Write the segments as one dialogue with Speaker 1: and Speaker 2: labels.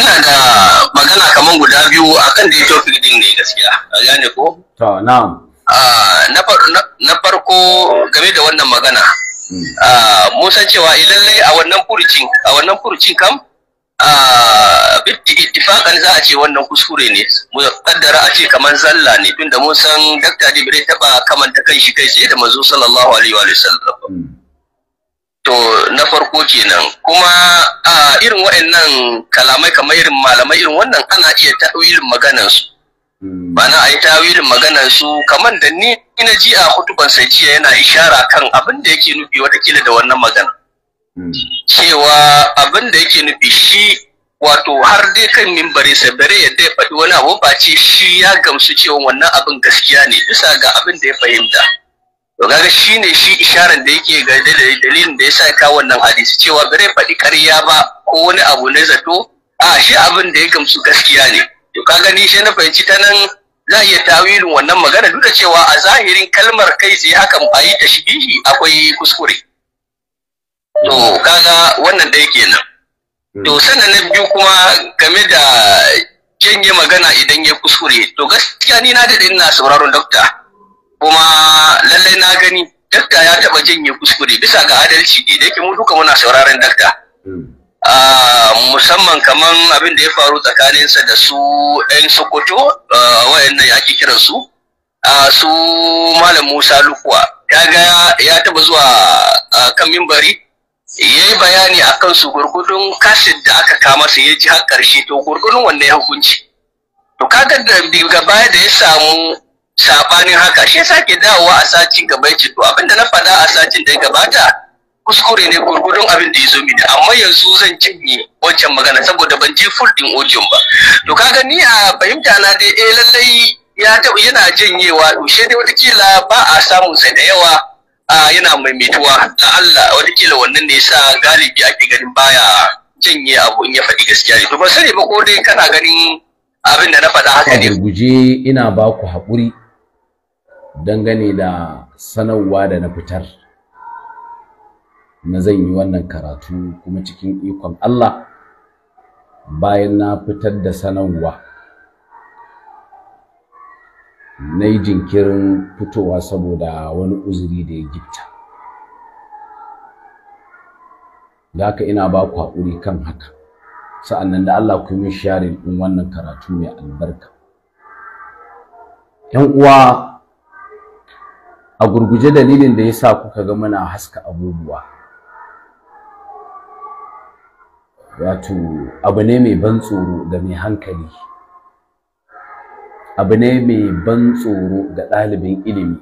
Speaker 1: ina da magana kaman guda biyu akan da topic din ne gaskiya a gane ko to na'am ah, na farko game da wannan magana hmm. ah, mun san cewa eh, lallai a wannan furucin a wannan furucin kam ah, bitti za a ce wannan kuskure ne mu kaddara a ce kaman zalla ne tunda mun san Dr. Jibril taba kamanta kan shi kai tsaye da manzo sallallahu alaihi wa sallam hmm. To na farko kenan kuma a irin waɗannan kalamai kamar irin malamai irin wannan ana iya ta'wilin maganar su. Bana hmm. a yi ta'wilin maganar su kamar da ni na ji a hutuban sai jiya yana ishara kan abin da yake nufi watakila da wannan magana. Hmm. Cewa abin da yake nufi shi wato har dai kan mimbari sai yadda ya faɗi wani abu ba ce shi ya gamsu cewa wannan abin gaskiya ne bisa ga abin da ya fahimta. to kaga shine shi isharar da yake ga dalilin da yasa ka wannan hadisi cewa bare faɗi ƙarya ba ko wani abu na zato a shi abin da ya gamsu gaskiya ne to kaga ni shi na fahimci ta nan za a iya tawilin wannan magana duk da cewa a zahirin kalmar kai sai hakan ba yi ta shi akwai kuskure to kaga wannan da yake nan hmm. to sannan na biyu kuma game da janye magana idan ya kuskure to gaskiya ni na daɗe ina sauraron dokta kuma lallai na gani dakta ya taɓa janye kuskure bisa ga adalci ne da yake mu duka muna sauraron dakta hmm. ah, musamman kamar abin da ya faru tsakaninsa da su ɗan sokoto ah, wayannan ake kiran su ah, su malam musa lukuwa kaga ya taɓa zuwa kan mimbari ya yi bayani akan su gurgudun kashin da aka kama su ya ji har ƙarshe to gurgudun wannan ya hukunci to kaga da daga baya da ya samu sabanin haka shi sake dawowa a sacin gaba ya ce abin abinda na faɗa a sacin da ya gabata kuskure ne gurgurun abin da ya zo mini amma yanzu zan cinye wancan magana saboda ban je full din audio ba to kaga ni a fahimta na dai eh lallai ya taɓa yana janyewa to shi dai kila ba a samun sai da yawa yana maimaituwa da
Speaker 2: Allah watakila wannan ne yasa galibi ake ganin baya janye abu
Speaker 3: in ya faɗi gaskiya to ba sani ba ko dai kana ganin abin da na faɗa haka ne guje ina ba ku haƙuri dangane da sanarwa da na fitar na zan yi wannan karatu kuma cikin ikon Allah bayan na fitar da sanarwa na yi jinkirin fitowa saboda wani uzuri da ya gifta da haka ina ba ku haƙuri kan haka sa'annan da Allah kuma yi min in wannan karatu mai albarka ‘yan uwa a gurguje dalilin da ya sa kuka ga muna haska abubuwa wato abu ne mai ban tsoro ga mai hankali abu ne mai ban tsoro ga ɗalibin ilimi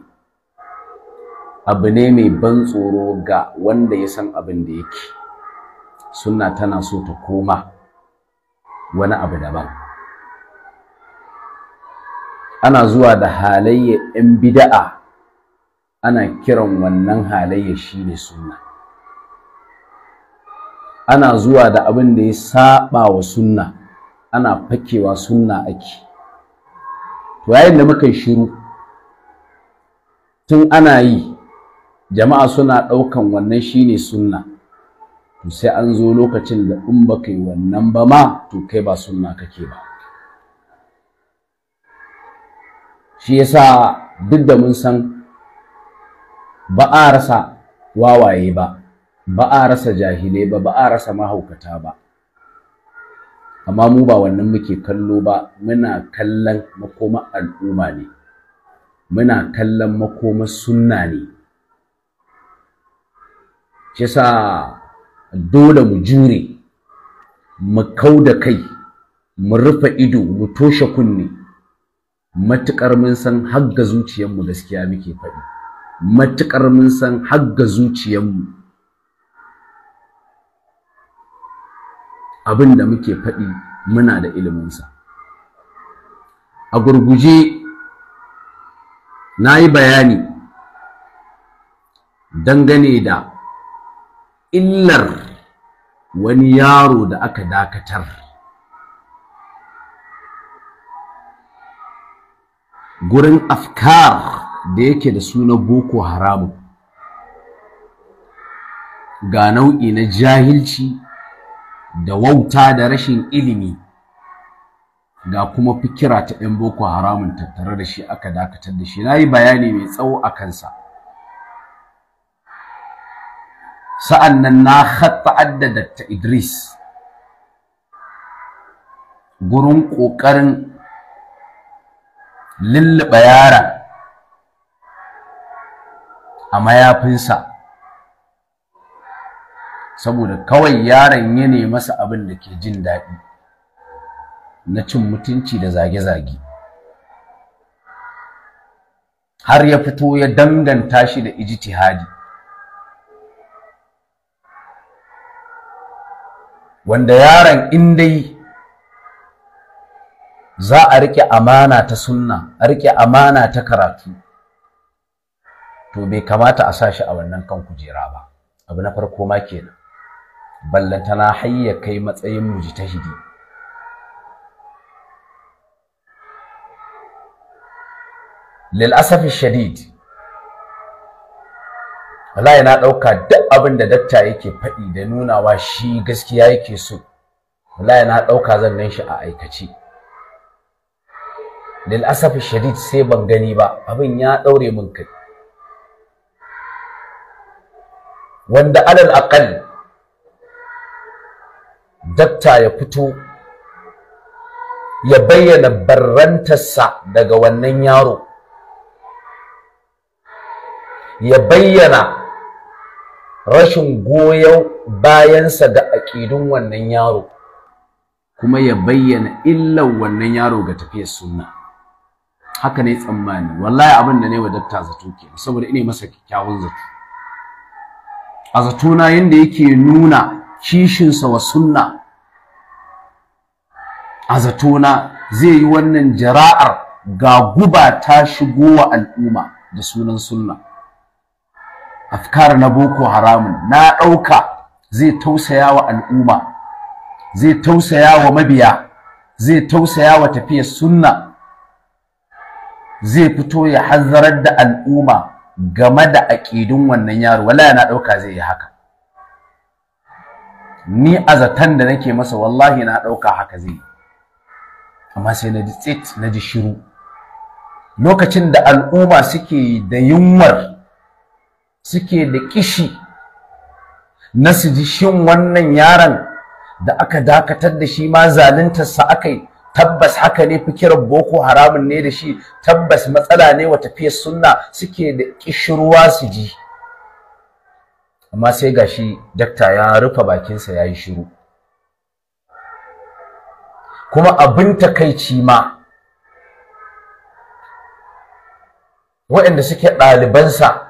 Speaker 3: abu ne mai ban tsoro ga wanda ya san abin da yake sunna tana so ta koma wani abu daban ana zuwa da halayyar 'yan bida'a ana kiran wannan halayya ne sunna ana zuwa da abin da ya saba wa sunna ana fakewa sunna ake to yayin da muka shiru tun ana yi jama'a suna ɗaukan wannan shi ne sunna to sai an zo lokacin da in baka yi wannan ba ma to kai ba sunna kake ba shi yasa duk da mun san ba a rasa wawaye ba ba a rasa jahilai ba ba a rasa mahaukata ba amma mu ba wannan muke kallo ba muna kallon makoma al'umma ne muna kallon makoma sunna ne Kisa dole mu jure mu kau da kai mu rufe ido mu toshe kunne matuƙar mun san har ga zuciyarmu gaskiya muke faɗi matuƙar mun san hagga zuciyarmu abin da muke faɗi muna da iliminsa a gurguje na yi bayani dangane da illar wani yaro da aka dakatar gurin afkar da yake da suna boko haramu ga nau'i na jahilci da wauta da rashin ilimi ga kuma fikira ta ɗan boko haramun tattare da shi aka dakatar da shi na yi bayani mai tsawo a kansa sa'an nan na hatta addada ta idris gurin ƙoƙarin lulluɓe yaran a mayafinsa saboda kawai yaron ya ne masa abin da ke jin daɗi na cin mutunci da zage-zage har ya fito ya danganta shi da ijtihadi wanda yaron in dai za a riƙe amana ta sunna a riƙe amana ta karatu to bai kamata a sa shi a wannan kan kujera ba abu na farko ma kenan ballantana hayya kai matsayin mujtahidi lil asafi shadid wallahi na dauka duk abin da dakta yake faɗi da nunawa shi gaskiya yake so wallahi na dauka zan gan shi a aikace lil asafi shadid sai ban gani ba abin ya daure min kai wanda alal akal dakta ya fito ya bayyana barrantarsa daga wannan yaro ya bayyana rashin goyon bayansa ga aƙidun wannan yaro kuma ya bayyana illar wannan yaro ga tafiyar sunna haka ne tsammani wallahi abin da ne wa dakta zato ke saboda ina masa kyakkyawan zato a zatona yadda yake nuna kishinsa wa sunna a zatona zai yi wannan jara'ar ga guba ta shigo wa al'umma da sunan sunna afkar na boko haramun na ɗauka zai tausaya wa al'umma zai tausaya wa mabiya zai tausaya wa tafiyar sunna zai fito ya hazzarar da al'umma game da aƙidun wannan yaro wallahi na ɗauka zai yi haka ni a zaton da nake masa wallahi na ɗauka haka zai yi amma sai na ji tsit na ji shiru lokacin da al'umma suke da yunwar suke da kishi na su ji shin wannan yaron da aka dakatar da shi ma zaluntarsa aka yi tabbas haka ne fikirar boko haramun ne da shi tabbas matsala ne wa tafiyar sunna suke da kishirwa su ji amma sai gashi dakta ya rufe bakinsa ya yi shiru kuma abin takaici ma waɗanda suke ɗalibansa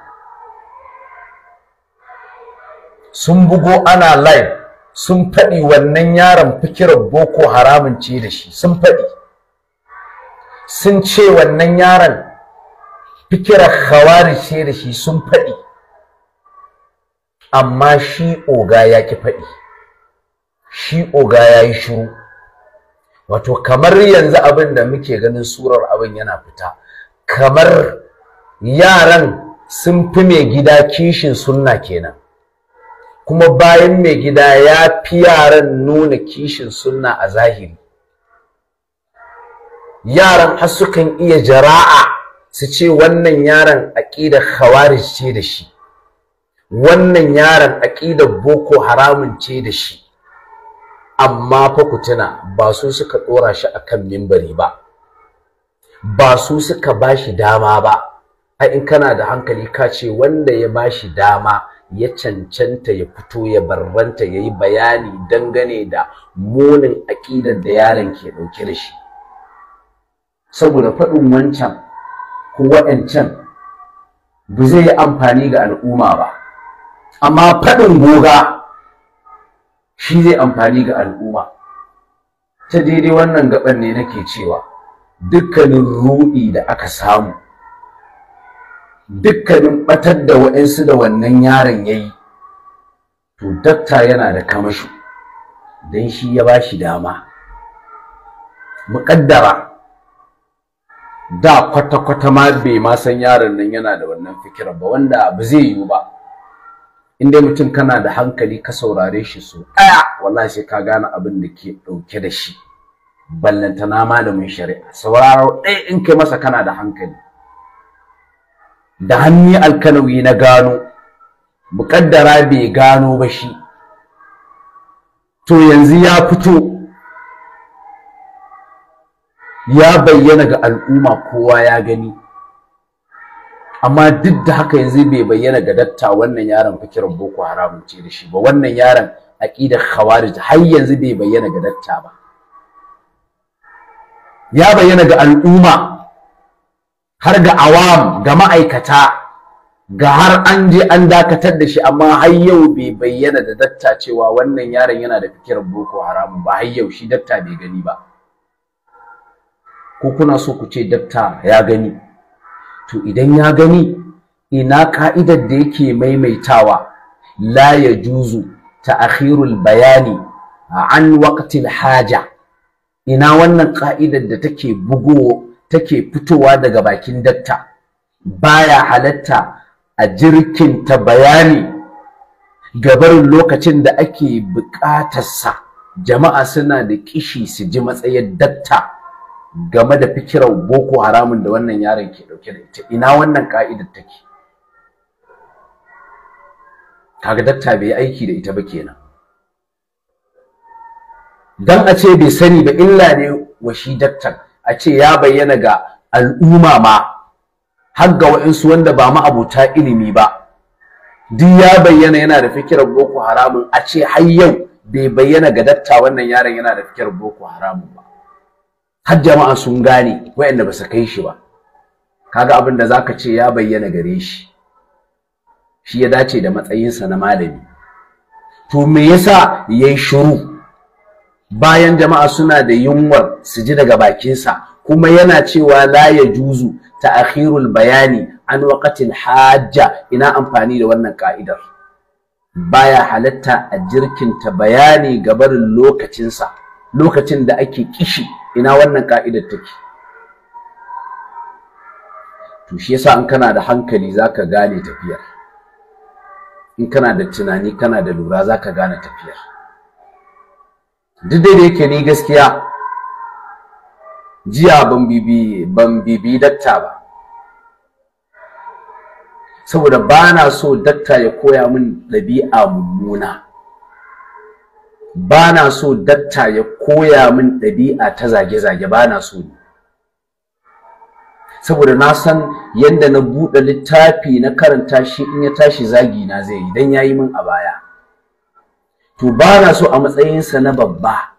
Speaker 3: sun bugo ana live sun faɗi wannan yaron fikirar boko haramun ce da shi sun faɗi sun ce wannan yaron fikirar hawari ce da shi sun faɗi amma shi oga ya ki faɗi shi oga ya yi shiru wato kamar yanzu abin da muke ganin surar abin yana fita kamar yaran sun fi mai gida kishin sunna kenan kuma bayan mai gida ya fi yaran nuna kishin sunna a zahiri yaran har iya jara'a su ce wannan yaron aƙidar khawarij ce da shi wannan yaron aƙidar boko haramun ce da shi amma fa ku tuna ba su suka ɗora shi akan mimbari ba ba su suka ba shi dama ba a in kana da hankali ka ce wanda ya ba shi dama ya cancanta ya fito ya barbanta ya yi bayani dangane da munin aƙidar da yaron ke ɗauke da shi saboda faɗin wancan ko waɗancan ba zai yi amfani ga al'umma ba amma faɗin goga shi zai amfani ga al'umma ta daidai wannan gaban ne nake cewa dukkanin ruɗi da aka samu dukkanin batar da wa'insu da wannan yaron ya yi to dakta yana da kamashi don shi ya ba shi dama muƙaddara da kwata-kwata ma bai ma san yaron nan yana da wannan fikirar ba wanda ba zai yiwu ba in dai mutum kana da hankali ka saurare shi so ɗaya wallahi sai ka gane abin da ke ɗauke da shi ballantana malamin shari'a sauraro ɗaya in kai masa kana da hankali da hannun alkanawi na gano muƙaddara bai gano ba shi to yanzu ya fito ya bayyana ga al'umma kowa ya gani amma duk da haka yanzu bai bayyana ga datta wannan yaron fikirin boko haram ce da shi ba wannan yaron aqidar khawarij har yanzu bai bayyana ga datta ba ya bayyana ga al'umma har ga awam ga ma'aikata ga har an je an dakatar da shi amma har yau bai bayyana da datta cewa wannan yaron yana da fikirar boko haramu, ba har yau shi datta bai gani ba ko kuna so ku ce datta ya gani to idan ya gani ina ka'idar da yake maimaitawa la yajuzu ta'khirul bayani an waqtil haja ina wannan ka'idar da take bugo? take fitowa daga bakin datta baya halatta a ta bayani gabarin lokacin da ake buƙatarsa jama'a suna da kishi su ji matsayin datta game da fikirar boko haramun da wannan yaron ke ɗauke da ita ina wannan ka'idar take kaga datta bai aiki da ita ba kenan dan a ce bai sani ba illa ne wa shi a ce ya bayyana ga al'umma ma har ga wa'insu wanda ba ma'abuta ilimi ba duk ya bayyana yana da fikirar boko haramun a ce har yau bai bayyana ga datta wannan yaron yana da fikirar boko haramun ba har jama'a sun gane wa'anda ba su kai shi ba kaga abin da za ka ce ya bayyana gare shi shi ya dace da matsayinsa na malami to me yasa yayi shiru bayan jama'a suna da yunwar su ji daga bakinsa kuma yana cewa la ya juzu akhirul bayani an waqatil hajja ina amfani da wannan ka'idar baya halatta a ta bayani ga barin lokacinsa lokacin da ake kishi ina wannan ka'idar take to shi yasa in kana da hankali zaka gane tafiyar in kana da tunani kana da lura zaka gane tafiyar duk da yake ni gaskiya jiya ban bibi ban bibi datta ba saboda ba na so datta ya koya min ɗabi'a mummuna ba na so datta ya koya min ɗabi'a ta zage-zage ba na so saboda na san yadda na buɗe littafi na karanta shi in ya tashi zagi na zai yi don ya yi min a baya to ba na so a matsayinsa na babba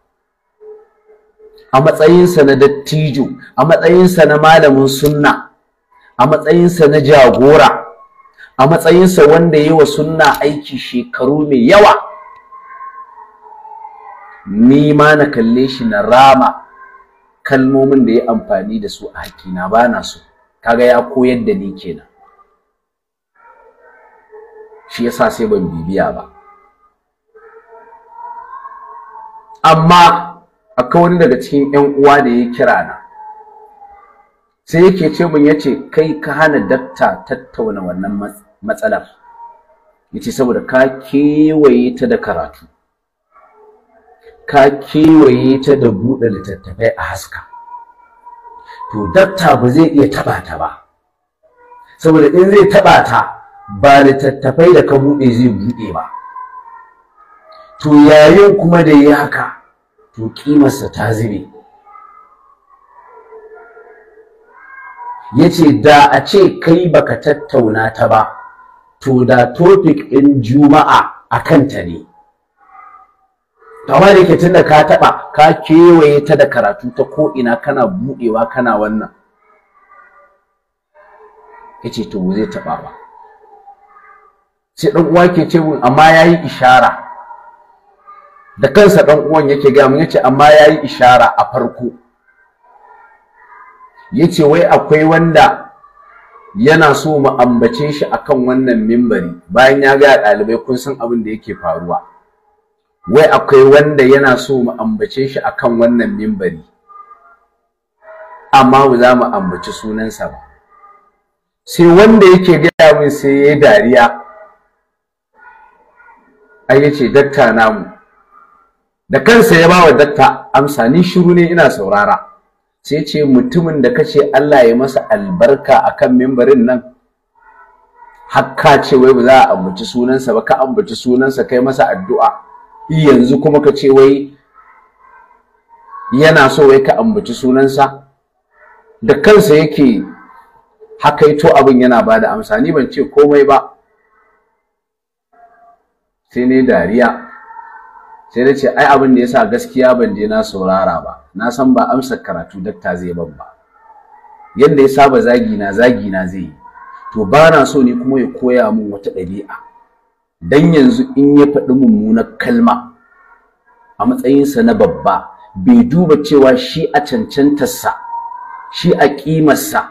Speaker 3: a matsayinsa na dattijo a matsayinsa na malamin sunna a matsayinsa na jagora a matsayinsa wanda ya yi wa sunna aiki shekaru mai yawa ni ma na kalle shi na rama kalmomin da ya amfani da su a hakina ba na so kaga ya koyar da ni kenan shi yasa sai ban bibiya ba amma akwai wani daga cikin yan uwa da ya kira na sai yake ce mun yace kai ka hana dakta tattauna wannan matsalar yace saboda ka kewaye ta da karatu ka kewaye ta da buɗe littattafai a haska to dakta ba zai iya taɓa ta ba saboda in zai taɓa ta ba littattafai da ka buɗe zai buɗe ba to yayin kuma da yi haka to kimarsa ta zube ya ce da a ce kai baka tattauna ta ba to da topic ɗin juma'a a kanta ne amma da ke tunda ka taɓa ka kewaye ta da karatu ta ko'ina kana buɗewa kana wannan ya ce to zai taɓa ba sai ɗan uwa ke ce amma ya yi ishara da kansa dan uwan yake ga mun yace amma yayi ishara a farko yace wai akwai wanda yana so mu ambace shi akan wannan mimbari bayan ya ga dalibai, kun san abin da yake faruwa wai akwai wanda yana so mu ambace shi akan wannan mimbari amma ba za mu ambaci sunansa ba sai wanda yake gaya min sai ya dariya ai yace dakta namu da kansa ya bawa dakta amsa ni shiru ne ina saurara sai ce mutumin da kace Allah ya masa albarka akan mimbarin nan hakka ce wai ba za a ambaci sunansa ba ka ambaci sunansa kai masa addu'a yanzu kuma ka ce wai yana so wai ka ambaci sunansa da kansa yake hakaito abin yana bada da amsa ni ban ce komai ba sai ne dariya sai na ce ai abin da yasa gaskiya ban je na saurara ba na san ba amsa karatu dakta zai ban ba yadda ya saba zagi na zagi na zai yi to ba na so ne kuma ya koya mun wata ɗabi'a dan yanzu in ya faɗi mummunar kalma a matsayinsa na babba bai duba cewa shi a cancantarsa shi a ƙimarsa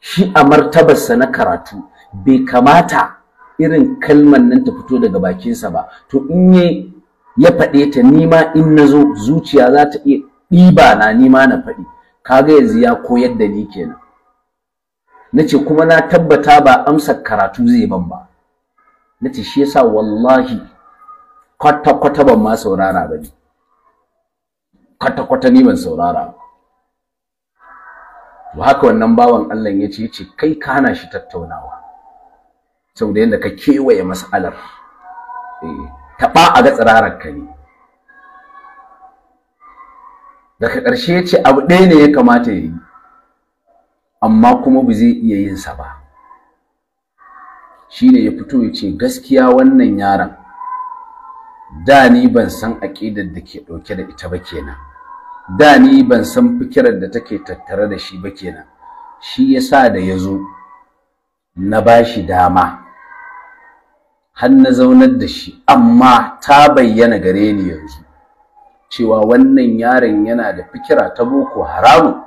Speaker 3: shi a martabarsa na karatu bai kamata irin kalman nan ta fito daga bakinsa ba to in yi ya faɗe ta nima in na zo zuciya za ta iya ɗiba na nima na faɗi kaga yanzu ya koyar da ni kenan nace kuma na tabbata ba amsa karatu zai ban ba na shi yasa wallahi kwata-kwata ban ma saurara ba ne kwata-kwata ni ban saurara ba to haka wannan bawan Allah ya ce yace kai ka hana shi tattaunawa saboda yadda ka kewaye mas'alar eh taɓa a ga tsirarar ka ne daga ƙarshe ya ce abu ɗaya ne ya kamata ya yi amma kuma ba zai iya yin sa ba shine ya fito ya ce gaskiya wannan yaron da ni ban san aƙidar da ke ɗauke da ita ba kenan da ni ban san fikirar da take tattare da shi ba kenan shi ya sa da ya zo na ba shi dama har na zaunar da shi amma ta bayyana gare ni yanzu cewa wannan yaron yana da fikira ta boko haramu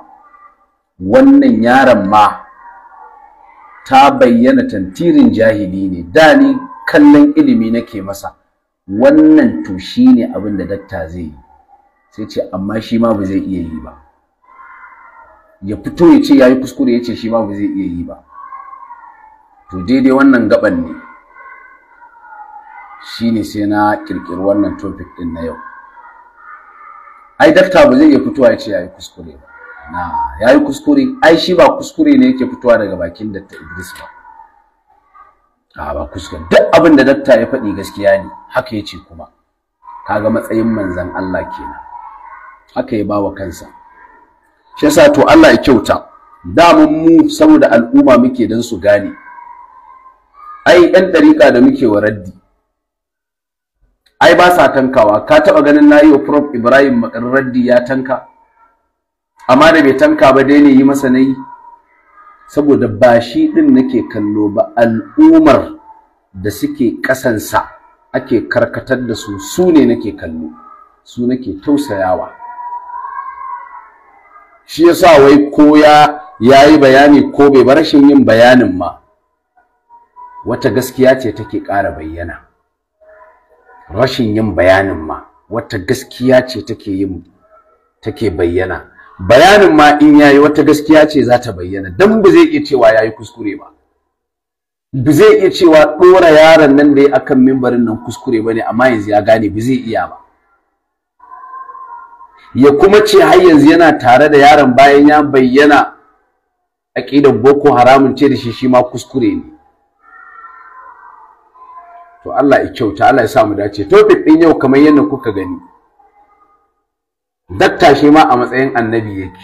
Speaker 3: wannan yaron ma ta bayyana tantirin jahili ne da ni kallon ilimi nake masa wannan to shi ne abin da dakta zai yi sai ce amma shi ma ba zai iya yi ba ya fito ya ce ya yi kuskure ya ce shi ma ba zai iya yi ba to daidai wannan gaban ne shine sai na kirkiri wannan topic din na yau ai dakta ba zai iya fitowa ya ce yayi kuskure ba na yayi kuskure ai shi ba kuskure ne yake fitowa daga bakin dakta Idris ba a ba kuskure duk abin da dakta ya faɗi gaskiya ne haka yace kuma kaga matsayin manzan Allah kenan haka ya bawa kansa shi yasa to Allah ya kyauta damun mu saboda al'umma muke dan su gane ai ɗan ɗarika da muke wa raddi ai ba sa tankawa ka taɓa ganin na prof ibrahim makarraddi ya tanka amma da bai tanka ba dai ne yi masa na saboda ba shi ɗin nake kallo ba al'umar da suke ƙasansa ake karkatar da su su ne nake kallo su nake tausayawa shi yasa wai ko ya yi bayani ko bai ba rashin yin bayanin ma wata gaskiya ce take ƙara bayyana rashin yin bayanin ma wata gaskiya ce take yin take bayyana bayanin ma in yayi wata gaskiya ce za ta bayyana dan ba zai iya cewa yayi kuskure ba ba zai iya cewa dora yaron nan da ya akan mimbarin nan kuskure bane amma yanzu ya gane ba zai iya ba ya kuma ce har yanzu yana tare da yaron bayan ya bayyana aƙidar boko haramun ce da shi shi ma kuskure ne to Allah ya kyauta Allah ya sa mu dace topic din yau kamar yadda kuka gani dakta shi ma a matsayin annabi yake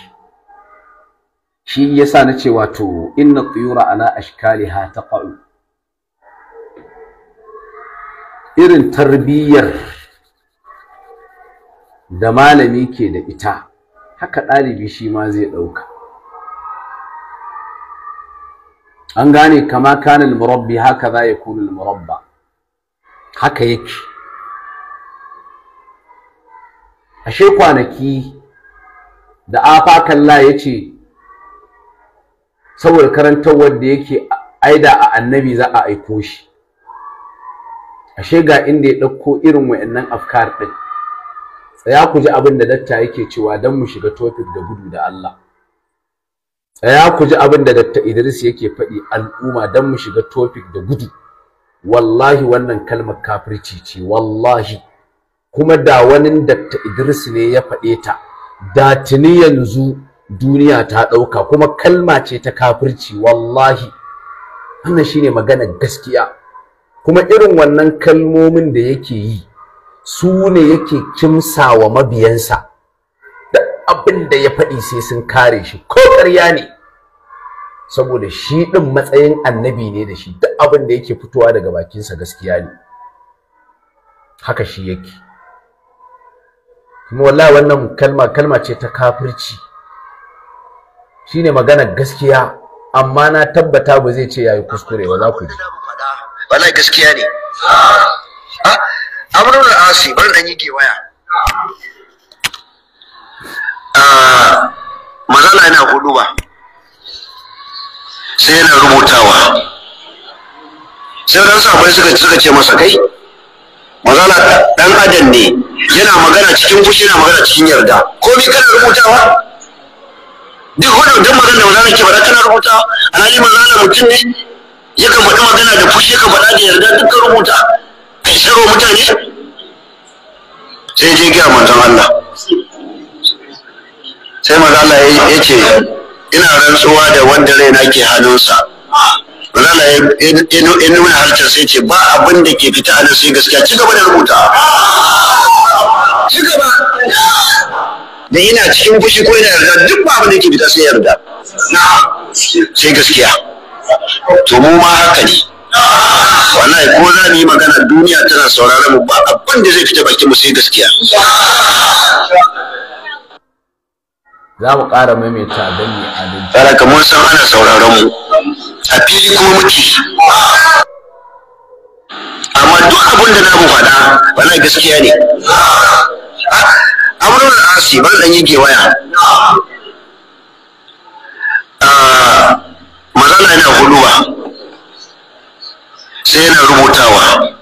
Speaker 3: shi yasa na ce wato inna tuyura ala ashkaliha taqa'u irin tarbiyyar da malami ke da ita haka ɗalibi shi ma zai ɗauka an gane kama kanal murabbi haka za ya kuna murabba haka yake ashe kwanaki da afa kalla ya ce saboda karantar wanda yake aida a annabi za a aiko shi ashe ga inda ya ɗauko irin wa'annan afkar ɗin tsaya ku ji abin da datta yake cewa don mu shiga topic da gudu da Allah tsaya ku ji abin da datta Idris yake faɗi al'umma don mu shiga tofik da gudu wallahi wannan kalmar kafirci ce wallahi kuma da wani datta Idris ne ya faɗe ta da tuni yanzu duniya ta ɗauka kuma kalma ce ta kafirci wallahi wannan shine magana gaskiya kuma irin wannan kalmomin da yake yi su ne yake wa mabiyansa da abin da ya faɗi sai sun kare shi ko ƙarya ne saboda shi ɗin matsayin annabi ne da shi duk abin da yake fitowa daga bakinsa gaskiya ne haka shi yake kuma wallahi wannan kalma kalma ce ta kafirci shine magana gaskiya amma na tabbata ba zai ce yayi kuskure ba za ku ji
Speaker 4: wallahi gaskiya ne A amrul asi bar dan yake waya
Speaker 5: ah, mazala ina hudu ba sai yana
Speaker 4: rubutawa sai wadansu sabai suka suka ce masa kai mazala dan adam ne yana magana cikin fushi yana magana cikin yarda Ko komai kana rubutawa duk wani duk magana da magana ke bada kana rubutawa alhali magana mutum ne yakan faɗi magana da fushi yakan faɗa da yarda duk kan rubuta kai sharwa mutane sai je gaya manzon Allah sai mazala ya ce ina rantsuwa da wanda raina ke hannunsa rana ya nuna harshen sai ce ba abin da ke fita hannun sai gaskiya ci
Speaker 5: gaba da rubuta ci gaba da ina cikin fushi ko ina yarda duk ba abin da ke fita sai yarda na sai gaskiya to mu ma haka ne wallahi ko za mu yi magana duniya tana sauraron mu ba abin da zai fita bakin mu sai gaskiya
Speaker 3: za mu ƙara maimaita don yi abinci. Tsara kamar san ana sauraron mu a fili kuma muke. Amma duk abin da namu
Speaker 4: faɗa bana gaskiya ne. Ah, Amurin asi, ban zan yi waya.
Speaker 2: Ah, Mazala yana huluwa sai yana rubutawa.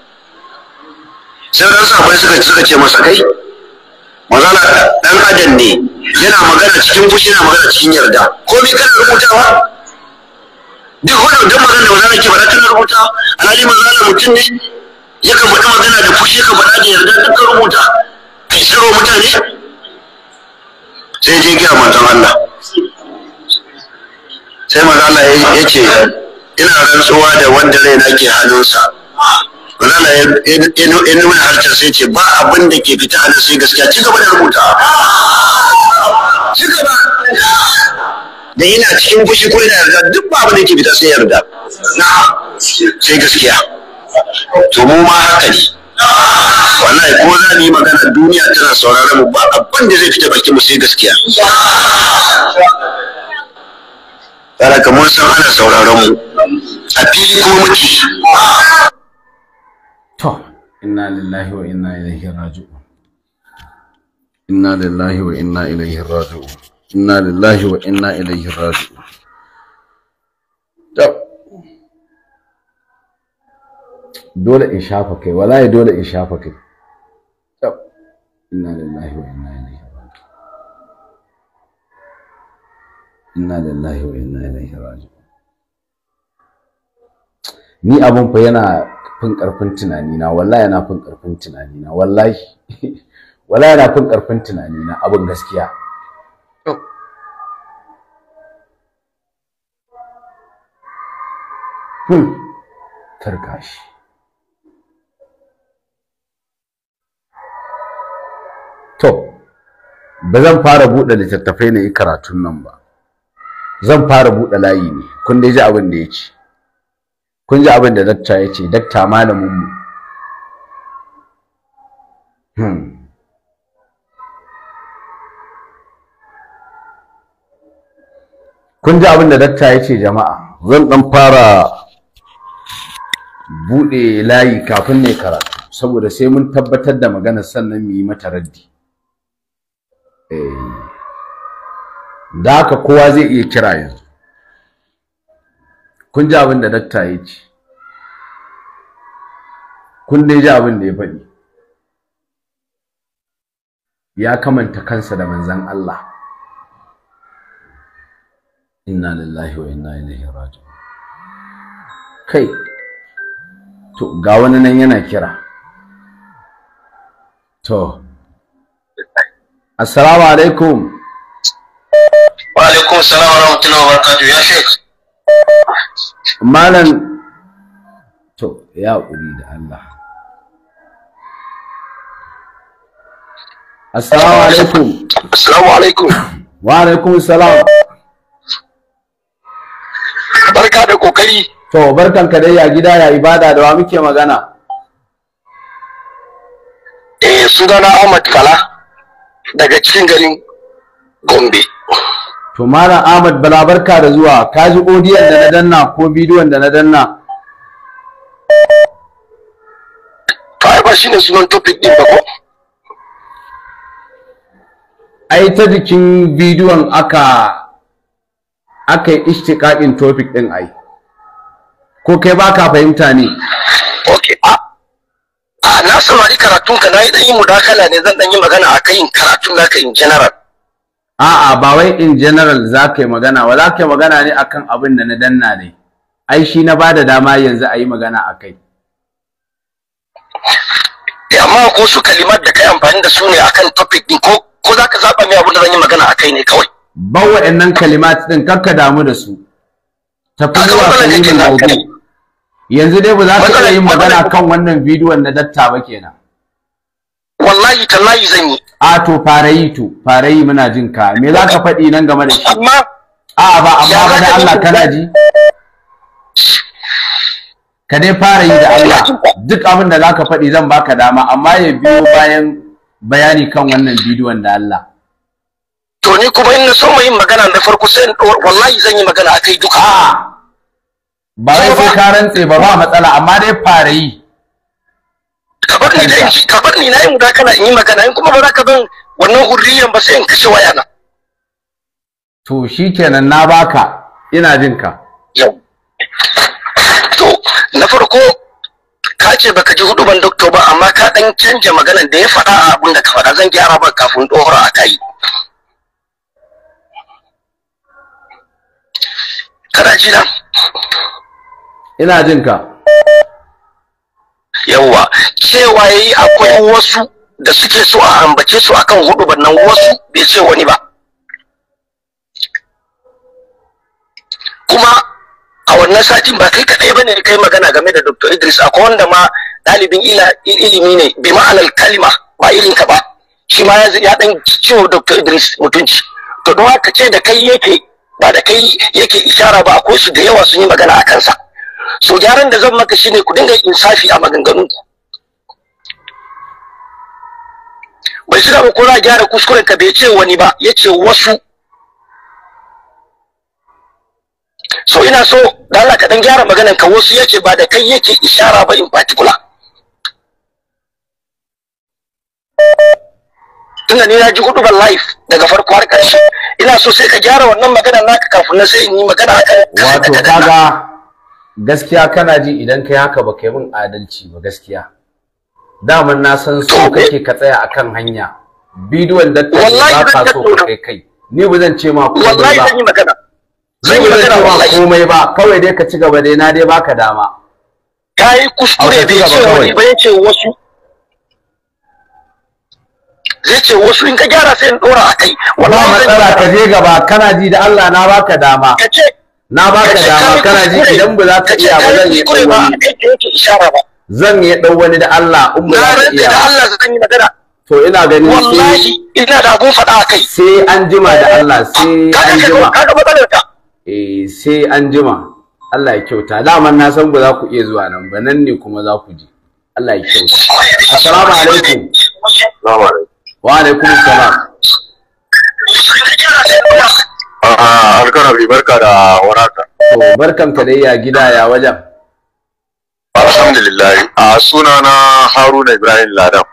Speaker 4: Sai ran sabai suka ce masa kai. magana ɗan adam ne yana magana cikin fushi yana magana cikin yarda Ko komai kana rubutawa duk wani dan magana da wazana ke faɗa kana rubuta alhali manzala mutum ne yakan faɗi magana da fushi yakan faɗa da yarda duk ka rubuta kai siro mutane sai je gaya manzon Allah sai manzon ya ce ina rantsuwa da wanda raina ke hannunsa Malala ya nuna harshen sai ce ba abin da ke fita a sai gaskiya ci gaba da rubuta. Da yana cikin fushi ko yana yarda duk ba abin da ke fita sai yarda. Na sai gaskiya. To mu ma haka ne. Wallahi ko za mu yi magana duniya tana sauraron mu ba abin da zai fita bakin mu sai gaskiya.
Speaker 5: Tsara kamar san ana sauraron mu.
Speaker 2: A fili ko muke.
Speaker 5: to inna
Speaker 3: lillahi wa inna ilaihi raji'un inna lillahi wa ilaihi lillahi wa ilaihi dole in shafa kai wallahi dole in shafa kai inna lillahi wa inna ilaihi lillahi wa inna ilaihi raji'un ni abun fa yana fin karfin tunani na wallahi yana fin karfin tunani na wallahi wallahi yana fin karfin tunani na abin gaskiya hmm tarka to ba zan fara buɗe littattafai na yi karatun nan ba zan fara buɗe layi ne kun dai ji abin da ya ce kun ji abin da dakta ya ce dakta malamin mu hmm. kun ji abin da dakta ya ce jama'a zan dan fara buɗe layi kafin ne karatu saboda sai mun tabbatar da magana sannan mu yi mata raddi eh. da haka kowa zai iya kira yanzu kun ji abin da dakta ya ce kun dai ji abin da ya faɗi ya kamanta kansa da manzan Allah inna lillahi wa inna ilaihi raji'un kai to ga wani nan yana kira to assalamu alaikum
Speaker 2: wa alaikum salam wa rahmatullahi wa barakatuh ya shek
Speaker 3: malam to ya ƙuri da Allah assalamu alaikum
Speaker 5: assalamu alaikum
Speaker 3: wa alaikum salam barka da kokari to barkanka dai ya gida ya ibada da wa muke magana eh sunana Ahmad Kala daga cikin garin Gombe to malam Ahmad bala barka da zuwa ka ji odiyon da na danna ko bidiyon da na danna
Speaker 6: kai ba shine sunan topic din ba ko ai ta jikin
Speaker 3: bidiyon aka aka yi ishtiqaqin topic din ai ko kai ba ka fahimta ne okay a
Speaker 4: na samari
Speaker 1: karatun ka na yi dan yi mudakala ne zan dan yi magana akan karatun naka in general
Speaker 3: a'a ba wai in general za ka yi magana ba za ka yi magana ne akan abin da na danna ne ai shi na bada dama yanzu a yi magana a kai
Speaker 4: ya eh, amma ko su kalimar da kai amfani da su ne akan topic din ko ko za ka zaɓa mai abin da zan yi magana a
Speaker 3: kai ne kawai ba waɗannan kalimat din kar ka damu da su tafi zuwa kalimin maudu yanzu dai ba za ka iya yin magana kan wannan bidiyon na datta ba kenan
Speaker 6: wallahi tallahi zan yi
Speaker 3: a to farayi to farayi muna jin ka me za ka faɗi nan game da shi
Speaker 6: amma a ba amma ba da Allah kana ji
Speaker 3: ka dai fara yi da Allah duk abin da za ka faɗi zan baka dama amma ya biyo bayan bayani kan wannan bidiyon da Allah to
Speaker 4: ni kuma in na so mu yin magana na farko sai wallahi zan yi magana akai duka
Speaker 3: ba sai ka rantse ba ba matsala amma dai fara yi ka bar ni da
Speaker 4: yanki ka na yi mudakala in yi magana in kuma ba za ka ban wannan hurriyan ba sai in kashe waya na
Speaker 3: to shikenan na baka ina jin ka
Speaker 4: yau
Speaker 1: to na farko ka ce baka ji hudu ban doktor ba amma ka
Speaker 2: dan canja maganar da ya faɗa a abin da ka faɗa zan gyara ba kafin dohora a kai
Speaker 3: kana ji na ina jin ka yawwa
Speaker 2: cewa yayi
Speaker 4: akwai wasu da suke so a ambace su akan hudu bannan wasu bai ce wani ba kuma a wannan satin ba kai kadai bane kai magana game da Dr. Idris akwai wanda ma dalibin ilimi ne bi ma'anar kalima ba irin ka ba shi ma ya dan ciwo Dr. Idris mutunci to don haka ce da kai yake ba da kai yake ishara ba akwai su da yawa sun yi magana a kansa so gyaran da zan maka shine ku dinga insafi a maganganunku bai shiga ba ko za a gyara kuskuren ka bai ce wani ba ya ce wasu so ina so da Allah ka dan gyara maganan ka wasu ya ce ba da kai yake ishara ba in particular tunda ni na ji hudu ban live daga farko har karshe ina so sai ka gyara wannan maganar naka kafin na sai in yi magana akan
Speaker 3: wato kaga gaskiya kana ji idan kai haka ba kai min adalci ba gaskiya daman na san so kake ka tsaya akan hanya bidiyon da ta ba ka so ka kai kai ni ba zan ce ma komai ba ni ba zan yi komai ba kawai dai ka ci gaba dai na dai baka dama kai kuskure bai ce wani ba yace wasu zai ce wasu
Speaker 2: in ka gyara sai in dora akai
Speaker 3: wallahi matsala ka je gaba kana ji da Allah na baka dama na baka dama kana ji idan ba za ka iya ba zan yi ba kai ke yake ishara ba zan yi ɗau wani da Allah in ba za iya da Allah zan yi magana to ina ganin wallahi ina da abun faɗa kai sai an jima da Allah sai an jima kaga eh sai an jima Allah ya kyauta daman na san ba za ku iya zuwa nan ba nan ne kuma za ku je Allah ya kyauta assalamu alaikum wa alaikum wa alaikum assalam ah, Alkarabi barka da waraka. To barkan ka dai ya gida
Speaker 7: ya wajen. alhamdulillah a na haruna ibrahim ladan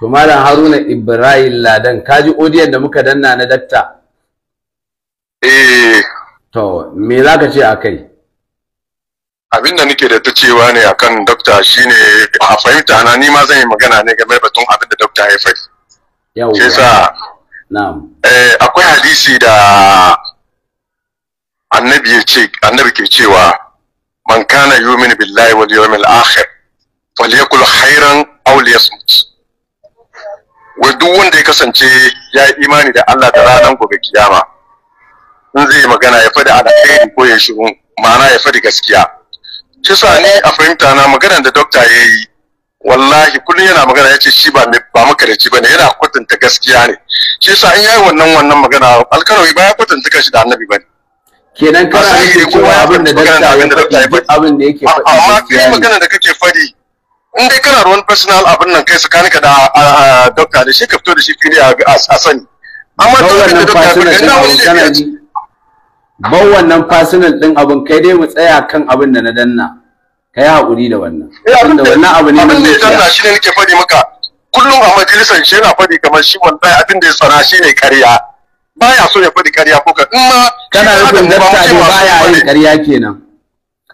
Speaker 3: to malam haruna ibrahim ladan ka ji odiyan da muka danna na datta eh to me za ka ce a kai
Speaker 7: abin da nake da ta cewa ne akan dokta shine a fahimta na ni ma zan yi magana ne game batun abin da dokta ya faɗi shi yasa na'am eh akwai hadisi da annabi ya ce annabi ke cewa man kana yu'minu billahi wal yawmil akhir falyakul khairan aw liyasmut wai duk wanda ya kasance ya yi imani da Allah da ranar gobe kiyama in zai magana ya faɗi alkhairi ko ya shiru ma'ana ya faɗi gaskiya Kisa ni a fahimta na maganar da dokta ya yi wallahi kullum yana magana ya ce shi ba ba makarici bane yana kwatanta gaskiya ne shi in yayi wannan wannan magana alkarawi ba ya kwatanta kanshi da annabi bane kenan kana nufin cewa abin da dakta ya faɗi abin da yake faɗi amma kai magana da kake faɗi in dai kana da personal abin nan kai tsakaninka da dokta da shi ka fito da shi fili a sani amma personal din abin kana
Speaker 3: ji ban wannan personal din abin kai dai mu tsaya kan abin da na danna ka yi haƙuri da wannan eh,
Speaker 7: da wannan abu ne mun da ya danna shi ne nake faɗi maka kullum a majalisar shi yana faɗi kamar shi wallahi abin da ya tsana shi ne ƙarya baya so ya faɗi ƙarya ko ka in ma kana rubin dakta ne
Speaker 3: baya yin ƙarya kenan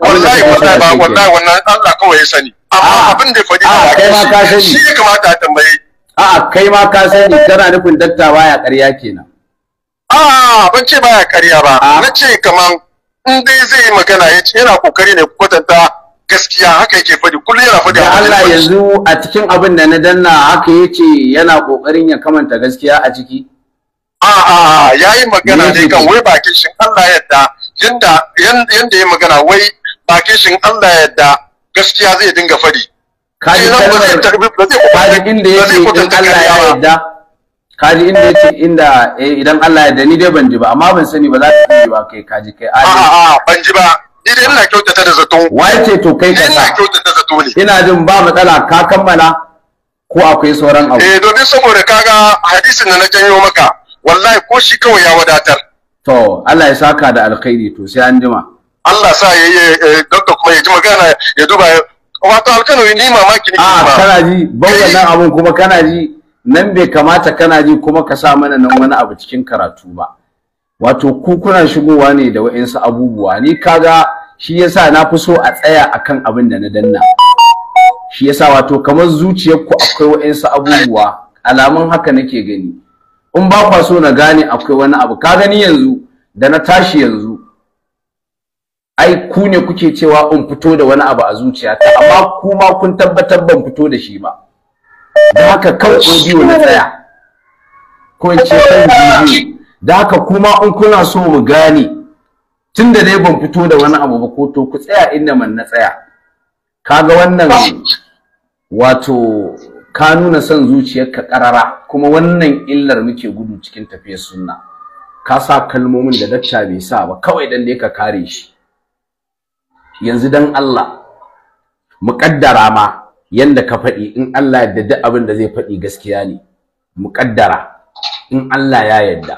Speaker 3: wallahi wallahi
Speaker 7: ba wallahi wannan Allah kawai ya sani amma abin da ya faɗi a kai ma ka sani shi ya kamata a
Speaker 3: tambaye a'a kai ma ka sani kana nufin dakta baya ƙarya kenan
Speaker 7: a ban ce baya ƙarya ba na ce kaman in dai zai yi magana ya ce yana kokari ne kwatanta gaskiya haka yake faɗi kullum yana faɗi
Speaker 3: Allah yanzu a cikin abin da na danna haka yace yana kokarin ya kamanta gaskiya a ciki A'a ya yi
Speaker 7: magana ne kan wai bakin shin Allah yadda yanda yanda yayi magana wai bakin shin Allah yadda gaskiya zai dinga fadi kaji eh, kaji
Speaker 3: inda yake in Allah yadda kaji inda yake inda eh, idan Allah ya yadda ni dai ban ji ba amma ban sani ba za ka yi ba kai kaji kai A'a a ban ji ba ni dai ina kyautata da zato
Speaker 7: wai ce to kai ka ina kyautata zato ne ina jin ba matsala ka kammala ko akwai sauran abu eh domin saboda kaga hadisin da na janyo maka wallahi ko shi kawai ya wadatar
Speaker 3: to Allah ya saka da alkhairi to sai an jima
Speaker 7: Allah sa ya yi gaggo kuma ya ji magana ya duba wato alkano ni mamaki ne ah kana ji bauta nan abun
Speaker 3: kuma kana ji nan bai kamata kana ji kuma ka sa mana nan wani abu cikin karatu ba wato ku kuna shigowa ne da wa'insu abubuwa ni kaga shi yasa na fi so a tsaya akan abin da na danna shi yasa wato kamar zuciyarku akwai wa'insu abubuwa alamun haka nake gani in ba kwa so na gane akwai wani abu ka gani yanzu da na tashi yanzu ai ku ne kuke cewa in fito da wani abu a zuciyata amma kuma kun tabbatar ban fito da shi ba da haka kan audio na tsaya ko in ce kan bidiyo da haka kuma in kuna so mu gane tunda dai ban fito da wani abu ba ko to ku tsaya inda man na tsaya kaga wannan wato ka nuna son zuciyarka karara kuma wannan illar muke gudu cikin tafiyar sunna ka sa kalmomin da datta bai sa ba kawai dan dai ka kare shi yanzu dan Allah muƙaddara ma yanda ka faɗi in Allah ya yarda abin da zai faɗi gaskiya ne muƙaddara in Allah ya yadda.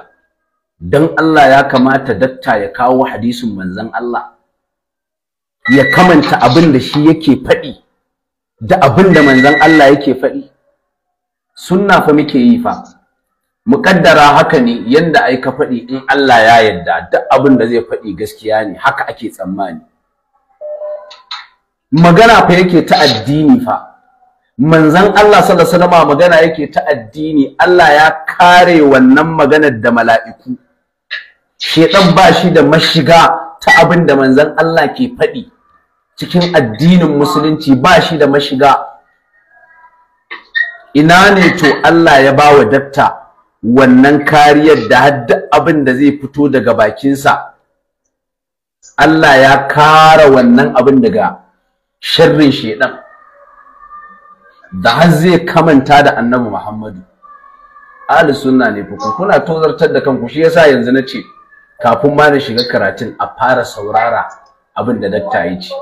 Speaker 3: dan Allah ya kamata datta ya kawo hadisin manzon Allah ya kamanta abin da shi yake faɗi da abin da manzon Allah yake faɗi sunna fa muke yi fa muƙaddara haka ne yanda ai ka faɗi in Allah ya yarda duk abin da zai faɗi gaskiya ne haka ake tsammani magana fa yake ta addini fa manzon Allah sallallahu alaihi wasallam magana yake ta addini Allah ya kare wannan maganar da mala'iku shedan ba shi da mashiga ta abin da manzon Allah ke faɗi cikin addinin musulunci ba shi da mashiga ina ne to Allah ya bawa dakta wannan kariyar da hadda abin da zai fito daga bakinsa Allah ya kara wannan abin daga sharrin shedan da har zai kamanta da annabi Muhammadu ahli sunna ne fa kuna tozartar da kanku shi yasa yanzu nace kafin ma na shiga karatun a fara saurara abin da dakta ya ce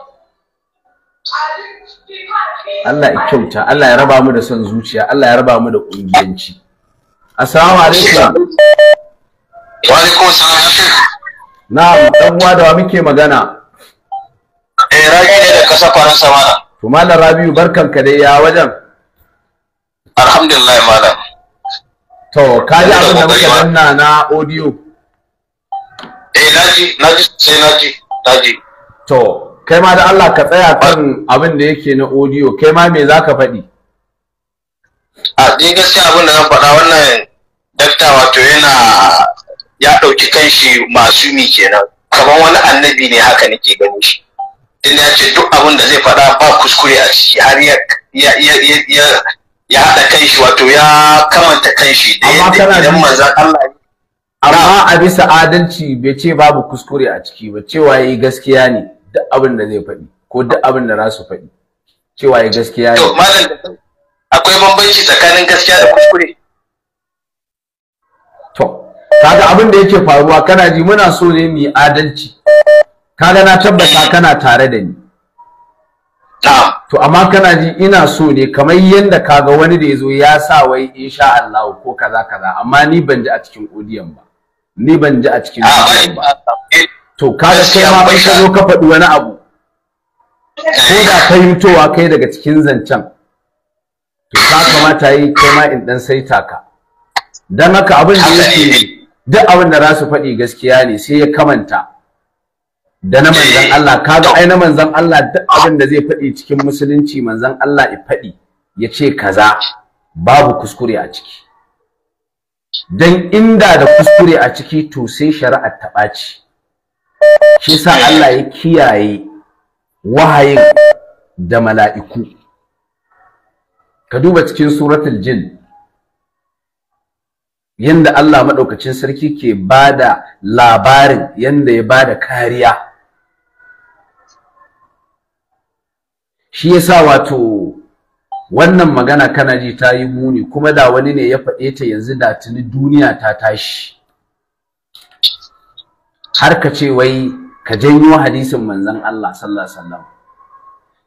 Speaker 3: Allah ya kyauta Allah ya raba mu da son zuciya Allah ya raba mu da kungiyanci Assalamu alaikum Wa alaikum assalam Na dan uwa da wa muke magana Eh Rabi ne da kasa kwanan sama. To Malam Rabiu barkanka dai ya wajen Alhamdulillah malam To ka ji abin da muka danna na audio Eh naji naji sai naji naji To kai ma da Allah ka tsaya kan abin da yake na audio kai ma me zaka faɗi a ni gaskiya abin da zan faɗa wannan dakta wato yana
Speaker 2: ya ɗauki kanshi masu mi kenan kamar wani annabi ne haka nake gani shi in
Speaker 1: ya ce duk abin da zai faɗa ba kuskure a ciki har ya
Speaker 3: ya haɗa kanshi wato ya kamanta kanshi da yadda idan manzan Allah amma a bisa adalci bai ce babu kuskure a ciki ba cewa yi gaskiya ne da abin da zai faɗi ko da abin da za su faɗi cewa ya gaskiya ne. akwai bambanci tsakanin gaskiya da kuskure. To kaga abin da yake faruwa kana ji muna so ne mu yi adalci. Kaga na tabbata eh. kana tare da ni. To amma kana ji ina so ne kamar yadda kaga wani da ya zo ya sa wai insha Allah ko kaza kaza amma ni ban ji a cikin odiyan ba. Ni ban ji a cikin ah, ba. to kaga kai ma in ka zo ka faɗi wani abu ko da fahimtowa kai daga cikin zancen to ka kamata yi kai ma in dan ta ka dan haka abin da yake duk abin da za su faɗi gaskiya ne sai ya kamanta da na manzan Allah kaga ai na manzan Allah duk abin da zai faɗi cikin musulunci Manzon Allah ya faɗi ya ce kaza babu kuskure a ciki dan inda da kuskure a ciki to sai shari'ar ta ɓaci shi sa Allah ya kiyaye wahayin da mala'iku ka duba cikin suratul jin yadda Allah maɗaukacin sarki ke ba da labarin yanda ya ba da kariya shi yasa wato wannan magana kana ji ta yi muni kuma da wani ne ya faɗe ta yanzu da tuni duniya ta tashi har ka ce wai ka janyo hadisin manzon Allah sallallahu alaihi wasallam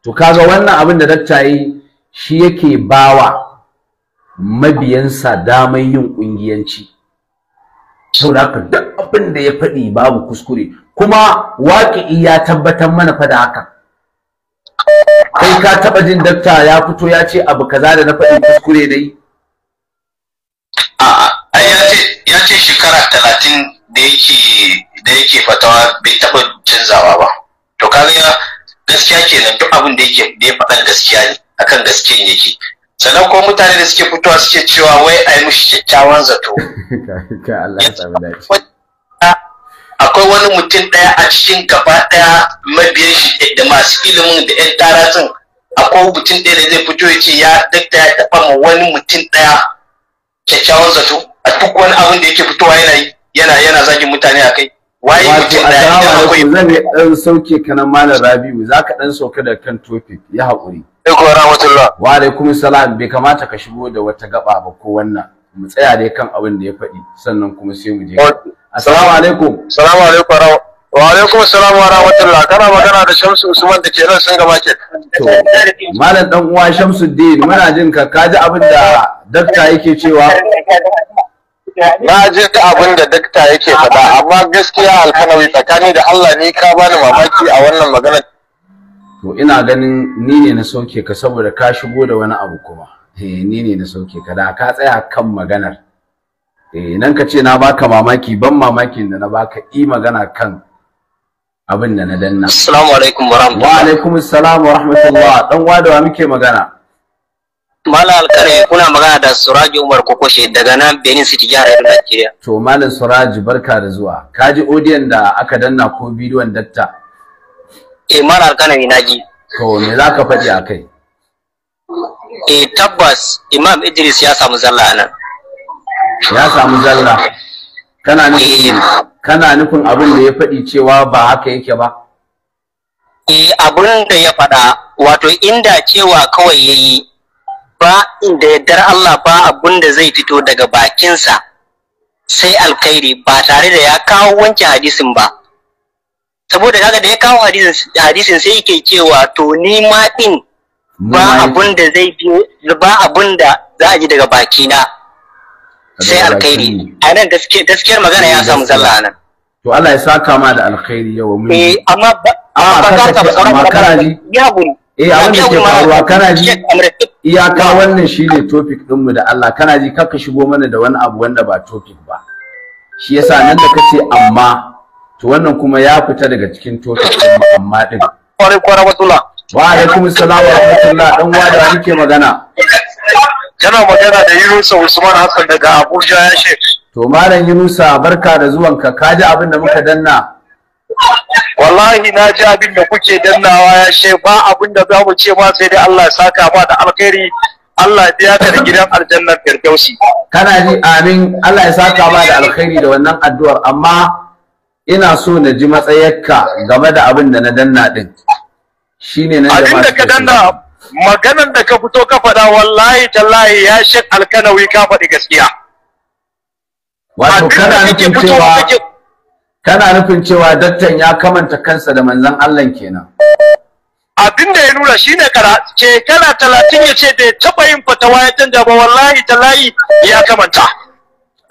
Speaker 3: to kaga wannan abin da dakta yi shi yake bawa mabiyansa damar yin kungiyanci saboda ka duk abin da ya faɗi babu kuskure kuma waƙi ya tabbatar mana fa da haka kai ka taba jin dakta ya fito ya ce abu kaza da na faɗi kuskure dai a'a ai ya ce shekara talatin da yake da yake fatawa bai taɓa canzawa ba to kaga
Speaker 1: gaskiya ke nan, duk abin da yake da ya faɗan gaskiya ne akan gaskiyan yake
Speaker 2: sannan ko mutane da suke fitowa suke cewa wai a yi mushi kyakkyawan zato akwai wani mutum ɗaya a cikin gaba ɗaya mabiyan shi da masu ilimin da 'yan taratin akwai mutum ɗaya da zai fito ya ce
Speaker 3: ya dakta ya taɓa ma wani mutum ɗaya kyakkyawan zato a duk wani abin da yake fitowa yana yana yana zagin mutane a kai waye wato assalamu alaikum zan dan sauke ka nan malam Rabiu zaka dan sauka da kan topic ya haƙuri alaikum rahmatullah wa alaikum salam bai kamata ka shigo da wata gaba ba ko wannan mu tsaya dai kan abin da ya faɗi sannan kuma sai mu je assalamu alaikum
Speaker 7: assalamu alaikum wa alaikum assalam wa rahmatullah kana magana da
Speaker 3: Shamsu Usman da ke nan Singa Market malam dan uwa Shamsu Shamsuddin muna jin ka ka ji abin da
Speaker 7: dakta yake cewa na ji abin da dakta yake faɗa amma gaskiya alfanawi tsakani da Allah ni ka bani mamaki a wannan magana
Speaker 3: to ina ganin ni ne na sauke ka saboda ka shigo da wani abu kuma eh ni ne na sauke ka da ka tsaya kan maganar eh nan ka ce na baka mamaki ban mamakin da na baka i magana kan abin da na danna assalamu alaikum wa rahmatullahi wa alaikum assalam wa rahmatullahi dan wadawa muke magana
Speaker 8: mala Alkare kuna magana da Suraji Umar Kokoshe daga nan Benin City jihar Edo Nigeria.
Speaker 3: To Malam Suraji barka da zuwa. Ka ji odiyon da aka danna ko bidiyon dakta? Eh Mala Alkare na ji. To me za ka faɗi a kai?
Speaker 8: Eh tabbas Imam Idris ya samu zalla nan. Ya samu zalla. Kana nufin eh.
Speaker 3: kana nufin abin da ya faɗi cewa ba haka yake ba? Eh abin
Speaker 8: da ya faɗa wato inda cewa kawai yayi ba inda yaddar Allah ba abun da zai fito daga bakinsa sai alkhairi ba tare da ya kawo wanke hadisin ba saboda kaga da ya kawo hadisin sai yake cewa to ni ma din ba abun da zai ba abun da za a ji daga bakina
Speaker 2: sai alkhairi
Speaker 8: a nan gaskiyar magana ya samu zalla nan
Speaker 3: to Allah ya saka ma da alkhairi yau eh
Speaker 8: amma ba ka ka ba
Speaker 4: ya guri eh abin da ke faruwa kana ji iyaka
Speaker 3: wannan ne topic din da Allah kana ji kaka shigo mana da wani abu wanda ba topic ba shi yasa nan da kace amma to wannan kuma ya fita daga cikin topic din amma din kwarai kwarai wasula wa alaikum assalam wa rahmatullah dan wa da kike magana kana
Speaker 7: magana da Yunusa Usman Hassan daga Abuja ya she to
Speaker 3: malam Yunusa barka da zuwanka kaji abin da muka danna
Speaker 7: wallahi na ji abin da kuke dannawa ya she ba abin da za mu ce ba sai dai Allah ya saka ba da alkhairi Allah biya ka da gidan
Speaker 3: aljannar firdausi kana ji amin Allah ya saka ba da alkhairi da wannan addu'ar amma ina so na ji matsayarka game da abin da na danna din
Speaker 7: shine nan da da ka danna maganan da ka fito ka faɗa wallahi tallahi ya shek alkanawi ka faɗi gaskiya
Speaker 3: wato kana nufin
Speaker 8: cewa
Speaker 3: tana nufin cewa dattan ya kamanta kansa da manzon Allah kenan
Speaker 7: abin da ya nuna shine kara kana talatin ya ce bai taɓa yin fatawa ya canja ba wallahi tallahi ya kamanta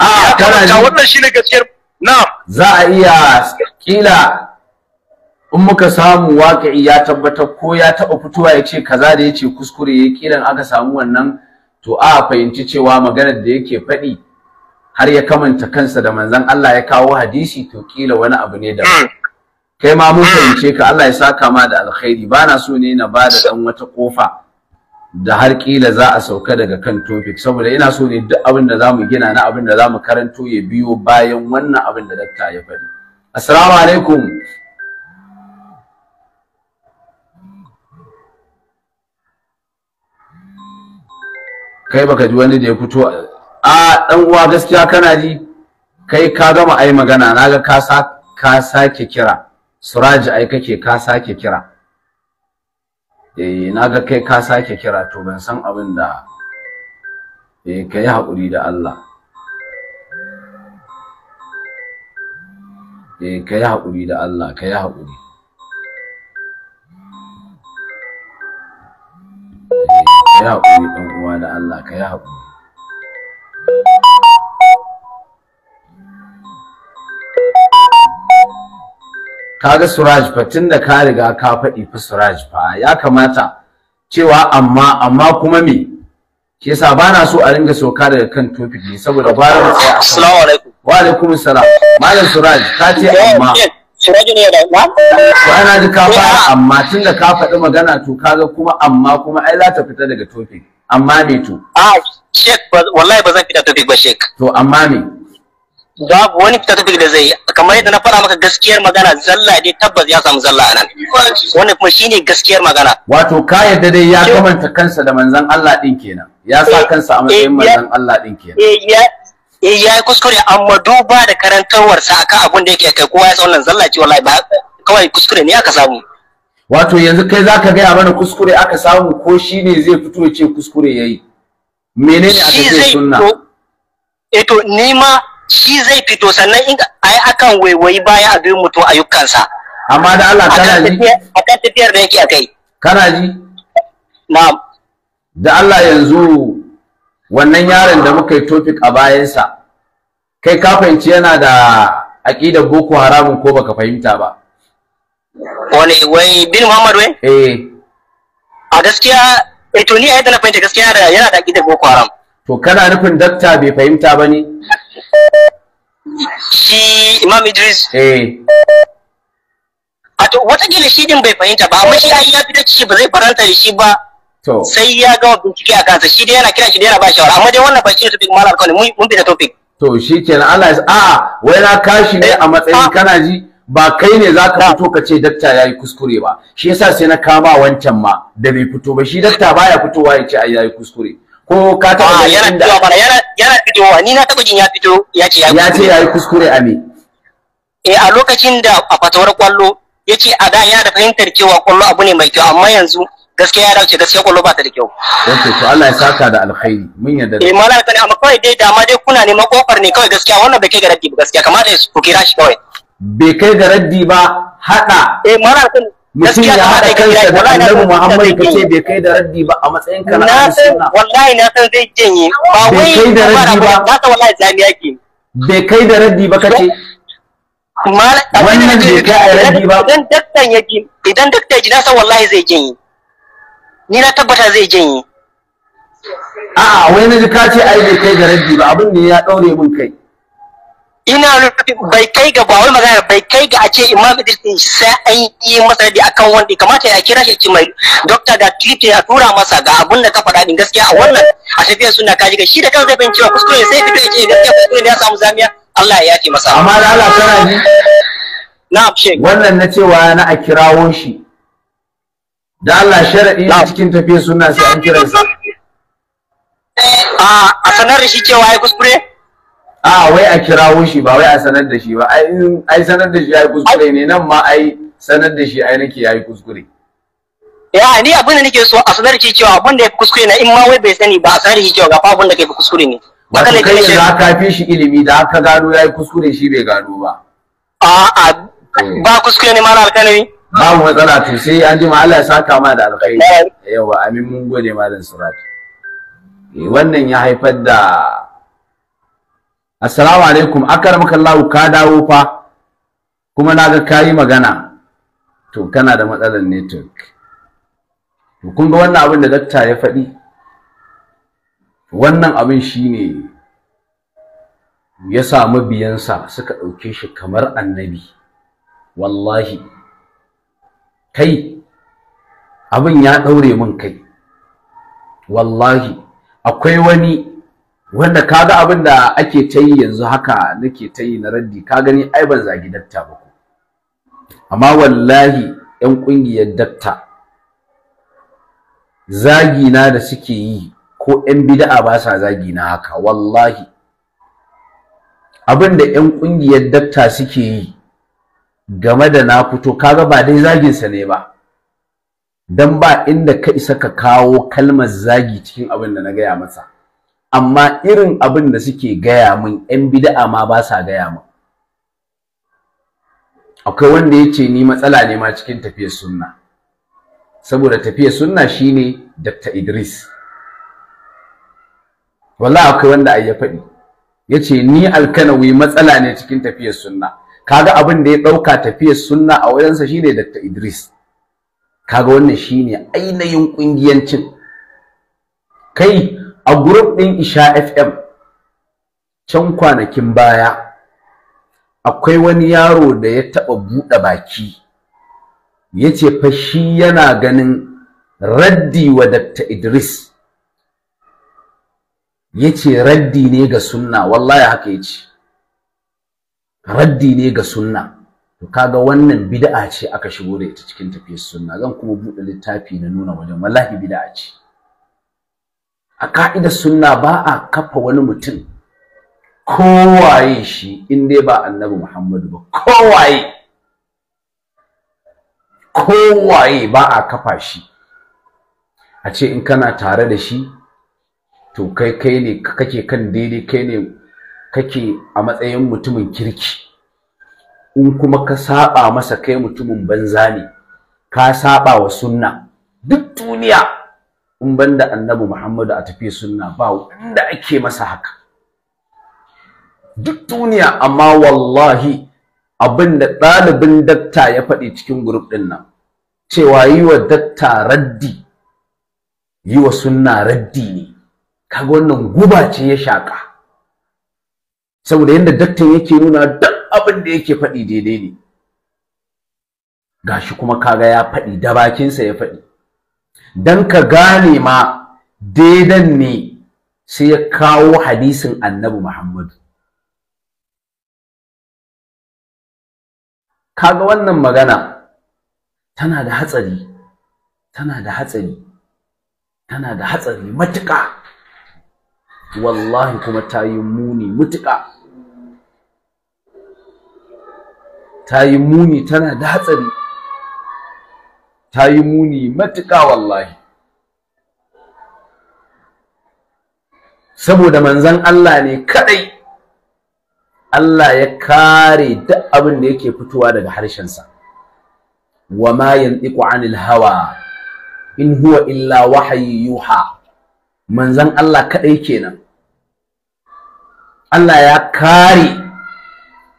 Speaker 7: ya kamanta wannan shine gaskiyar na'am
Speaker 3: za a iya kila in muka samu waƙi ya tabbatar ko ya taɓa fitowa ya ce kaza da ya ce kuskure ya kilan aka samu wannan to a fahimci cewa maganar da yake faɗi har ya kamanta kansa da manzon Allah ya kawo hadisi to kila wani abu ne da hmm.
Speaker 6: kai ma mun hmm. fahimce
Speaker 3: ka Allah ya saka ma da alkhairi bana so ne na ba da dan wata kofa da har kila za a sauka daga kan topic saboda ina so ne duk abin da zamu gina na abin da zamu karanto ya biyo bayan wannan abin da dakta ya faɗi assalamu alaikum kai baka ji wani da ya fito a dan uwa gaskiya kana ji kai ka gama ai magana naga ka sa ka sake kira suraji ai kake ka sake kira eh naga kai ka sake kira to ban san abin da eh kai hakuri da Allah eh kai hakuri da Allah kai hakuri eh, kai hakuri dan uwa da Allah kai hakuri kaga suraj fa tunda ka riga ka faɗi fa suraj fa ya kamata cewa amma amma kuma me ke sa ba na so a ringa sauka daga kan topic ne saboda ba na tsaya assalamu alaikum wa alaikum salam. malam suraj ka ce amma
Speaker 2: Siraju ne da na? To ji kafa
Speaker 3: fara amma tun da ka faɗi magana to kaga kuma amma kuma ai za ta fita daga tofi Amma me to? A shek
Speaker 8: wallahi ba zan fita tofi ba shek. To amma me? Babu wani fita tofi da zai yi kamar yadda na faɗa maka gaskiyar magana zalla dai tabbas ya samu zalla anan. Wannan kuma shine gaskiyar magana. Wato ka yadda dai ya kamanta
Speaker 3: kansa da manzon Allah din kenan.
Speaker 8: Ya sa eh, kansa a matsayin
Speaker 3: eh, manzon Allah din kenan.
Speaker 8: Eh, Eh, ya yi kuskure amma duba da karantarwarsa akan abin da yake kai kowa ya san wannan zallaci wallahi ba kawai kuskure ne aka samu
Speaker 3: wato yanzu kai zaka gaya mana kuskure aka samu ko shi ne zai fito ya ce kuskure yayi menene aka
Speaker 8: ce sunna eh to ni ma shi zai fito sannan in ai akan waiwayi baya a bin mutu ayyukansa
Speaker 4: amma da Allah kana ji
Speaker 8: akan tafiyar da yake akai kana ji na'am da Allah yanzu
Speaker 3: wannan yaron da muka yi topic a bayansa kai ka fahimci yana da aƙidar boko haramun ko baka fahimta ba wani wai bin
Speaker 8: muhammad wai eh a gaskiya eh to ni a yadda na fahimta gaskiya da yana da aƙidar boko haram
Speaker 3: to kana nufin dakta bai fahimta ba ne
Speaker 8: shi imam idris eh a to wata gila shi din bai fahimta ba amma shi ai ya fi da shi ba zai faranta da shi ba sai ya gama bincike a kansa shi dai yana kira shi dai yana ba shawara amma dai wannan ba shi topic malam alƙawari mun bi da topic
Speaker 3: to shikenan Allah ya a
Speaker 8: wai na kashi ne a
Speaker 3: matsayin ah. kana ji ba kai ne za ka ah. fito ka ce dakta ya yi kuskure ba shi yasa sai na kama wancan ma da bai fito ba shi dakta baya fitowa ya ce ai ya yi kuskure ko ka ta ah, ganin yana fitowa yana
Speaker 8: yana fitowa ni na taba jin ya fito ya ce ya ya ce ya yi kuskure a me eh a lokacin da a fatawar kwallo ya ce a da ya da fahimtar cewa kwallo abu ne mai kyau amma yanzu gaskiya ya dace gaskiya kwallo ba ta da kyau
Speaker 3: okay to Allah ya saka da alkhairi mun yarda eh malaka
Speaker 8: kane amma kawai dai dama dai kuna ne makofar ne kawai gaskiya wannan bai kai ga raddi ba gaskiya kamata ku kira shi kawai
Speaker 3: bai kai ga raddi ba
Speaker 8: hada eh malaka kane mutum ya haɗa kansa da
Speaker 3: annabi Muhammad ka ce bai kai da raddi ba a matsayin ka na sunna
Speaker 8: wallahi na san zai janye ba wai kai da raddi ba na san wallahi jami'a ke bai kai da raddi ba kace wannan bai kai da raddi ba idan daktan ya ji idan daktan ya ji na san wallahi zai janye ni na tabbata zai janye a'a wai na ji ka ce ai bai kai ga raddi ba abin ne ya daure mun kai ina bai kai ga ba wai magana bai kai ga a ce imam idris din sai an yi masa raddi akan wanda kamata ya kira shi ki mai doctor da tripe ya tura masa ga abin da ka faɗa din gaskiya a wannan a tafiyar suna ji ga shi da kansa zai bincewa kuskure sai fito ya ce gaskiya kuskure ne ya samu zamiya Allah ya yafe masa amma da Allah tana ji na'am shek wannan na cewa na a kirawo shi
Speaker 3: da Allah sharaɗi a cikin tafiyar suna sai an kira sa
Speaker 8: a sanar da shi cewa ya kuskure a wai a kirawo shi ba wai a sanar
Speaker 3: da shi ba ai
Speaker 8: sanar da shi ya yi kuskure ne nan ma ai sanar da shi ai nake ya yi kuskure ya ni abin da nake so a sanar da shi cewa abin da ya kuskure na in ma wai bai sani ba a sanar da shi cewa ga fa abin da kai kuskure ne wato kai za ka
Speaker 3: fi shi ilimi da aka gano ya yi kuskure shi bai gano ba
Speaker 8: a'a eh. ba kuskure ne ma na babu matsala to sai an ji Allah ya
Speaker 3: saka ma da alkhairi yawa amin mun gode malam surat eh, wannan ya haifar da assalamu alaikum akarmakallahu ka dawo fa kuma naga kayi magana to kana da matsalar network to kun ga wannan abin da dakta ya faɗi wannan abin shine ya sa mabiyansa suka ɗauke shi kamar annabi wallahi kai abin ya ɗaure min kai wallahi akwai wani wanda kaga abin da ake tayi yanzu haka nake ta yi na raddi ka gani ai ban zagi dakta ba ko? amma wallahi yan ƙungiyar dakta zagi na da suke yi ko yan bid'a ba sa zagi na haka wallahi abin da yan ƙungiyar dakta suke yi game da na fito kaga ba dai zagin sa ne ba dan ba inda ka isa ka kawo kalmar zagi cikin abin da na gaya masa amma irin abin da suke gaya min ƴan bid'a ma ba sa gaya min akwai wanda ya ce ni matsala ne ma cikin tafiyar sunna saboda tafiyar sunna shine Dr. Idris wallahi akwai wanda ai ya faɗi yace ni alkanawi matsala ne cikin tafiyar sunna kaga abin da ya ɗauka tafiyar sunna a wajensa shine Dr. Idris kaga wannan shine ainihin kungiyancin kai a group ɗin Isha FM can kwanakin baya akwai wani yaro da ya taɓa buɗe baki yace ce fa shi yana ganin raddi wa Dr. Idris yace raddi ne ga sunna wallahi haka yace raddi ne ga sunna to kaga wannan bid'a ce aka shigo da ita cikin tafiyar sunna zan kuma buɗe littafi na nuna wajen wallahi bid'a ce a ka'idar sunna ba a kafa wani mutum kowaye shi in dai ba annabi muhammadu ba kowaye kowaye ba a kafa shi a ce in kana tare da shi to kai kai ne kake kan daidai kai ne kake a matsayin mutumin kirki in kuma ka saba masa kai mutumin banza ne ka saba wa sunna duk duniya in banda annabi Muhammadu a tafi sunna ba wanda ake masa haka duk duniya amma wallahi abin da ɗalibin datta ya faɗi cikin grup ɗin nan cewa yi wa datta raddi yi wa sunna raddi ne kaga wannan guba ce ya shaƙa saboda yadda daktan yake nuna duk abin da yake faɗi daidai ne gashi kuma kaga ya faɗi da bakinsa ya faɗi dan ka gane ma daidan ne sai ya kawo hadisin annabi Muhammadu kaga wannan magana tana da hatsari tana da hatsari tana da hatsari matuƙa wallahi kuma ta yi muni matuƙa ta muni tana da hatsari ta yi muni matuƙa wallahi saboda manzan Allah ne kadai Allah ya kare duk abin da yake fitowa daga harshensa wa ma yantiqu anil hawa in huwa illa wahayi yuha manzan Allah kadai kenan Allah ya kare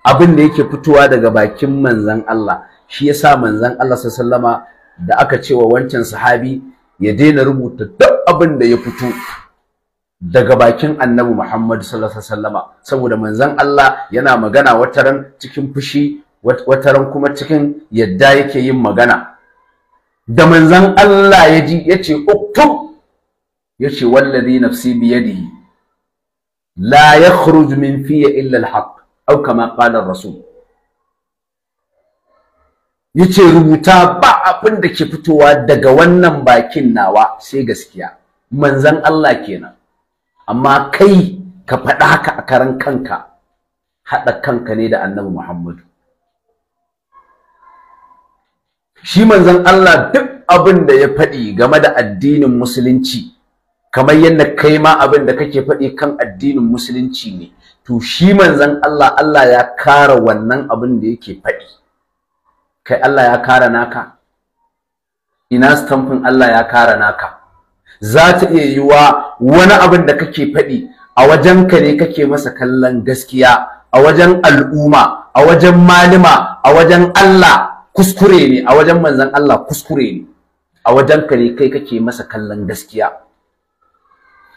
Speaker 3: abin da yake fitowa daga bakin manzan Allah shi yasa manzan Allah sallama da aka cewa wancan sahabi ya daina rubuta duk abin da ya fito daga bakin annabi Muhammad sallallahu alaihi wasallama saboda manzan Allah yana magana wataran cikin fushi wataran kuma cikin yadda yake yin magana da manzan Allah ya ji yace ya ce wallazi nafsi biyadihi la yakhruj min fiya illa alhaq au kama rasu. rasul yace rubuta ba abin da ke fitowa daga wannan bakin nawa sai gaskiya manzan Allah kenan amma kai ka faɗa haka a karan kanka haɗa kanka ne da annabi Muhammadu shi manzan Allah duk abin da ya faɗi game da addinin musulunci kamar yadda kai ma abin da kake faɗi kan addinin musulunci ne to shi manzon Allah Allah ya kara wannan abin da yake faɗi kai Allah ya kara naka ina stampin Allah ya kara naka za ta iya yiwa wani abin da kake faɗi a wajenka ne kake masa kallon gaskiya a wajen al'umma a wajen malima a wajen Allah kuskure ne a wajen manzon Allah kuskure ne a wajenka ne kai kake masa kallon gaskiya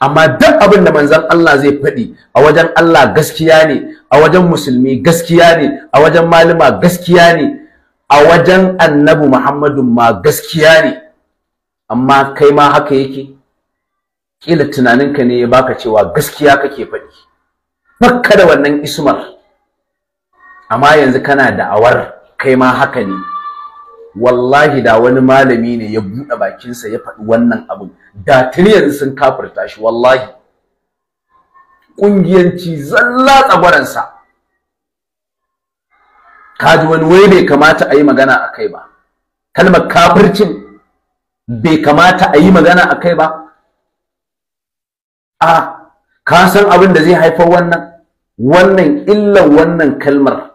Speaker 3: amma duk abin da manzon Allah zai faɗi a wajen Allah gaskiya ne a wajen musulmi gaskiya ne a wajen malama gaskiya ne a wajen annabi Muhammadu ma gaskiya ne amma kai ma haka yake kila tunaninka ne ya baka cewa gaskiya kake faɗi bakka da wannan ismar amma yanzu kana da'awar kai ma haka ne wallahi da wani malami ne ya buɗe bakinsa ya faɗi wannan abin da tuni yanzu sun kafirta shi wallahi ƙungiyanci zalla tsagwaransa kaji wani wai bai kamata a yi magana a kai ba kalmar kafircin bai kamata a yi magana a kai ba a ka san abin da zai haifar wannan wannan illan wannan kalmar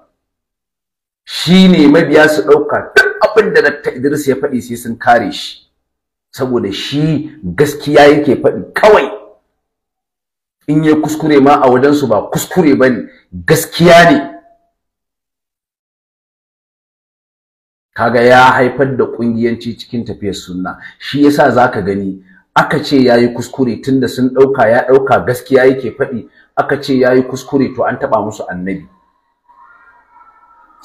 Speaker 3: shine mabiya su ɗauka abin da Dr. Idris ya faɗi sai sun kare shi saboda shi gaskiya yake faɗi kawai in ya kuskure ma a wajensu ba kuskure ba ne gaskiya ne kaga ya haifar da ƙungiyanci cikin tafiyar sunna shi yasa za ka gani aka ce ya yi kuskure tunda sun ɗauka ya ɗauka gaskiya yake faɗi aka ce ya yi kuskure to an taɓa musu annabi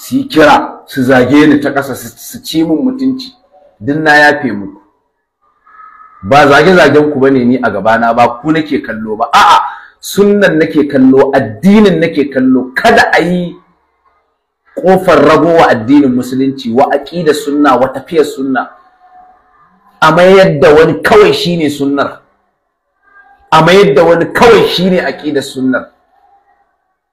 Speaker 3: su yi kira su zage ni ta ƙasa su ci min mutunci din na yafe muku ba zage-zagen ku bane ni a gabana ba ku nake kallo ba a'a sunnan nake kallo addinin nake kallo kada a yi ƙofar ragowa addinin musulunci wa aƙidar sunna wa tafiyar sunna a mayar wani kawai shine sunnar a mayar da wani kawai shine aƙidar sunnar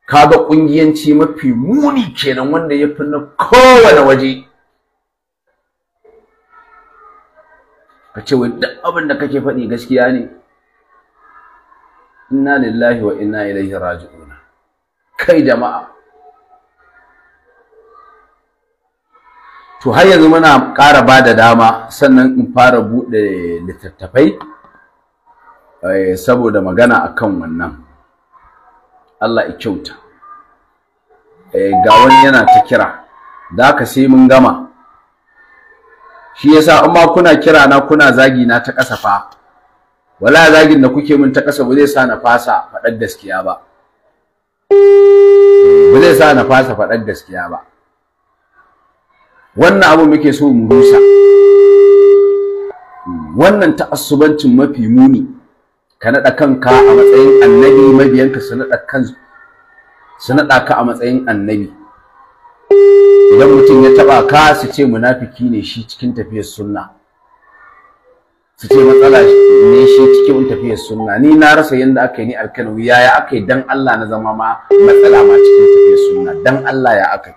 Speaker 3: kaga kungiyanci mafi muni kenan wanda ya fi na kowane waje ka ce wai duk abin da kake faɗi gaskiya ne inna lillahi wa inna ilaihi raji'una kai jama'a to har yanzu muna ƙara bada dama sannan in fara buɗe littattafai eh, saboda magana akan wannan Allah ya kyauta eh, ga wani yana ta kira da ka sai mun gama shi yasa in ma kuna kira na kuna zagi na ta ƙasa fa wala zagin da kuke mun ta ƙasa ba zai sa na fasa faɗar gaskiya ba eh, ba zai sa na fasa faɗar gaskiya ba wannan abu muke so mu rusa hmm, wannan ta'assubancin mafi muni ka naɗa kanka a matsayin annabi mabiyanka su naɗa kan su naɗa ka a matsayin annabi idan mutum ya taɓa ka su ce munafiki ne shi cikin tafiyar sunna su ce matsala ne shi cikin tafiyar sunna ni na rasa yadda aka yi ni alkanawi yaya aka yi dan Allah na zama ma matsala ma cikin tafiyar sunna dan Allah ya aka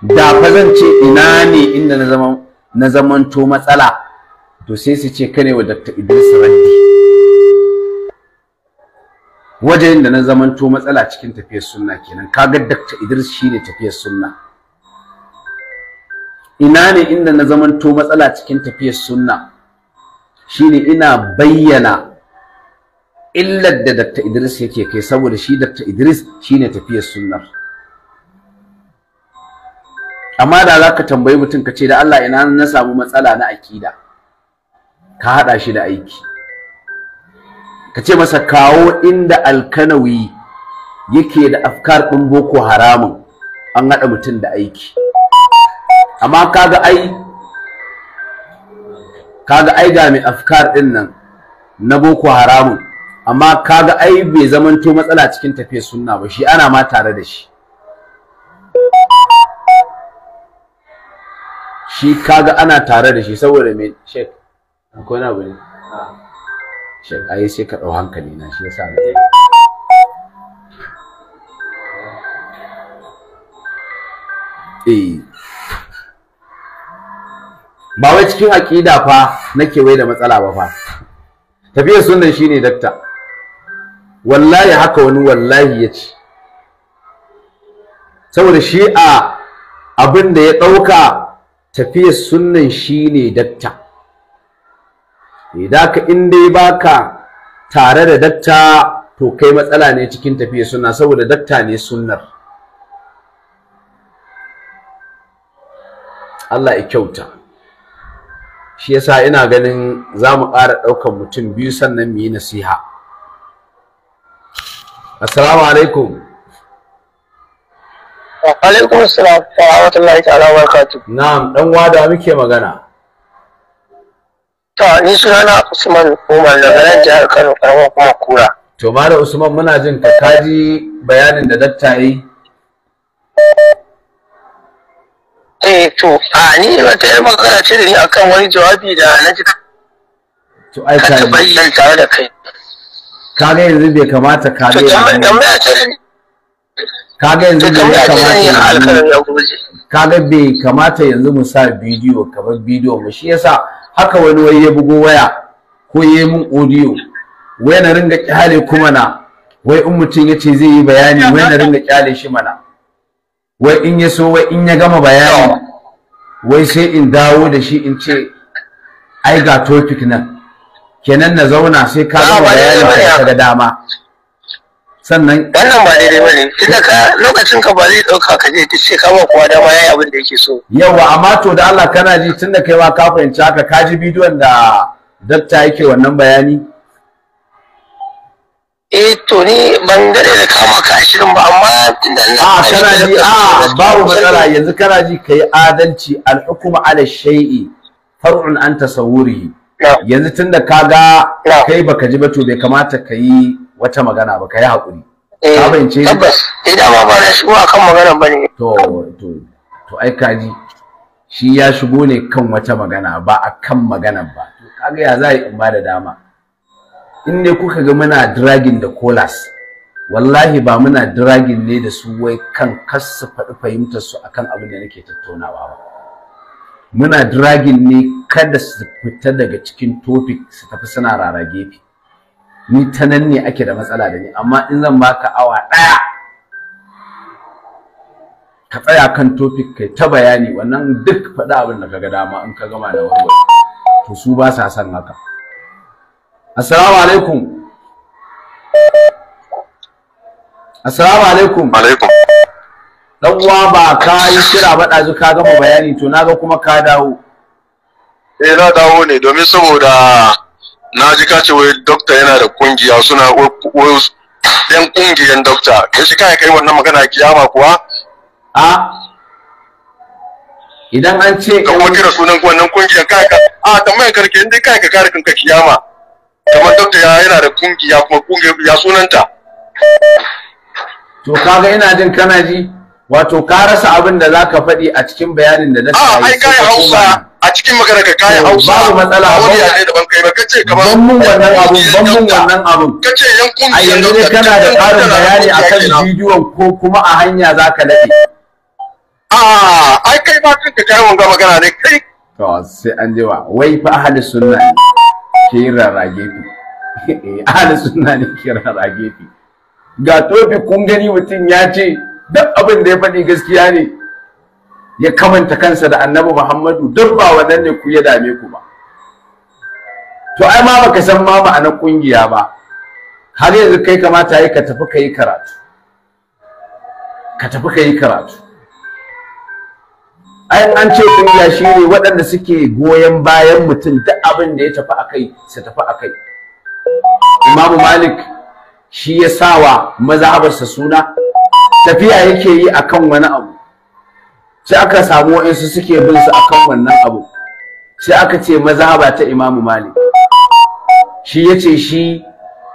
Speaker 3: yi da fa zan ce ina ne inda na zama na zamanto matsala to sai su ce kane wa Dr. Idris Raddi wajen da na zamanto matsala cikin tafiyar sunna kenan kaga Dr. Idris shine tafiyar sunna ina ne inda na zamanto matsala cikin tafiyar sunna shine ina bayyana illar da Dr. Idris yake kai saboda shi Dr. Idris shine tafiyar sunna amma da zaka tambayi mutum kace da Allah ina na samu matsala na akida ka haɗa shi da aiki ka ce masa kawo inda alkanawi yake da afkar ɗin boko haramun an haɗa mutum da aiki amma kaga ai kaga ai ga mai afkar ɗin nan na boko haramun amma kaga ai bai zamanto matsala cikin tafiyar sunna ba shi ana ma tare da shi shi kaga ana tare da shi saboda me shek akwai na bane ai sai ka ɗau hankali na shi yasa na eh. ba wai cikin aƙida fa nake wai da matsala ba fa tafiyar shi ne dakta wallahi haka wani wallahi ya ce saboda shi a abin da ya ɗauka tafiyar sunnan shine dakta Eh, da ka in dai baka tare da dakta to kai matsala ne cikin tafiya sunna saboda dakta ne sunnar Allah ya kyauta shi yasa ina ganin za mu ƙara ɗaukar mutum biyu sannan mu yi nasiha assalamu alaikum alaikum assalam wa rahmatullahi ta'ala wa barakatuh na'am dan wada muke magana To ni sunana Usman Umar daga nan jihar Kano karamar kuma kura. To Malam Usman muna jin ka kaji bayanin da datta yi. Eh to a ni ta yi
Speaker 1: magana ce da ni akan wani jawabi da na ji to ai ka bayyana tare da kai.
Speaker 3: ga yanzu bai kamata ka ga yanzu. yanzu bai kamata ga bai kamata yanzu mu sa bidiyo kamar bidiyo mu shi yasa haka wani wai ya bugo waya ko ya yi mun audio wai na ringa kyale kuma na wai in mutum ya ce zai yi bayani wai na ringa kyale shi mana wai in ya so wai in ya gama bayani wai sai in dawo da shi in ce ai ga topic nan kenan na zauna sai ka gama bayanin da ka ga dama sannan wannan ba daidai bane tunda ka
Speaker 4: lokacin ka ba zai dauka ka je ta ce ka ba kowa da yayi abin da yake so yawa amma to da Allah
Speaker 3: kana ji tunda kai ma ka fahimci haka ka ji bidiyon da dakta yake wannan bayani eh to ni ban ga da kama ka ashirin ba amma tunda a
Speaker 6: ah, kana ji a ah, babu matsala
Speaker 5: yanzu kana ji kai adalci al-hukm ala
Speaker 3: shay'i far'un an tasawwurihi yanzu tunda kaga kai baka ji ba to bai kamata ka yi wata magana ba ka yi ka eh, fahimce shi tabbas idan ma ba eh, shi shigo akan magana ba to to to ai kaji shi ya shigo ne kan wata magana ba akan magana ba to kaga ya za in ba da dama in ne kuka ga muna dragging da kolas wallahi ba muna dragging ne da su wai kan kasu faɗi fahimtar su akan abin da nake tattaunawa ba muna dragging ne kada su fita daga cikin topic su tafi suna rara gefe ni ta nan ne ake da matsala da ni amma in zan baka awa ɗaya ka tsaya kan topic kai ta bayani wannan duk faɗa abin da kaga dama in ka gama da wani to su ba sa son haka assalamu alaikum assalamu alaikum alaikum dan uwa ba ka yi kira ba ɗazu ka gama bayani to naga kuma ka dawo
Speaker 7: eh na dawo ne domin saboda na ji ka ce wai dokta yana da kungiya suna yan kungiyan dokta ya shi kai kai wannan magana kiyama kuwa a idan an ce ka kuma kira sunan wannan kungiyan kai ka a tambayar karke inda kai ka kare kanka kiyama kamar dokta ya yana da kungiya kuma kungiya sunanta
Speaker 3: to kaga ina jin kana ji wato ka rasa abin da zaka faɗi a cikin bayanin da na sai ah, ai kai Hausa
Speaker 7: a cikin magana ka kai Hausa babu matsala ba wani da ban kai ba kace kamar ban mun wannan eh, abu ban mun wannan abu kace yankun a yanzu ne kana da ƙarin bayani akan bidiyon ko kuma a hanya zaka lafi ah ai kai ba ka kai wanga magana ne kai
Speaker 3: to sai an ji wa wai fa ahli sunna ke rarrage fi eh, ahli sunna ne ke rarrage fi ga tofi kun gani mutun ya ce duk abin da ya faɗi gaskiya ne ya kamanta kansa da annabi Muhammadu duk ba wannan ne ku ya dame ku ba to ai ma baka san ma ma'anar kungiya ba har yanzu kai kamata yi ka tafi ka yi karatu ka tafi ka yi karatu ai an ce kungiya shine waɗanda suke goyon bayan mutum duk abin da ya tafi kai su tafi akai imamu Malik shi ya sawa mazhabarsa suna tafiya yake yi akan wani abu sai aka samu wa'insu suke bin su akan wannan abu sai aka ce mazhaba ta imamu malik shi ya ce shi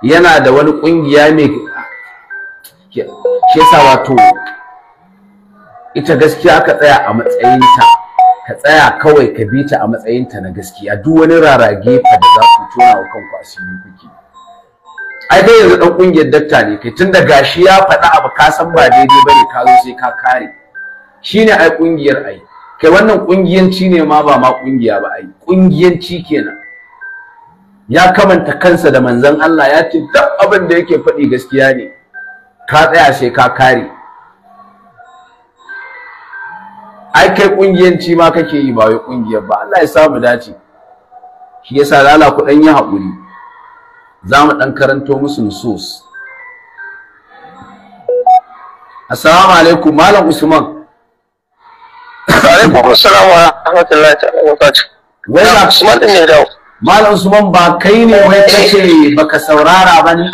Speaker 3: yana da wani ƙungiya mai shi yasa wato ita gaskiya ka tsaya a matsayinta ka tsaya kawai ka bi ta a matsayinta na gaskiya duk wani rarage fa da za ku tona wa kanku asiri kuke ai dai yanzu dan kungiyar dakta ne kai tunda gashi ya faɗa abu ka san ba daidai ne ka zo sai ka kare shine ai kungiyar ai kai wannan kungiyanci ne ma ba ma kungiya ba ai kungiyanci kenan ya kamanta kansa da manzon Allah ya ce duk abin da yake faɗi gaskiya ne ka tsaya sai ka kare ai kai kungiyanci ma kake yi ba wai kungiyar ba Allah ya samu dace shi yasa lala ku dan yi hakuri. za mu ɗan karanto musu nusus assalamu alaikum malam usman alaikum assalam wa rahmatullahi ta'ala wa usman din ne malam usman ba kai ne wai ba baka saurara ba ne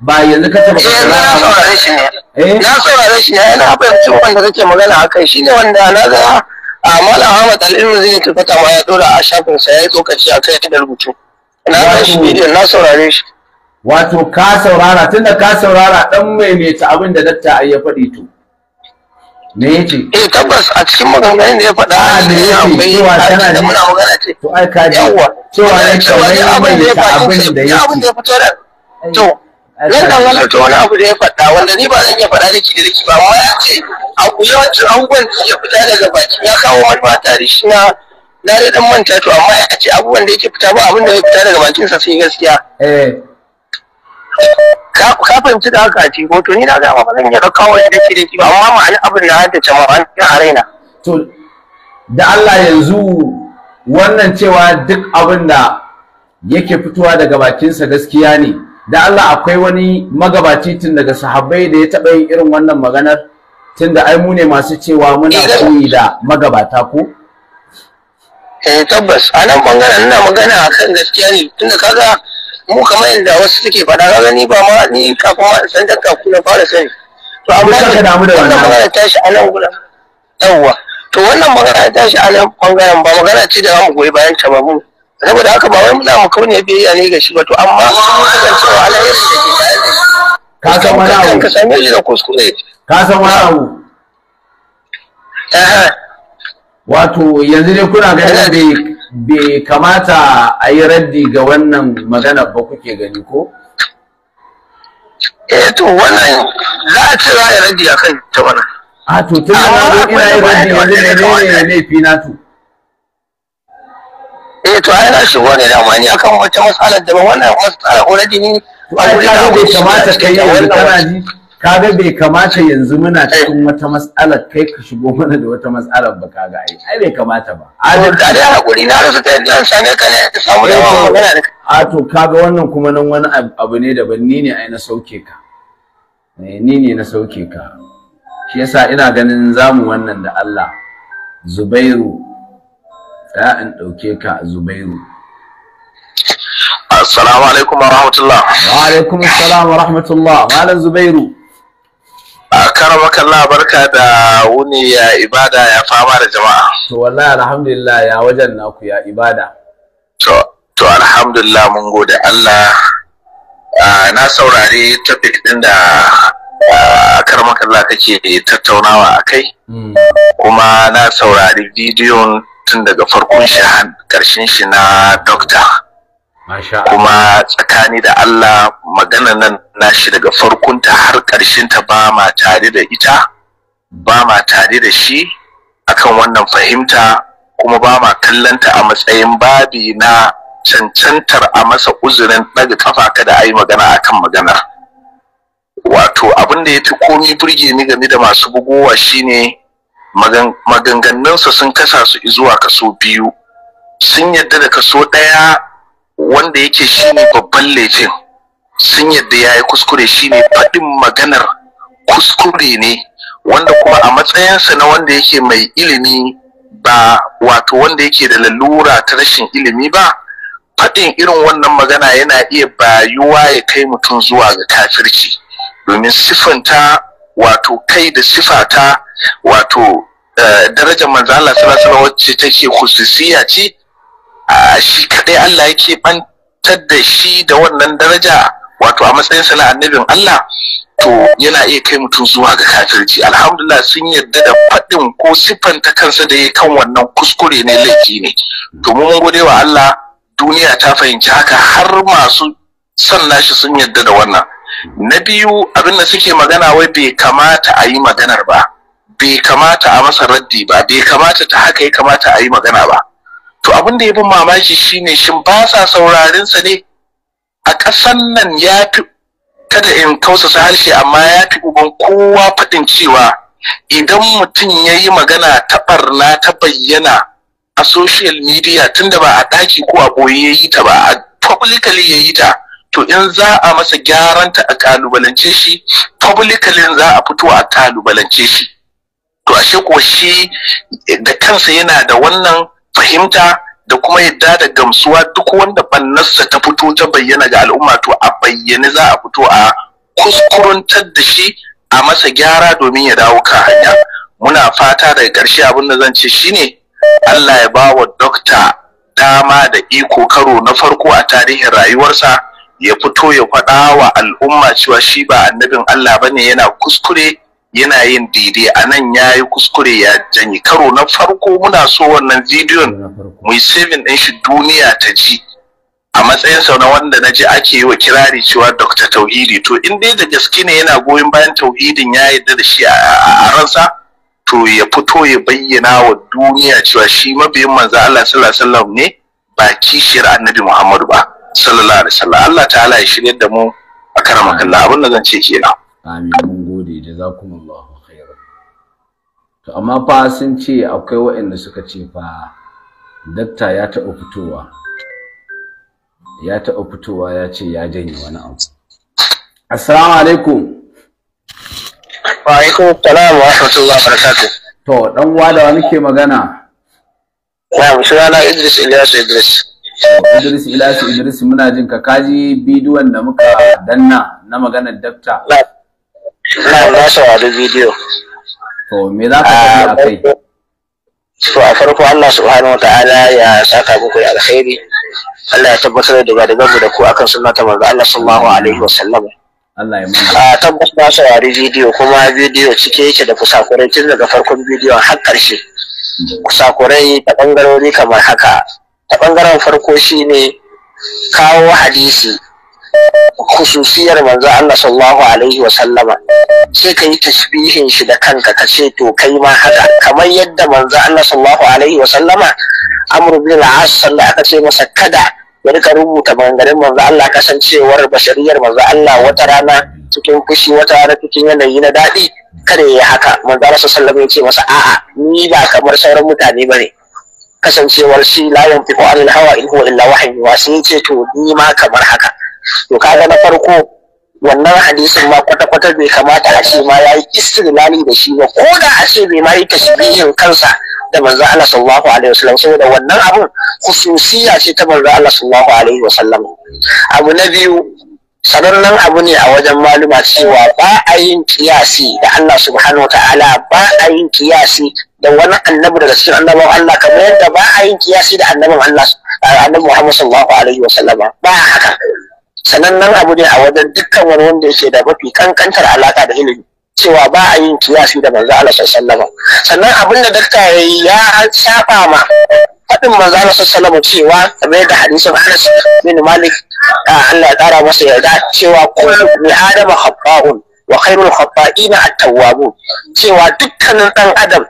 Speaker 3: ba yanzu ka ce ka eh, saurara shi ne eh? na saurare shi ne yana
Speaker 4: fahimci wanda kake magana a kai. shi ne wanda na ga ah, malam Ahmad Al-Ilmi zai tabbata ma
Speaker 3: ya ɗora a shafin sa yayi tsokaci kai da rubutu na saurare shi wato ka saurara tunda ka saurara dan maimaita abin da dakta ya faɗi to me yace eh tabbas a cikin maganganun da ya faɗa ne ah, ya tana
Speaker 4: muna magana ce to ai ka ji abin da ya abin da ya fito da to wani to wani abu da ya faɗa wanda ni ba zan iya faɗa da daki ba amma ya ce abu abubuwan ya fita daga baki ya kawo wani mata da shi na na dai dan manta to amma a ce abubuwan da yake fita ba abin da ya fita daga bakin sa sai gaskiya eh ka ka fahimci da haka ce ko to ni na ga ba zan iya kawo da ke da kike ba amma
Speaker 3: ma'ana abin na ce ma an a raina to da Allah yanzu wannan cewa duk abin da yake fitowa daga bakinsa gaskiya ne da Allah akwai wani magabaci tun daga sahabbai da ya taɓa yin irin wannan maganar tun da ai mu ne masu cewa muna eh, koyi da magabata ko eh tabbas a nan bangaren ina magana akan gaskiya ne tunda kaga mu kamar yadda wasu
Speaker 4: suke faɗa kaga ni ba ma ni kafin ma san da kafin na fara sani to amma ka damu da wannan magana tashi a nan gudan yawwa to wannan magana tashi a nan bangaren ba magana ce da mu goyi bayan ta ba mu saboda haka ba wai muna mu ya biyayya ne ga shi ba to amma kasancewa
Speaker 3: Allah ya shi ka san wani abu ka san wani abu eh. wato yanzu ne kuna ganin eh. bai kamata a yi raddi ga wannan magana ba kuke gani ko? eh to wannan za a ce za a yi raddi a kan ta wannan a to tun da ina yi raddi yanzu ne ne ne laifi na to
Speaker 4: eh to ai na shigo ne dama ni akan wata matsalar da ba wannan matsalar already ne
Speaker 3: ba ta bai kamata kai yanzu kana ji kaga bai kamata yanzu muna cikin wata matsala kai ka shigo mana da wata matsalar ba kaga ai ai bai kamata ba a da dai
Speaker 2: hakuri na rasa ta yadda same ka ne ta samu da magana
Speaker 3: eh a to kaga wannan kuma nan wani abu ne daban ni ne ai na sauke ka eh, ni ne na sauke ka shi yasa ina ganin zamu wannan da Allah Zubairu ya in dauke ka Zubairu Assalamu alaikum wa rahmatullah. Wa alaikum assalam wa rahmatullah. Malam Zubairu. karamakan barka
Speaker 5: da wuni ya ibada ya fama da jama'a
Speaker 3: to wallahi alhamdulillah ya wajen naku ya ibada
Speaker 5: to to alhamdulillah mun gode Allah na saurari topic ɗin da la kake tattaunawa a kai hmm. kuma na saurari bidiyon tun daga farkon shi karshen shi na doctor kuma tsakani da Allah magana nan nashi daga farkonta har ta ba ma tare da ita ba ma tare da shi akan wannan fahimta kuma ba ma kallanta a matsayin babi na cancantar a masa uzurin daga kafa kada a yi magana akan magana. wato abin da ya fi komi burge ni game da masu bugowa shine maganganunsa sun kasa su zuwa kaso biyu sun yadda da kaso ɗaya wanda yake shi ne babban laifin sun yadda ya yi kuskure shi ne faɗin maganar kuskure ne wanda kuma a matsayinsa na wanda yake mai ilimi ba wato wanda yake da lalura ta rashin ilimi ba faɗin irin wannan magana yana iya bayuwa ya kai mutum zuwa ga kafirci domin siffanta wato kai da sifata wato eh, darajar manzala Allah wacce take khususiyya ce shi kaɗai Allah yake bantar da shi da wannan daraja wato a sa na annabin Allah to yana iya kai mutum zuwa ga kafirci alhamdulillah sun yarda da faɗin ko siffanta kansa da ya kan wannan kuskure ne laifi ne to mun gode wa Allah duniya ta fahimci haka har masu son nashi sun yarda da wannan na biyu abin da suke magana wai bai kamata a yi maganar ba bai kamata a masa raddi ba bai kamata ta haka ya kamata a yi magana ba to abin da ya fi mamaki shine shin ba sa saurarin sa ne a ƙasan nan ya fi kada in kausasa harshe amma ya fi uban kowa faɗin cewa idan mutum ya yi magana ta ɓarna ta bayyana a social media tunda ba a ɗaki ko a ɓoye ya yi ta ba a publicly ya yi ta to in za a masa gyaran ta a kalubalance shi publicly za a fito a kalubalance shi to ashe ko shi da kansa yana da wannan fahimta da kuma yadda da gamsuwa duk wanda bannarsa ta fito ta bayyana ga al'umma to a bayyane za a fito a kuskuruntar da shi a masa gyara domin ya dawo kan hanya muna fata daga ƙarshe abin da zan ce shine Allah ya ba wa dokta dama da iko karo na farko a tarihin rayuwarsa ya fito ya faɗa wa al'umma cewa shi ba annabin Allah bane yana kuskure yana yin daidai a nan ya yi kuskure ya janye karo na farko muna so wannan bidiyon mu yi saving din shi duniya ta ji a matsayinsa na wanda na ji ake yi wa kirari cewa Dr. Tauhidi to in dai da gaske ne yana goyon bayan Tauhidin ya yarda da shi a ransa to ya fito ya bayyana wa duniya cewa shi mabiyin manzo Allah sallallahu alaihi ne ba kishiyar Annabi Muhammadu ba sallallahu alaihi wasallam Allah ta'ala ya shirye da mu a karamakalla abin da zan ce kenan
Speaker 3: amin mun gode jazakumullahu khairan to amma fa sun ce akwai waɗanda suka ce fa dakta ya taɓa fitowa ya taɓa fitowa ya ce ya janye wani abu assalamu alaikum wa alaikum assalam wa rahmatullahi wa barakatuh to dan uwa da wani ke magana na sunana Idris Ilyas Idris Idris Ilyas Idris muna jin ka kaji bidiyon da muka danna na maganar dakta na na saurari bidiyo to me za ka faɗi a kai to a farko Allah subhanahu wataala ya
Speaker 4: saka muku da alkhairi Allah ya tabbatar da daga daga da ku akan sunna ta manzo Allah sallallahu alaihi wasallam Allah ya mana a tabbas na saurari bidiyo kuma bidiyo cike yake da kusakurai tun daga farkon bidiyon har ƙarshe kusakurai ta ɓangarori kamar haka ta ɓangaren farko shine kawo hadisi khususiyar manzo Allah sallallahu alaihi wasallama sai ka yi tasbihin shi da kanka ka ce to kai ma haka kamar yadda manzo Allah sallallahu alaihi wasallama sallama bin al aka ce masa kada ya rika rubuta maganganun manzo Allah kasancewar bashariyar manzo Allah wata rana cikin fushi wata rana cikin yanayi na daɗi kada ya haka manzo Allah sallallahu alaihi wasallama ya ce masa a'a ni ba kamar sauran mutane bane kasancewar shi la yantiqu anil hawa in huwa illa wahyu wasu ce to ni ma kamar haka to kaga na farko wannan hadisin ma kwata-kwata bai kamata a ce ma ya yi istilali da shi ba ko da a ce bai ma yi tashbihin kansa da manzo Allah sallallahu alaihi wasallam saboda wannan abun khususiyya ce ta manzo Allah sallallahu alaihi wasallam abu na biyu sanannen abu ne a wajen maluma cewa ba a yin kiyasi da Allah subhanahu ta'ala ba a yin kiyasi da wani annabi daga cikin annabawan Allah kamar yadda ba a yin kiyasi da annabin Allah annabi Muhammad sallallahu alaihi wasallam ba haka sanannen abu ne a wajen dukkan wani wanda yake da mafi kankantar alaka da ilimi cewa ba a yin kiyasi da manzo Allah sallallahu alaihi sannan abin da dakta yayi ya shafa ma
Speaker 2: faɗin manzo Allah
Speaker 4: sallallahu alaihi cewa kamar da hadisin Anas bin Malik Allah ya kara masa yarda cewa kullu bi adama khata'un wa khairul khata'ina at-tawwabun cewa dukkanin dan adam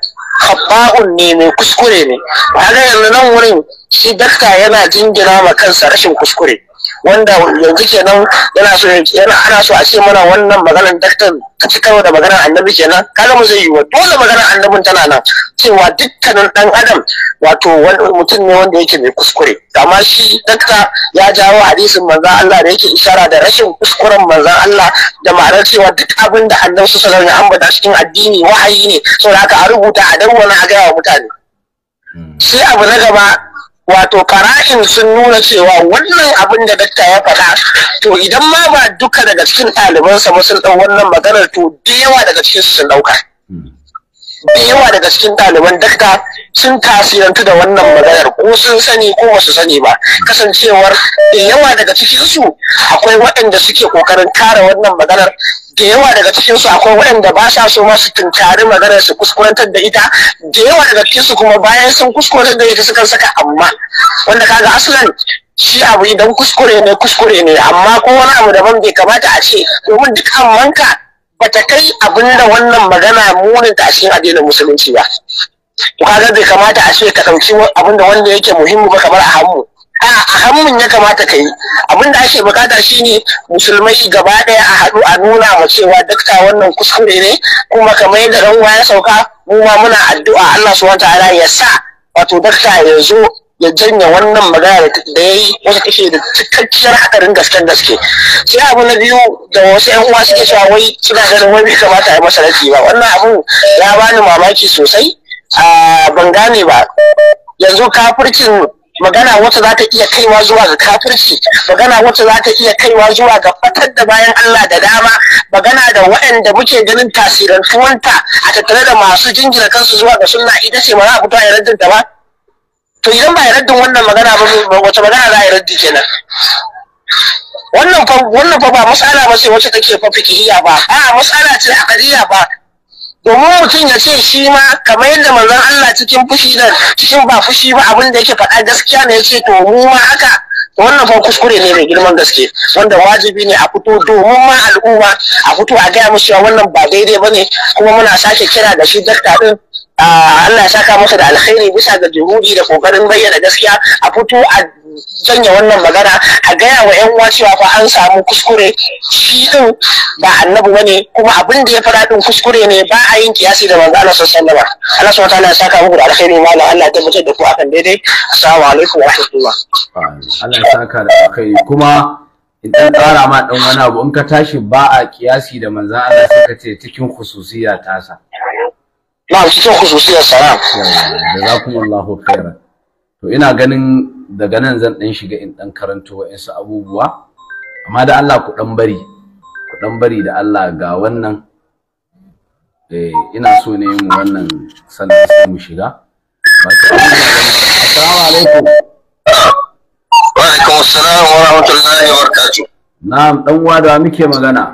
Speaker 4: khata'un ne mai kuskure ne kaga yanzu nan wurin shi dakta yana jingira ma kansa rashin kuskure wanda yanzu kenan yana so yana ana so a ce mana wannan maganar daktar ka ci karo da maganar annabi kenan kaga mu zai yi wa dole maganar annabin tana nan cewa dukkanin dan adam wato mutum ne wanda yake mai kuskure amma shi dakta ya jawo hadisin manzan Allah da yake ishara da rashin kuskuren manzan Allah da ma'anar cewa duk abin da annabi sallallahu alaihi wasallam ya cikin addini wahayi ne saboda haka a rubuta a na a gaya wa mutane hmm. sai abu na gaba wato kara'in sun nuna cewa wannan abin da dakta ya faɗa to idan ma ba duka daga cikin ɗalibansa ba sun ɗau wannan maganar to da yawa daga cikin sun ɗauka da yawa daga cikin ɗaliban dakta sun tasirantu da wannan maganar ko sun sani ko ba su sani ba kasancewar da yawa daga cikin su akwai waɗanda suke ƙoƙarin kare wannan maganar da yawa daga cikin su akwai waɗanda ba sa so masu tunkari maganar su kuskurantar da ita da yawa daga cikin su kuma bayan sun kuskurantar da ita sukan saka amma wanda kaga asalin shi abu idan kuskure ne kuskure ne amma ko wani abu daban bai kamata a ce domin duk ba bata kai abin da wannan magana munin ta a cikin addinin musulunci ba kaga bai kamata a ce ka ɗauki abin da wanda yake muhimmi ba kamar a hannu a hannun ya kamata ka yi abin da ake bukata shine musulmai gaba daya a haɗu a nuna ma cewa dakta wannan kuskure ne kuma kamar yadda ranwa ya sauka mu ma muna addu'a Allah subhanahu wataala ya sa wato dakta ya zo ya janya wannan magana da ya yi wata kashe da cikakkiyar hakarin gasken gaske sai abu na biyu da wasu yan uwa suke cewa wai suna ganin wai bai kamata a yi masa ba wannan abu ya bani mamaki sosai A ah, ban gane ba yanzu kafircin magana wata za ta iya kaiwa zuwa ga kafirci magana wata za ta iya kaiwa zuwa ga fatar da bayan Allah da dama magana da waɗanda muke ganin tasirantuwanta a tattare da masu jinjina kansu zuwa ga sunna ita ce ba za a fito a yaraddin ta ba to idan ba yaraddin wannan magana ba wace magana za a yaraddi kenan wannan fa wannan fa ba mas'ala ba ce wacce take fa fiqhiyya ba a'a mas'ala ce aqdiyya ba domin mutum ya ce shi ma kamar yadda manzon Allah cikin fushi da cikin ba fushi ba abin da yake faɗa gaskiya ne ya ce to mu ma haka wannan fa kuskure ne mai girman gaske wanda wajibi ne a fito domin ma al'umma a fito a gaya musu cewa wannan ba daidai ba ne kuma muna sake kira da shi dakta din ah, Allah ya saka masa da alkhairi bisa ga juhudi da kokarin bayyana gaskiya a fito a janya wannan magana a gaya wa yan uwa cewa fa an samu kuskure shi din ba annabi bane kuma abin da ya fara din kuskure ne ba a yin kiyasi da manzo Allah sallallahu alaihi wasallam Allah subhanahu wataala ya saka muku da alkhairi malam Allah ya tabbatar da ku akan daidai assalamu alaikum
Speaker 3: wa rahmatullah Allah ya saka da alkhairi kuma in dan tsara ma dan wani abu in ka tashi ba a kiyasi da manzo Allah sai ka ce cikin ta tasa na cikin khususiyar sana jazakumullahu khairan to ina ganin daga nan zan ɗan shiga in ɗan karanto insa, abubuwa amma da Allah ku ɗan bari ku ɗan bari da Allah ga wannan eh ina so ne mu wannan sannan sai mu shiga assalamu alaikum wa alaikum assalam wa rahmatullahi wa barakatuh na'am dan uwa da muke magana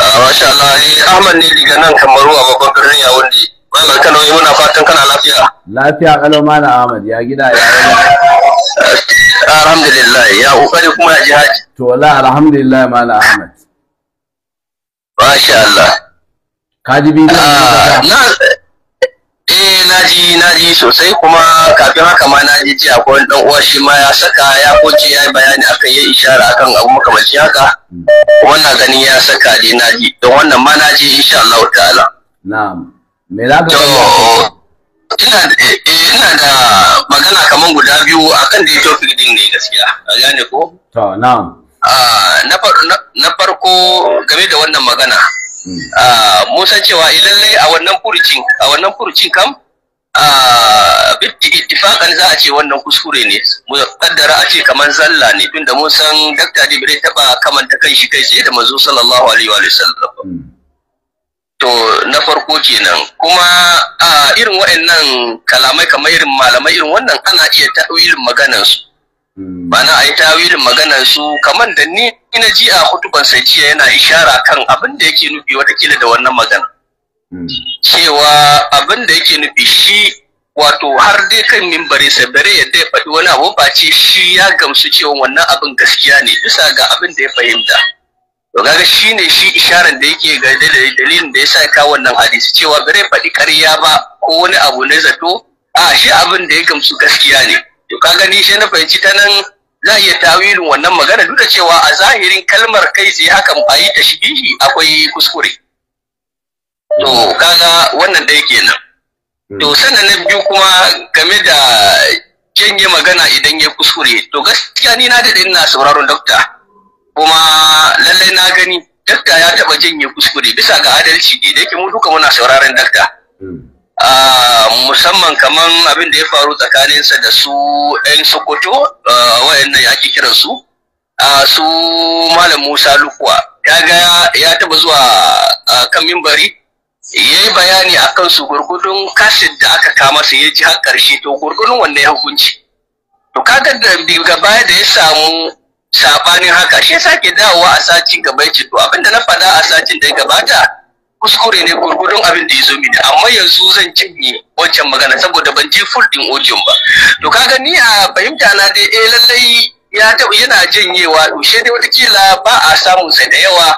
Speaker 2: ah, masha Allah Ahmad ne daga nan Kamaru a babban
Speaker 1: birnin Yaounde Malam Kano yi muna fatan kana lafiya.
Speaker 3: Lafiya kalau mana Ahmad ya gida ya
Speaker 2: Alhamdulillah ya kokari kuma ya ji haji.
Speaker 3: To wala alhamdulillah mana Ahmad. Masha Allah. Ka ji bidiyon? Ah, na
Speaker 1: eh na ji
Speaker 3: sosai kuma kafin haka ma na ji
Speaker 1: akwai wani dan uwa shi ma ya saka ya koce ya yi bayani akan ya ishara akan abu makamanci haka.
Speaker 3: Wannan mm. ganin ya saka na ji don wannan ma na ji insha Allah ta'ala. Na'am. me za ka ina
Speaker 1: ina da magana kamar guda biyu akan da din ne gaskiya a gane ko
Speaker 3: to na'am ah,
Speaker 1: na farko game da wannan magana hmm. ah, Musa cewa eh, lallai a wannan furucin a wannan furucin kam ah, bitti za a ce wannan kuskure ne mu kaddara a ce kamar zalla ne tunda mun san Dr. Jibril taba kamanta kan shi kai tsaye da manzo sallallahu alaihi wa sallam hmm. To na farko kenan kuma a irin waɗannan kalamai kamar irin malamai irin wannan ana iya ta'wilin maganansu. Bana hmm. a yi ta'wilin maganansu kamar da ni ina ji a hutuban sai jiya yana ishara kan abin da yake nufi watakila da wannan magana.
Speaker 2: Hmm. Cewa abin da yake nufi shi wato
Speaker 1: har dai kan mimbari sabare yadda ya faɗi wani abu ba ce shi ya gamsu cewa wannan abin gaskiya ne bisa ga abin da ya fahimta. to kaga shine shi isharar da yake ga dalilin da ya yasa ka wannan hadisi cewa bare faɗi ƙarya ba ko wani abu na zato a shi abin da ya gamsu gaskiya ne to kaga ni shi na fahimci ta nan za a iya tawilin wannan magana duk da cewa a zahirin kalmar kai sai hakan ba yi ta shigihi akwai kuskure to kaga wannan da yake nan, hmm. to sannan na biyu kuma game da janye magana idan ya kuskure to gaskiya ni na daɗe ina sauraron dokta kuma lallai na gani dakta ya taɓa janye kuskure bisa ga adalci ne da yake mu duka muna sauraron dakta hmm. musamman kamar abin da ya faru tsakaninsa da su 'yan sokoto wayannan ake kiransu su malam musa lukuwa kaga ya taɓa zuwa kan mimbari ya yi bayani a kansu gurgudun kashin da aka kama su ya ji har karshe to gurgudun wannan ya hukunci to kaga daga baya da ya samu sabanin haka shi sake dawowa a sacin gaba ya ce to da na faɗa a sacin da ya gabata kuskure ne gurgudun abin da ya zo mini amma yanzu zan cinye wancan magana saboda ban je full din audio ba to kaga ni a fahimta na dai eh lallai ya taɓa yana janyewa dushe dai watakila ba a samun sai da yawa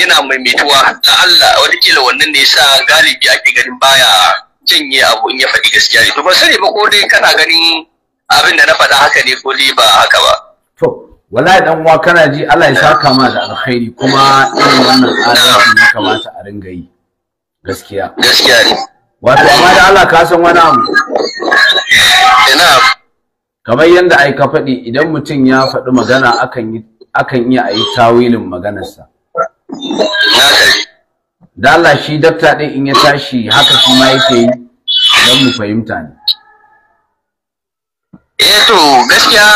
Speaker 1: yana maimaituwa la Allah watakila wannan ne yasa galibi ake ganin baya janye abu in ya faɗi gaskiya ne to ba sani ba ko dai kana ganin abin da na faɗa haka ne ko dai ba haka ba
Speaker 3: to wallahi dan uwa kana ji Allah ya saka ma da alkhairi kuma irin wannan adalci ya kamata a ringa yi gaskiya gaskiya ne wato amma da Allah ka san wani abu ina kamar yanda ai ka faɗi idan mutum ya faɗi magana akan yi akan iya ayi tawilin maganarsa da Allah shi dakta din in ya tashi haka shi ma yake yi don mu fahimta ne Eto eh, to gaskiya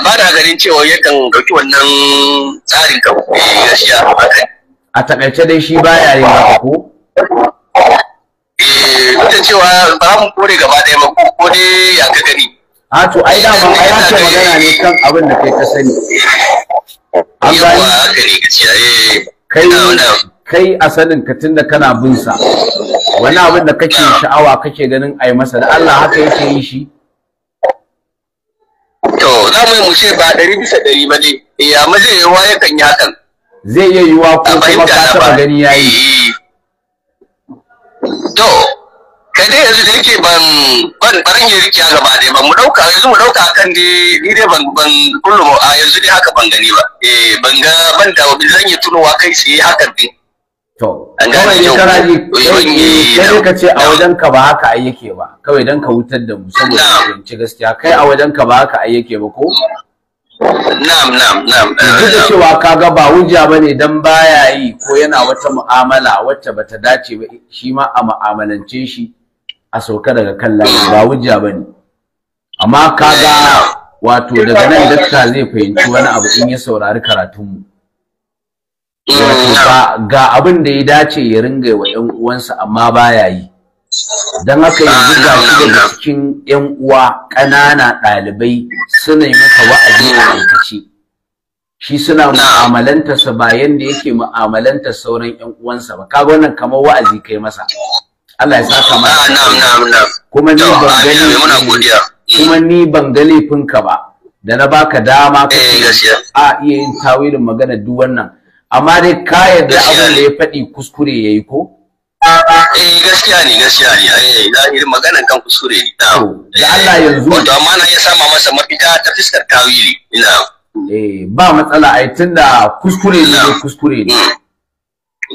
Speaker 3: ba da ganin cewa yakan dauki wannan tsarin ka eh, gaskiya a takaice dai shi ba yin haka ko
Speaker 5: eh da cewa ba mu kore gaba ɗaya ba ko ko dai ya ka gani a to ai da ba ai
Speaker 3: ce magana ne kan abin da kai ka sani an gani eh. kai kai asalin ka tunda kana bin sa wani abin da kake sha'awa kake ganin ai masa da Allah haka yake yi shi to za mu yi mu ce ba ɗari bisa ɗari ba ne ya eh, amma zai ya yakan yi hakan zai iya yiwa ko kuma ka taɓa gani ya yi eh. to kai dai yanzu da yake ban
Speaker 1: ban barin yi rikiya gaba dai ban mu ɗauka yanzu mu ɗauka kan dai ni dai ban ban kullum a yanzu dai haka ban gani ba eh ban ga
Speaker 3: ban da zan yi tunowa kai sai hakan din To, kawai ya ji, ka ce a wajen ka ba haka ai yake ba, kawai don ka wutar da mu saboda fahimci gaskiya, kai a wajen ka ba haka ai yake ba ko? Na'am, na'am, na'am. Duk da cewa kaga ba ba ne dan baya yi ko yana wata mu'amala wacce bata dace ba shi ma a mu'amalance shi a sauka daga kan layi ba ba bane. Amma ka ga, wato daga nan dakta zai fahimci wani abu in ya saurari karatunmu. Mm. ga abin da ya dace ya ringa wa ƴan uwansa amma baya yi don haka yanzu ga shi daga mm. cikin ƴan uwa ƙanana ɗalibai suna yi maka wa'azi a mm. aikace shi suna mu'amalanta sa ba yanda yake mu'amalanta sauran ƴan uwansa ba kaga wannan kamar wa'azi kai masa Allah ya saka masa ah, kuma ni ban gani kuma ni ban ga laifinka ba da na baka dama ka eh, a iya yin tawilin magana duk wannan amma dai ka yadda abin da ya faɗi kuskure ya yi ko?
Speaker 1: Eh gaskiya ne gaskiya ne eh zahirin maganan kan kuskure ne. Da Allah eh, yanzu. Wato amma na ya
Speaker 3: sama masa mafita ta fiskar tawili. Ina. Eh ba matsala ai tunda kuskure ne dai kuskure ne. Mm.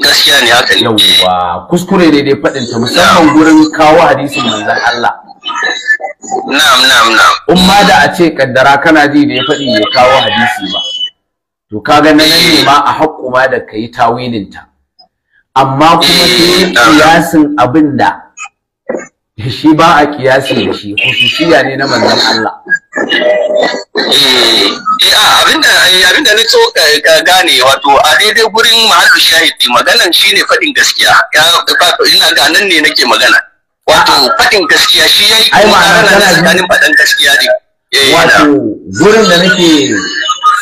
Speaker 3: Gaskiya ne haka ne. Yawwa kuskure ne dai faɗin ta musamman gurin kawo hadisin manzon Allah. Na'am na'am na'am. Umma da a ce kaddara kana ji da ya faɗi ya kawo hadisi ba. to kaga nan ne ma a haƙƙu ma da kai tawilin ta amma kuma sai kiyasin abin da shi ba a kiyasi da shi hususiya ne na manzon Allah
Speaker 1: eh, eh,
Speaker 3: abinda eh, ni so ka
Speaker 1: gane wato a daidai gurin mahallin shahidi maganan shine faɗin gaskiya Ya ina ga nan ne nake magana wato faɗin gaskiya shi yayi kuma ranar tsakanin faɗin
Speaker 3: gaskiya ne wato gurin da nake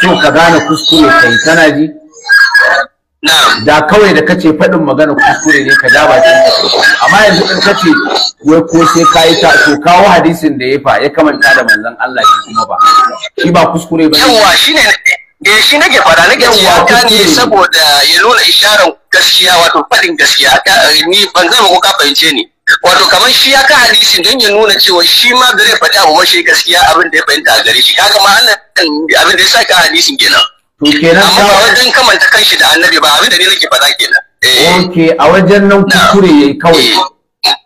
Speaker 3: so ka gane kuskure kai kana ji da kawai da kace faɗin magana kuskure ne ka ja bakin ka amma yanzu in kace wai ko sai kai ta to kawo hadisin da ya fa ya kamanta da manzon Allah shi kuma ba shi ba kuskure ba yawa shine eh shi nake fara nake cewa ta ne
Speaker 1: saboda ya nuna isharar gaskiya wato faɗin gaskiya eh, ni ban zama ko ka fahimce ni wato kamar shi ya ka hadisi don ya nuna cewa shi ma da zai faɗi abu shi gaskiya abin da ya fahimta a gare shi kaga ma annan abin da ya sa ka hadisin kenan
Speaker 3: to kenan amma ba
Speaker 1: wajen kamanta kanshi da annabi ba abin da ne nake faɗa kenan eh. oke a wajen nan kuskure yayi kawai
Speaker 2: eh.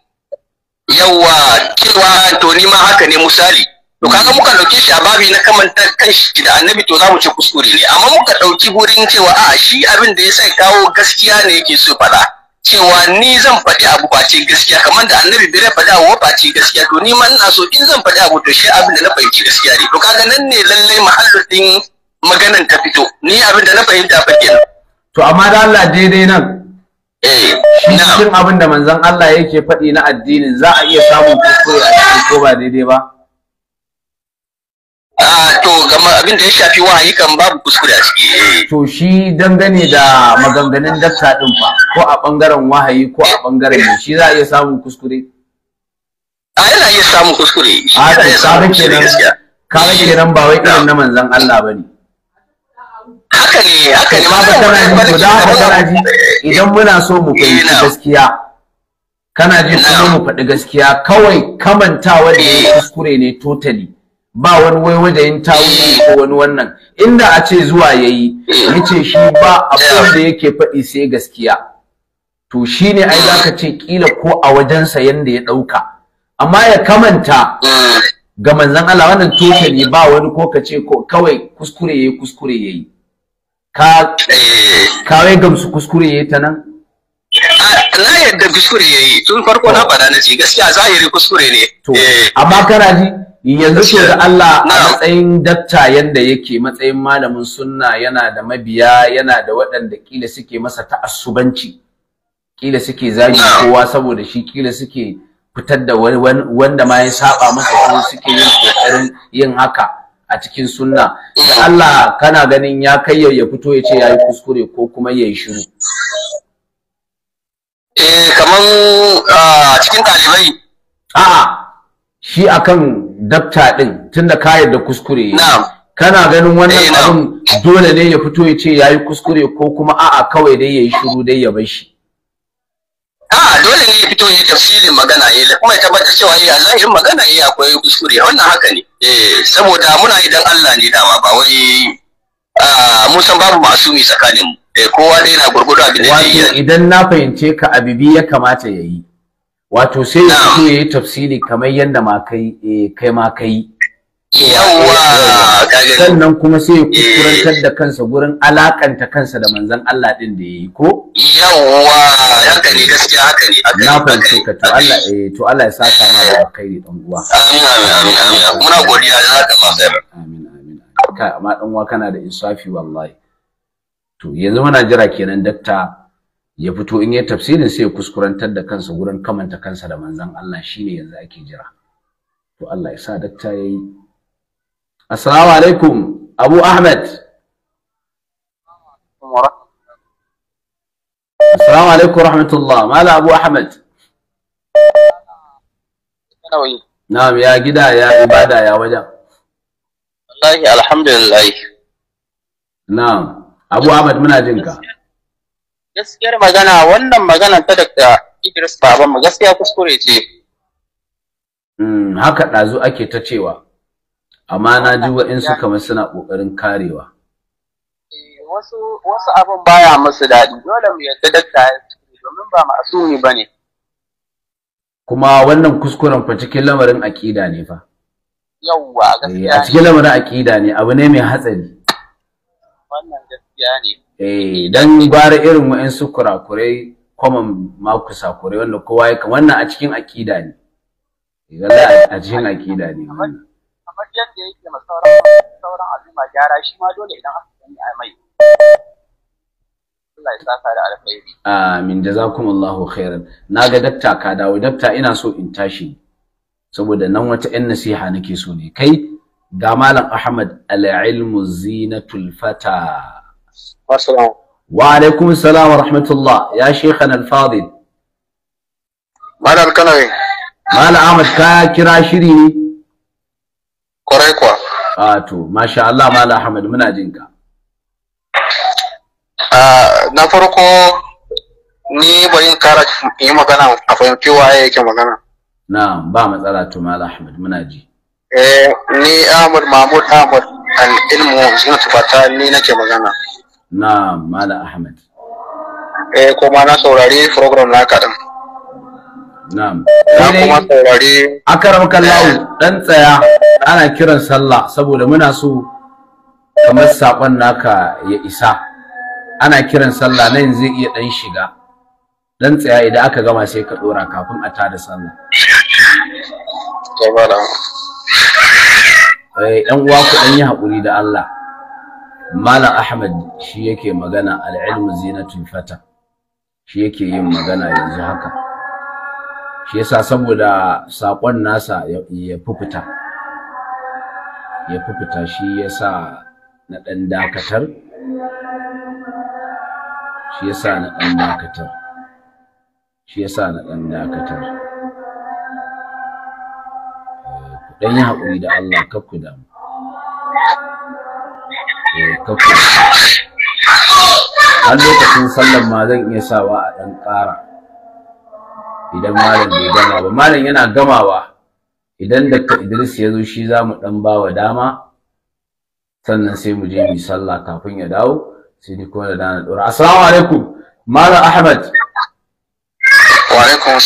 Speaker 2: yawa cewa to ni ma haka ne misali to
Speaker 1: kaga muka dauke shi a babi na kamanta kanshi da annabi to zamu ce kuskure ne amma muka dauki gurin cewa a shi abin da ya sa kawo gaskiya ne yake so faɗa cewa ni zan faɗi abu ba ce gaskiya kamar da annabi bai faɗi abu ba ce gaskiya to ni ma ina so in zan faɗi abu to shi abin da na fahimci gaskiya ne to kaga nan
Speaker 3: ne lalle mahallin din maganan ta fito ni abin da na fahimta ke kenan to amma da Allah daidai nan eh shi Shin abin da manzon Allah yake faɗi na addinin za a iya samun kuskure a cikin ko ba daidai ba Ah, to kamar abin da ya shafi wahayi kan babu kuskure a ciki eh. to shi dangane da maganganun dakta din fa ko a bangaren wahayi ko a bangaren ne shi za a iya samun kuskure a ah, yana iya samun kuskure ah, a to kaga kenan kaga kenan ba wai irin na manzon Allah bane
Speaker 2: haka ne haka
Speaker 3: ne ma ba kana ji to da haka kana ji eh. idan muna so mu eh, fahimci gaskiya kana ji kuma mu faɗi gaskiya kawai kamantawa da kuskure ne totally ba wani waiwajayin tawuni ko wani wannan inda a ce zuwa yayi yace shi ba abin da yake faɗi sai gaskiya to shine ai zaka ce kila ko a wajensa yanda ya ɗauka amma ya kamanta ga manzon Allah wannan totally ba wani ko ce ko kawai kuskure yayi kuskure yayi ka kawai gamsu kuskure yayi ta nan na yadda kuskure yayi
Speaker 1: tun farko na fara na ce gaskiya zahiri kuskure ne to amma kana
Speaker 3: ji yanzu ce da Allah a matsayin dakta yanda yake matsayin malamin sunna yana da mabiya yana da waɗanda kila suke masa ta'assubanci kila suke zagi kowa saboda shi kila suke fitar da wanda ma ya saba masa ko suke yin kokarin yin haka a cikin sunna da Allah kana ganin ya kai ya fito ya ce yayi kuskure ko kuma yayi shiru eh kaman ah, cikin talibai a'a shi akan dafta din tunda ka yarda kuskure kana ganin wannan eh, abun dole ne ya fito ya ce yayi kuskure ko kuma a'a kawai dai yayi shiru dai ya bar shi
Speaker 2: a dole ne
Speaker 1: ya fito ya tafsilin magana ya eh, kuma ya bata cewa ya eh, zahirin magana ya akwai kuskure wannan haka ne eh saboda muna idan Allah ne dama ba wai mun san babu masumi
Speaker 3: tsakanin mu kowa dai na gurgudu abin da yake idan na fahimce ka abibi ya kamata ya yi wato sai ya fito ya yi tafsiri kamar yadda ma kai eh, kai ma kai sannan kuma sai ya eh. kuskurantar da kansa gurin alakanta kansa da manzan Allah din da yayi ko yawwa haka ne gaskiya haka ne na fahimce ka to Allah eh to Allah ya saka ma da alkhairi dan uwa amin amin amin muna godiya da haka ma amin amin ka amma dan uwa kana da insafi wallahi to yanzu muna jira kenan dakta ya fito in ya tafsirin sai ya kuskurantar da kansa gurin kamanta kansa da manzan, Allah shine yanzu ake jira to Allah ya sa dakta yayi assalamu alaikum Abu Ahmed assalamu alaikum rahmatullah mala Abu Ahmed na'am ya gida ya ibada ya wajen wallahi alhamdulillah na'am Abu Ahmed muna jinka
Speaker 6: gaskiyar magana wannan magana ta daga Idris babanmu
Speaker 3: gaskiya kuskure ce. Hmm, haka ɗazu ake ta cewa, amma na ji waɗansu kamar suna ƙoƙarin karewa.
Speaker 4: Eh, wasu wasu
Speaker 1: abin
Speaker 3: baya musu daɗi,
Speaker 1: dole mu yadda dakta
Speaker 3: ya domin ba ma'asumi ba ne. Kuma wannan kuskuren fa cikin lamarin aƙida ne fa.
Speaker 2: Yawwa gaskiya. Eh, a cikin
Speaker 3: lamarin aƙida ne abu ne mai hatsari.
Speaker 2: Wannan gaskiya ne.
Speaker 3: eh dan gwara irin su kurakurai common ma kusakurai wanda kowa ya wannan a cikin akida ne wallahi eh, a cikin akida ne wannan
Speaker 2: kamar yadda yake ma sauran azuma gyara shi ma dole idan aka sani a mai Allah ya saka da alkhairi
Speaker 3: amin jazakumullahu khairan naga dakta ka dawo dakta ina so in tashi saboda nan wata yan nasiha nake so ne kai ga malam Ahmad al-ilmu zinatul fata والسلام وعليكم السلام ورحمة الله يا شيخنا الفاضل
Speaker 6: مالا الكنوي
Speaker 3: مالا عمد كاكرا شيري كوريكوا آتو ما شاء الله مالا حمد من أجنكا na farko ni ba yin kara yi magana a fahimci waye yake magana na ba matsala to mala ahmad muna
Speaker 6: ji eh ni ahmad mahmud ahmad al ilmu sunan tufata ni nake magana
Speaker 3: na Mala Ahmad.
Speaker 6: Eh kuma na saurari program na kaɗan.
Speaker 3: Na'am. Na kuma saurari. Akaram kallahu ɗan eh. tsaya ana kiran sallah saboda muna so kamar saƙon naka ya isa. Ana kiran sallah nan zai iya ɗan shiga. Ɗan tsaya idan aka gama sai ka ɗora kafin a tada sallah. Eh, ɗan uwa ku ɗan yi haƙuri da Allah. Malam Ahmad shi yake magana al'ilmu zinatul fata shi yake yin magana yanzu haka shi yasa saboda sakon nasa ya fufuta ya fufuta shi yasa na dan dakatar shi yasa na dan dakatar shi yasa na dan dakatar eh, ku dan yi hakuri da Allah kar ku damu Eh, har lokacin sallan ma zan iya sawa a ɗan ƙara idan malam bai gama ba malam yana gamawa idan dakta idris ya zo shi za mu ɗan ba wa dama sannan sai mu je mu sallah kafin ya dawo sai ni kuma da dana ɗora assalamu alaikum malam ahmad wa alaikum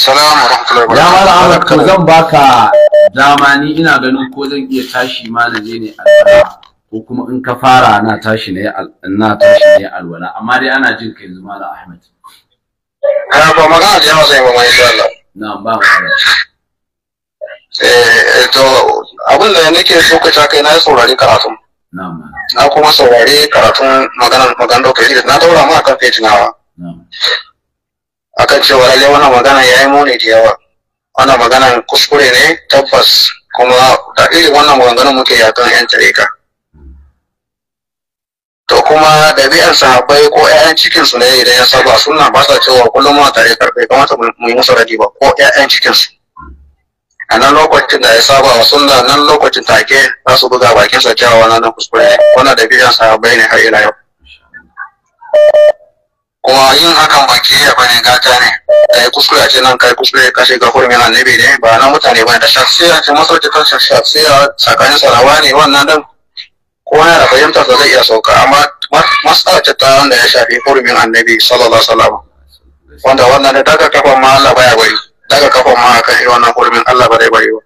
Speaker 3: ya malam ahmad to zan baka dama ni ina ganin ko zan iya tashi ma na je ne a ko kuma in ka fara na tashi ne na tashi ne alwala amma dai ana jin kai zuma da ahmad ana ba magana da yawa zai ba mai insha Allah
Speaker 6: na'am ba eh, eh to abin da nake so ka taka na saurari karatun na kuma saurari karatun maganar maganar kai na daura ma kan page nawa akan cewa lalle wannan magana yayi muni da yawa wannan maganar kuskure ne tabbas kuma da irin wannan maganganun muke yakan yan ka. to kuma ɗabi'ar sahabbai ko 'ya'yan cikin su ne idan ya saba suna ba sa cewa kullum ma tare karfe kamata mu yi musu radi ba ko 'ya'yan cikin su a nan lokacin da ya saba wa sunna nan lokacin take za su buga bakin sa cewa wannan kuskure wannan ɗabi'ar sahabbai ne har ila yau kuma yin hakan ba ke ba ne gata ne da ya kuskure a ce nan kai kuskure ka shiga yana annabi ne ba na mutane ba da shaksiya ce masauki kan shaksiya tsakanin sarawa ne wannan dan kowa yana fahimtar da zai iya sauka amma matsala ta ta wanda ya shafi hurumin annabi sallallahu alaihi wasallam wanda wannan ne daga kafan ma Allah baya bari daga kafan ma akan yi wannan hurumin Allah ba zai bari ba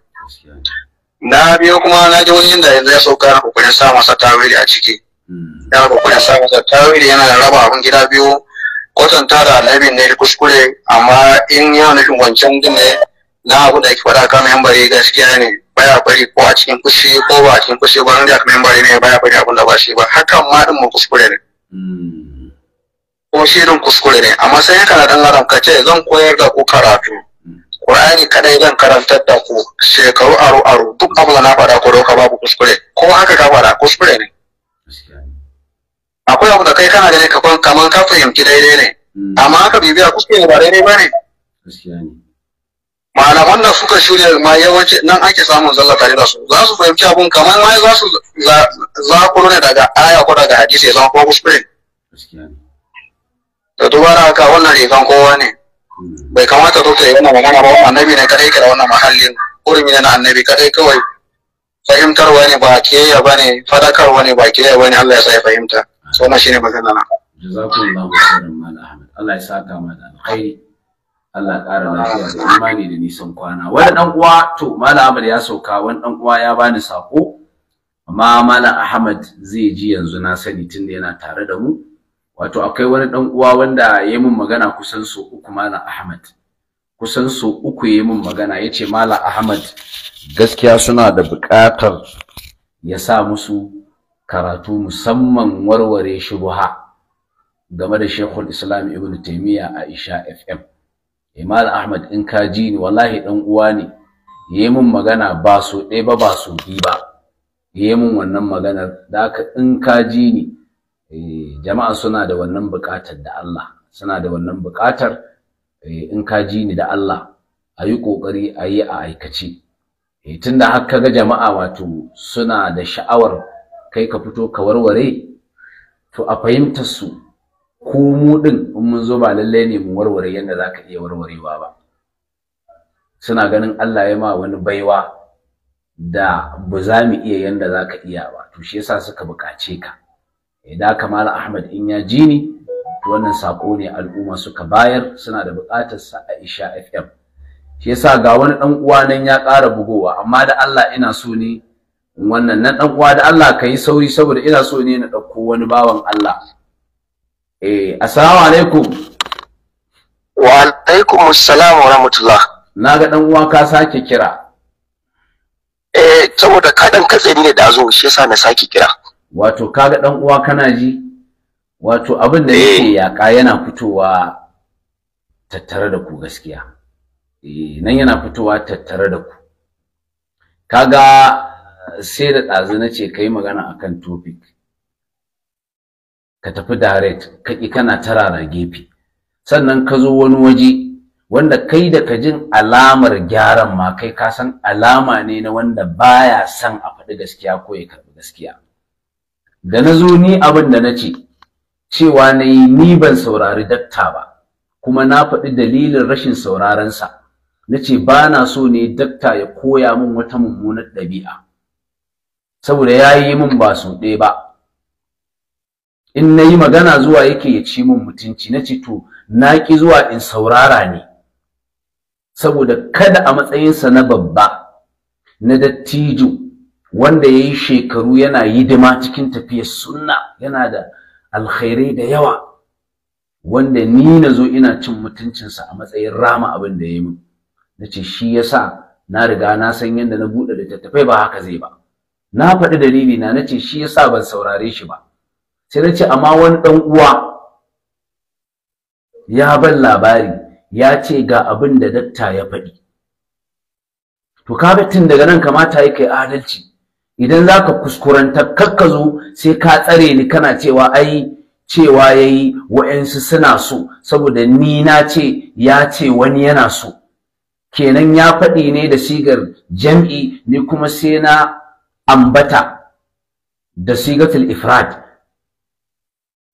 Speaker 6: na biyo kuma na ji wani inda yanzu ya sauka na kokarin sa masa tawili a ciki hmm. yana kokarin sa masa tawili yana raba abin gida biyu kwatanta da annabin ne kuskure amma in yana nufin wancan din ne na abu da yake faɗa kan yan bari gaskiya ne baya bari ko a cikin fushi ko ba a cikin fushi, ba inda kamar bari ne baya bari abin da ba shi ba hakan ma din mu kuskure ne hmm. ko shi din kuskure ne amma sai kana dan adam ka ce zan koyar da ku karatu hmm. Qur'ani kadai zan karantar da ku shekaru aro aro duk abu da na faɗa ko dauka babu kuskure ko haka ka faɗa kuskure ne akwai abu da kai kana ganin kamar ka fahimci daidai ne hmm. amma haka bibiya kuskure ba daidai ba ne malaman da suka shirya ma yawanci nan ake samun zalla tare da su za su fahimci abun kamar ma za su ku ne daga aya ko daga hadisi ya zama ko kuskure da dubara haka wannan rigan kowa ne hmm. bai kamata duk yi wannan magana ba annabi ne kadai kira wannan mahallin kurmi ne na annabi kadai kawai fahimtarwa ne ba kiyayya ba ne fadakarwa ne ba kiyayya ba ne Allah ya sa ya fahimta so na shine magana na
Speaker 3: jazakumullahu khairan mal ahmad Allah ya saka mana alkhairi Allah ƙara lafiya da imani da nisan kwana wani ɗan uwa to malam Ahmad ya sauka wani ɗan uwa ya bani sako amma malam Ahmad zai ji yanzu na sani tunda yana tare da mu wato akwai wani ɗan uwa wanda ya min magana kusan so uku malam Ahmad kusan so uku ya min magana yace malam Ahmad gaskiya suna da buƙatar ya sa musu karatu musamman warware shubuha game da Sheikhul Islam Ibn Taymiyyah a Isha FM imam eh, ahmad in ka ji ni wallahi dan uwa ne yayi min magana ba so ɗaya ba ba so bi ba yayi min wannan maganar da in ka ji ni eh, jama'a suna da wannan buƙatar da Allah suna da wannan buƙatar eh, in ka ji ni da Allah a yi ƙoƙari a yi a aikace tunda har ga jama'a wato suna da sha'awar kai ka fito ka warware to a fahimtar su ko mu din in mun zo ba lallai ne mu warware yadda za ka iya warwarewa ba suna ganin Allah ya ma wani baiwa da ba za mu iya yadda zaka iya ba to shi yasa suka buƙace ka idan eh, kamala ahmad in ya ji ni wannan sako ne al'umma suka bayar suna da buƙatar sa Aisha fm shi yasa ga wani dan uwa nan ya ƙara bugowa amma da Allah ina so ne wannan na dan uwa da Allah kai sauri saboda ina so ne na ɗauko wani bawan Allah eh assalamu alaikum wa alaikum assalamu wa rahmatullah na ga dan uwa ka sake kira eh saboda ka dan katse ne da zo shi yasa na sake kira wato ga dan uwa kana ji wato abin da yake ka eh. yana fitowa tattare da ku gaskiya eh nan yana fitowa tattare da ku kaga sai da dazu na ce ka yi magana akan topic ka tafi direct ka ƙi kana tarara gefe sannan ka zo wani waje wanda kai da ka jin alamar gyaran ma kai ka san alama ne na wanda baya san a faɗi gaskiya ko ya karɓi gaskiya da na zo ni abin da na ce cewa na yi ni ban saurari dakta ba kuma na faɗi dalilin rashin saurarensa na ce ba na so ne dakta ya koya min wata mummunar ɗabi'a saboda ya yi min ba su ɗaya ba in nayi magana zuwa yake ya ci min mutunci nace to na ki zuwa in saurara ne saboda kada a matsayinsa na babba na dattijo wanda yayi shekaru yana hidima cikin tafiyar sunna yana da alkhairai da yawa wanda ni na zo ina cin mutuncinsa a matsayin rama abin da ya yi min na ce shi ya sa na riga na san yadda na buɗe littattafai ba haka zai ba na faɗi dalili na na ce shi ya sa ban saurare shi ba sai na ce amma wani ɗan uwa ya ban labari ya ce ga abin da datta ya faɗi to ka tun daga nan kamata yake kai adalci idan za ka kuskuranta kakkazo sai ka tsare ni kana cewa ai cewa ya yi wa'yansu suna so saboda ni na ce ya ce wani yana so kenan ya faɗi ne da sigar jam'i ni kuma sai na ambata da sigatul ifrad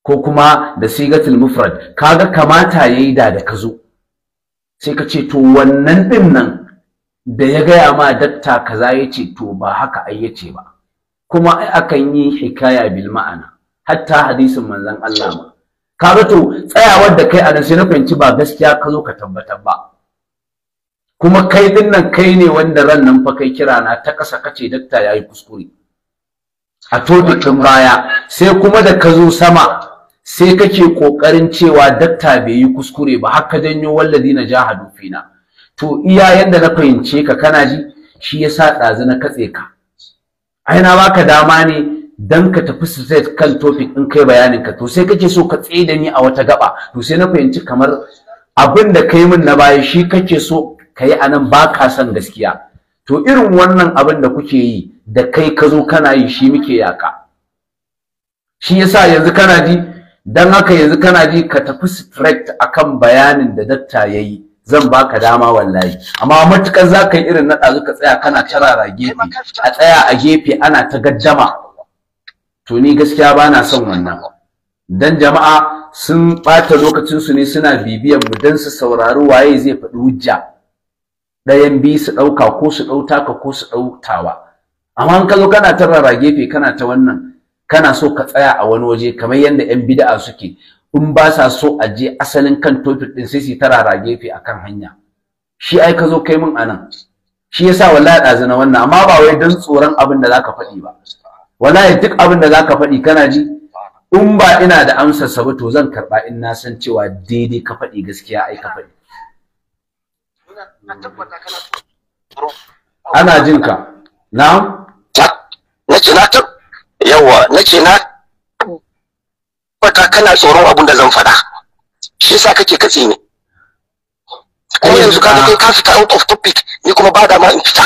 Speaker 3: ko kuma da sigatul mufrad kaga kamata yayi da da kazo sai ka ce to wannan din nan da ya gaya ma datta kaza ya ce to ba haka ai ya ba kuma akan yi hikaya bil ma'ana hatta hadisin manzon Allah ma kaga to tsayawar da kai a nan sai na fahimci ba gaskiya kazo zo ka tabbatar ba kuma kai din nan kai ne wanda ran nan fa kai kira na ta kasa kace dakta yayi kuskure a to baya sai kuma da kazo sama sai kake kokarin cewa dakta bai yi kuskure ba har ka janyo walladina jahadu fina to iya yanda na fahimce ka kana ji shi yasa ɗazu na katse ka ai na baka dama ne dan ka tafi straight kan topic in kai bayanin ka to sai kake so ka tsaye da ni a wata gaba to sai na fahimci kamar abin da kai min na baya shi kake so ka anan baka san son gaskiya to irin wannan abin da kuke yi da kai ka zo kana yi shi muke yaka shi yasa yanzu kana ji dan haka yanzu kana ji ka tafi straight akan bayanin da datta yayi zan baka dama wallahi amma matukar zaka yi irin na ɗazu ka tsaya kana carara gefe a tsaya a gefe ana ta gaddama to ni gaskiya bana son wannan dan jama'a sun ɓata lokacinsu ne suna bibiyan mu dan su saurari waye zai faɗi hujja ɗayan bi su ɗauka ko su dauta ka ko su dautawa amma in ka kana ta gefe kana ta wannan kana so ka tsaya a wani waje kamar yadda yan bid'a suke in ba sa so a je asalin kan topic din sai su tarara gefe akan hanya shi ai ka zo kai min anan shi yasa wallahi ɗazu na wannan amma ba wai don tsoron abin da zaka faɗi ba wallahi duk abin da zaka faɗi kana ji in ba ina da amsar sa to zan karba in na san cewa daidai ka faɗi gaskiya ai ka faɗi ana jinka na'am na na yawa nace na kwata kana tsoron abun da zan faɗa shi yasa kake katse ni kuma yanzu ka kai ka fita out of topic ni kuma ba da ma in fita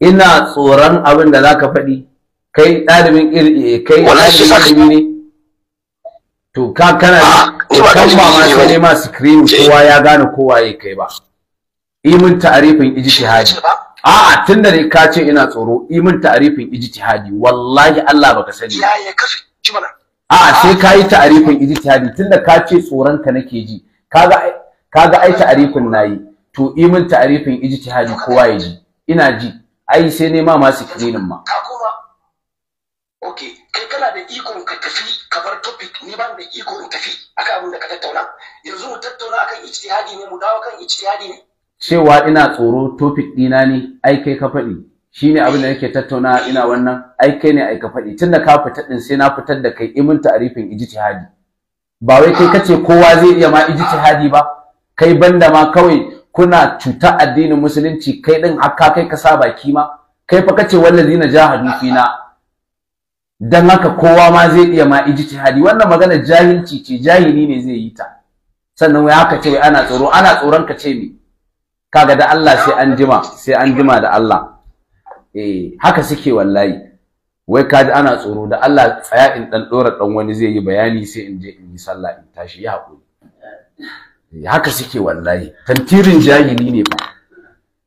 Speaker 3: ina tsoron abin da zaka faɗi kai ɗalibin ilimi eh, kai ɗalibin ilimi ne to ka kana ne kan ba ma sai ne ma screen kowa ya gane kowa yake kai ba yi mun ta'arifin ijtihadi ba a'a tun da ka ce ina tsoro imin ta'arifin ijtihadi wallahi Allah baka sani ya ya kafi mana a'a sai ka yi ta'arifin ijtihadi tunda ka ce tsoron ka nake ji kaga kaga ai ta'arifin nayi to imin ta'arifin ijtihadi kowa ya ji ina ji ai sai ne ma su kirinin ma ka koma okay kai kana da ikon ka tafi ka bar topic ni ban da ikon tafi aka abin da ka tattauna yanzu mu tattauna akan ijtihadi ne mu dawo kan ijtihadi ne cewa ina tsoro topic ɗina ne ai kai ka faɗi shine abin da nake tattauna ina wannan ai kai ne ai ka faɗi tunda ka fita ɗin, sai na fitar da kai imin ta'arifin ijtihadi ba wai kai kace kowa zai iya ma ijtihadi ba kai banda ma kawai kuna cuta addinin musulunci kai din haka? kai ka sa baki ma kai fa kace na jahadu fina dan haka kowa ma zai iya ma ijtihadi wannan magana jahilci ce jahili ne zai yi ta sannan wai haka ce ana tsoro ana tsoron ka ce me kaga da Allah sai an jima sai an jima da Allah eh haka suke wallahi wai ka ana tsoro da Allah tsaya in dan dora dan wani zai yi bayani sai in je in yi sallah in tashi ya hakuri eh, haka suke wallahi tantirin jahili ne fa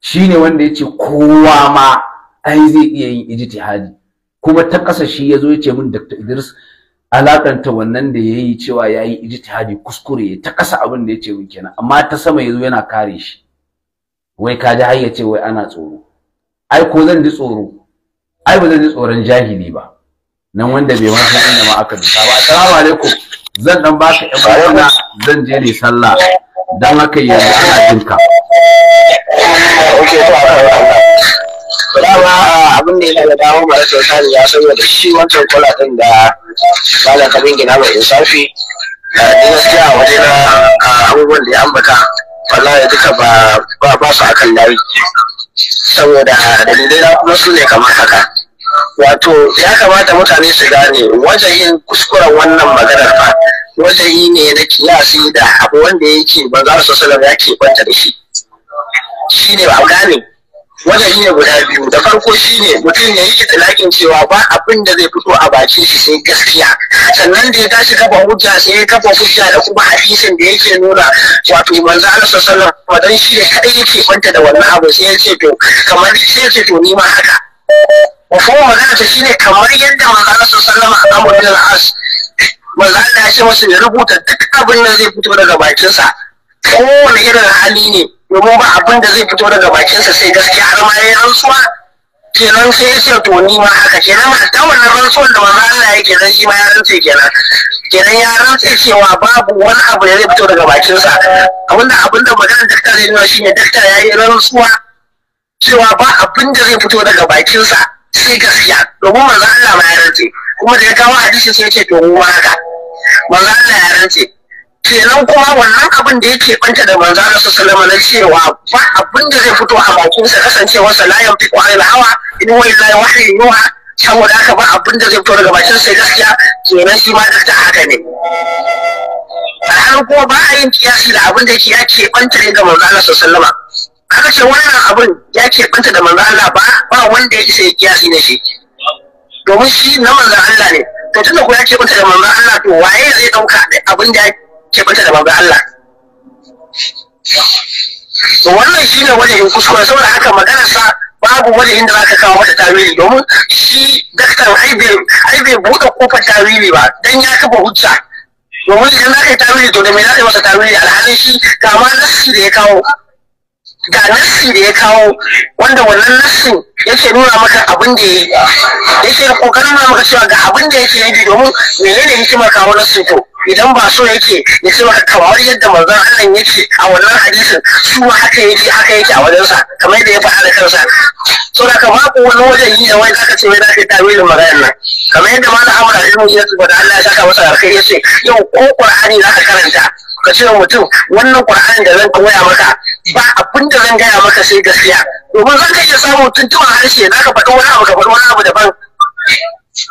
Speaker 3: shine wanda yace kowa ma ai zai iya yin ijtihadi kuma ta kasa shi yazo yace min Dr. Idris alakanta wannan da yayi cewa yayi ijtihadi kuskure ta kasa abin da yace min kenan amma ta sama yazo yana kare shi wai ka ji har ce wai ana tsoro ai ko zan ji tsoro ai ba zan ji tsoron jahili ba nan wanda bai wata inda ma aka dusa ba assalamu alaikum zan dan baka yan bayana zan je ne sallah dan haka yanzu ana jinka
Speaker 4: dama ah, abin da yana da dawo mara kyauta ne ya sanya da shi wancan kwala da malam kabin gina mai insafi a gaskiya wajen ah, abubuwan da ya ambata wallahi duka ba ba ba su akan layi saboda dalilai na kuma su ne kamar haka wato ya kamata mutane su gane yin kuskuren wannan maganar fa yi ne na kiyasi da abu wanda yake ba za su sanar ya ke kwanta da shi shi ne ba gane wajen ne guda biyu da farko shi ne mutum ya yi itilakin cewa ba abin da zai fito a bakin shi sai gaskiya sannan da ya tashi kafa hujja sai ya kafa hujja da kuma hadisin da yake nuna wato manzo Allah sallallahu alaihi shi da kadai yake kwanta da wannan abu sai ya ce to kamar sai ya ce to ni haka mafhumin magana ta shine kamar yadda manzo Allah sallallahu alaihi a Amr bin as manzo Allah ya ce masa ya rubuta duk abin da zai fito daga bakinsa kowane irin hali ne domin ba abin da zai fito daga bakinsa sai gaskiya har ma yayin rantsuwa kenan sai ya ce to ni ma haka kenan ta wannan rantsuwar da manzo Allah yake nan shi ma ya rantse kenan kenan ya rantse cewa babu wani abu da zai fito daga bakinsa abinda abinda magana dakta zai nuna shine daktar ya yi rantsuwa cewa ba abin da zai fito daga bakinsa sai gaskiya domin manzo Allah ma ya rantse kuma da ya kawo hadisi sai ya ce to mu ma haka manzo Allah ya rantse kenan kuma wannan abin da yake banta da manzo Allah sallallahu alaihi cewa ba abin da zai fito a bakin sa kasancewar sa la yanfiqu anil hawa in wallahi wahyi wahyu yuha saboda haka ba abin da zai fito daga bakin sa gaskiya kenan shi ma dakta haka ne a har kuma ba a yin kiyasi da abin da yake ya ke banta ne ga manzo Allah sallallahu alaihi kaga ce wannan abin ya ke banta da manzo Allah ba ba wanda ya isa kiyasi ne shi domin shi na manzo Allah ne to tunda ko ya ke banta da manzo Allah to waye zai dauka abin da ke bata da manzon Allah to wannan ne wajen kuskure saboda haka maganarsa sa babu wani inda za ka kawo mata tawili domin shi daktar ai bai buɗe kofar tawili ba dan ya kafa hujja domin idan za ka yi tawili to da me za ka yi masa tawili alhalin shi kama nassi da ya kawo ga nassi da ya kawo wanda wannan nassin yake nuna maka abin da ya yi yake kokarin nuna maka cewa ga abin da yake yi domin menene hikimar kawo nassin to idan ba so yake ya ce maka kamar yadda manzon Allah yake a wannan hadisin
Speaker 2: su haka yake haka yake a wajensa
Speaker 4: kamar yadda ya faɗa da kansa so da kamar ko wani wajen yi da wai zaka ce wai zaka yi tawilin maganar nan kamar yadda malam Ahmad Al-Musi ya da Allah ya saka masa alkhairi ya ce yau ko Qur'ani zaka karanta ka ce mutum wannan Qur'ani da zan koya maka ba abin da zan gaya maka sai gaskiya domin zan ka iya samun tuntuwa harshe na ka faɗi wani abu ka faɗi wani abu daban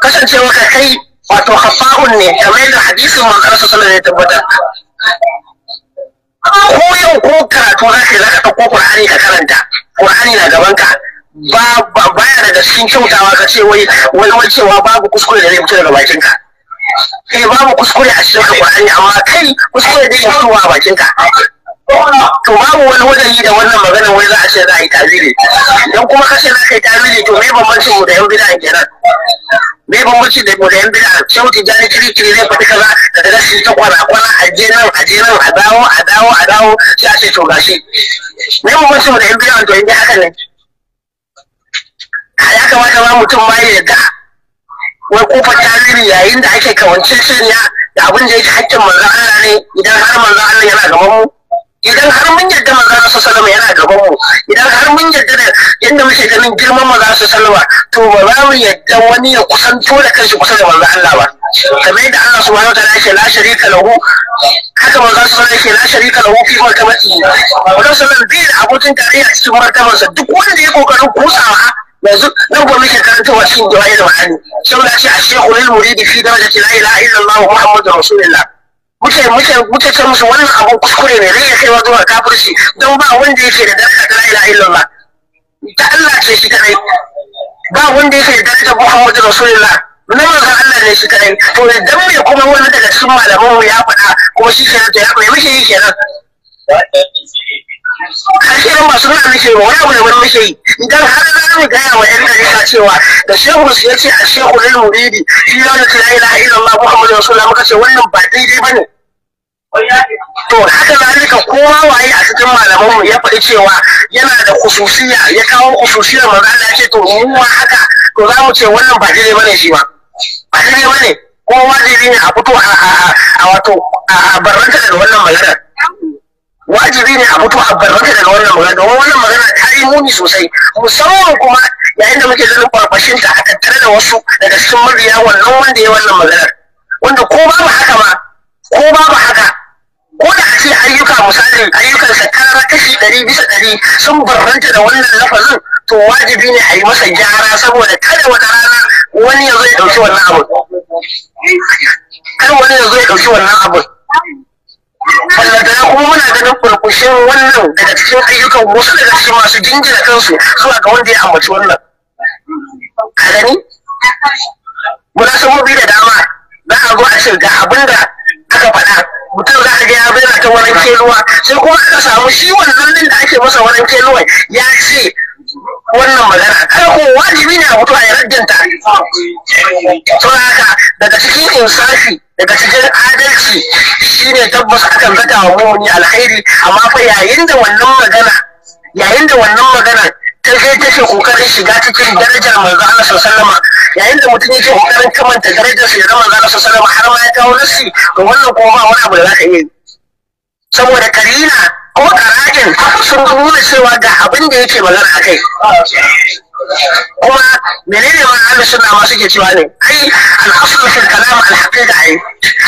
Speaker 4: kasancewa ka kai wato hafa'un ne kamar yadda hadisin manzon sa sallallahu alaihi tabbatar ko yau ko karatu za ka yi za ka ɗauko ƙur'ani ka karanta ƙur'ani na gaban ka ba baya daga cikin kyautawa ka ce wai wani cewa babu kuskure da zai fito daga bakin ka kai eh, babu kuskure a cikin ƙur'ani, amma kai kuskure da zai fito a bakin ka to babu wani wajen da wannan maganar wai za a ce za a yi taziri don kuma kashe za ka yi taziri to me bambancin mu da yan bid'a kenan me bambancin da mu da yan bid'a sau tijani kiri kiri zai faɗi kaza da rashi ta kwana kwana a je nan a je nan a dawo a dawo a dawo sai a ce to gashi me bambancin mu da yan bid'a to in dai haka ne A ya kamata ma mutum ma ya yarda wai kofar taziri yayin da ake kawance shirya da abin da yake hakkin manzo Allah ne idan har manzo Allah yana gaban mu idan har mun yarda maza su salama yana gaban mu idan har mun yarda da yadda muke ganin girman maza su salama to ba za mu yadda wani ya kusanto da kanshi kusa da manzo Allah ba kamar yadda Allah subhanahu wataala yake la sharika lahu haka maza su salama yake la sharika lahu fi martabati manzo sallallahu alaihi da abokin a cikin sa duk wanda ya kokarin kusawa yanzu nan gobe muke karantawa da jawahir ma'ani saboda shi a shekul muridi fi daraja la ilaha illallah muhammadu rasulullah muke muke muke ce musu wannan abun kuskure ne zai kaiwa zuwa kafirci don ba wanda yake da daraja da la'ila illallah ta Allah ce shi kadai ba wanda yake da daraja Muhammadu Rasulullah na manzon Allah ne shi kadai to idan mai kuma wani daga cikin malaman ya faɗa ko shi kenan to ya bai mishi kenan karshe nan masu nuna muke ba wani abu da wani muke yi idan har za mu gaya wa yan dalila cewa da shehu su ya ce a shehu lil muridi shi ya ce la ilaha illallah muhammadu rasulullah muka ce wannan ba daidai ba ne? to haka zalika kowa waye a cikin malaman mu ya faɗi cewa yana da kususiya ya kawo kususiyar magana Allah ce to mu haka to za mu ce wannan ba daidai ba ne shi ba ba daidai ba ne kuma wajibi ne a fito a wato a barranta da wannan maganar wajibi ne a fito a barraka daga wannan magana domin wannan magana ta yi muni sosai musamman kuma yayin da muke ganin kwakwashin ta a tattare da wasu daga cikin mabiya wannan wanda ya yi wannan maganar wanda ko babu haka ba, ko babu haka ko da a ce ayyuka misali ayyukan sa tara kashi ɗari bisa ɗari sun barranta da wannan lafazin to wajibi ne a yi masa gyara saboda kada wata rana wani ya zo ya ɗauki wannan abun. Kada wani ya zo ya ɗauki wannan abun. ballantana kuma muna ganin kurkushin wannan daga cikin ayyukan wasu daga cikin masu jingina kansu zuwa ga wanda ya ambaci wannan a muna san mobi da dama za a zo a ce ga abin da aka faɗa mutum za a ga ya bayyana ta waran keluwa sai kuma aka samu shi wannan din da ake masa waran keluwa ya ce wannan magana kar ko wajibi ne a mutu a yarjin ta to haka daga cikin insafi daga cikin adalci shine tabbas akan zata wa mumuni alkhairi amma fa yayin da wannan magana yayin da wannan magana ta kai take kokarin shiga cikin darajar manzo Allah sallallahu alaihi yayin da mutum yake kokarin kamanta darajar sa da manzo Allah sallallahu alaihi har ma ya kawo nasi to wannan kuma ba wani abu da zaka iya saboda karina ko sun nuna cewa ga abin da yake magana a kai kuma menene ma ahli sunna ma suke cewa ne ai al-asl fil kalam al-haqiqa ai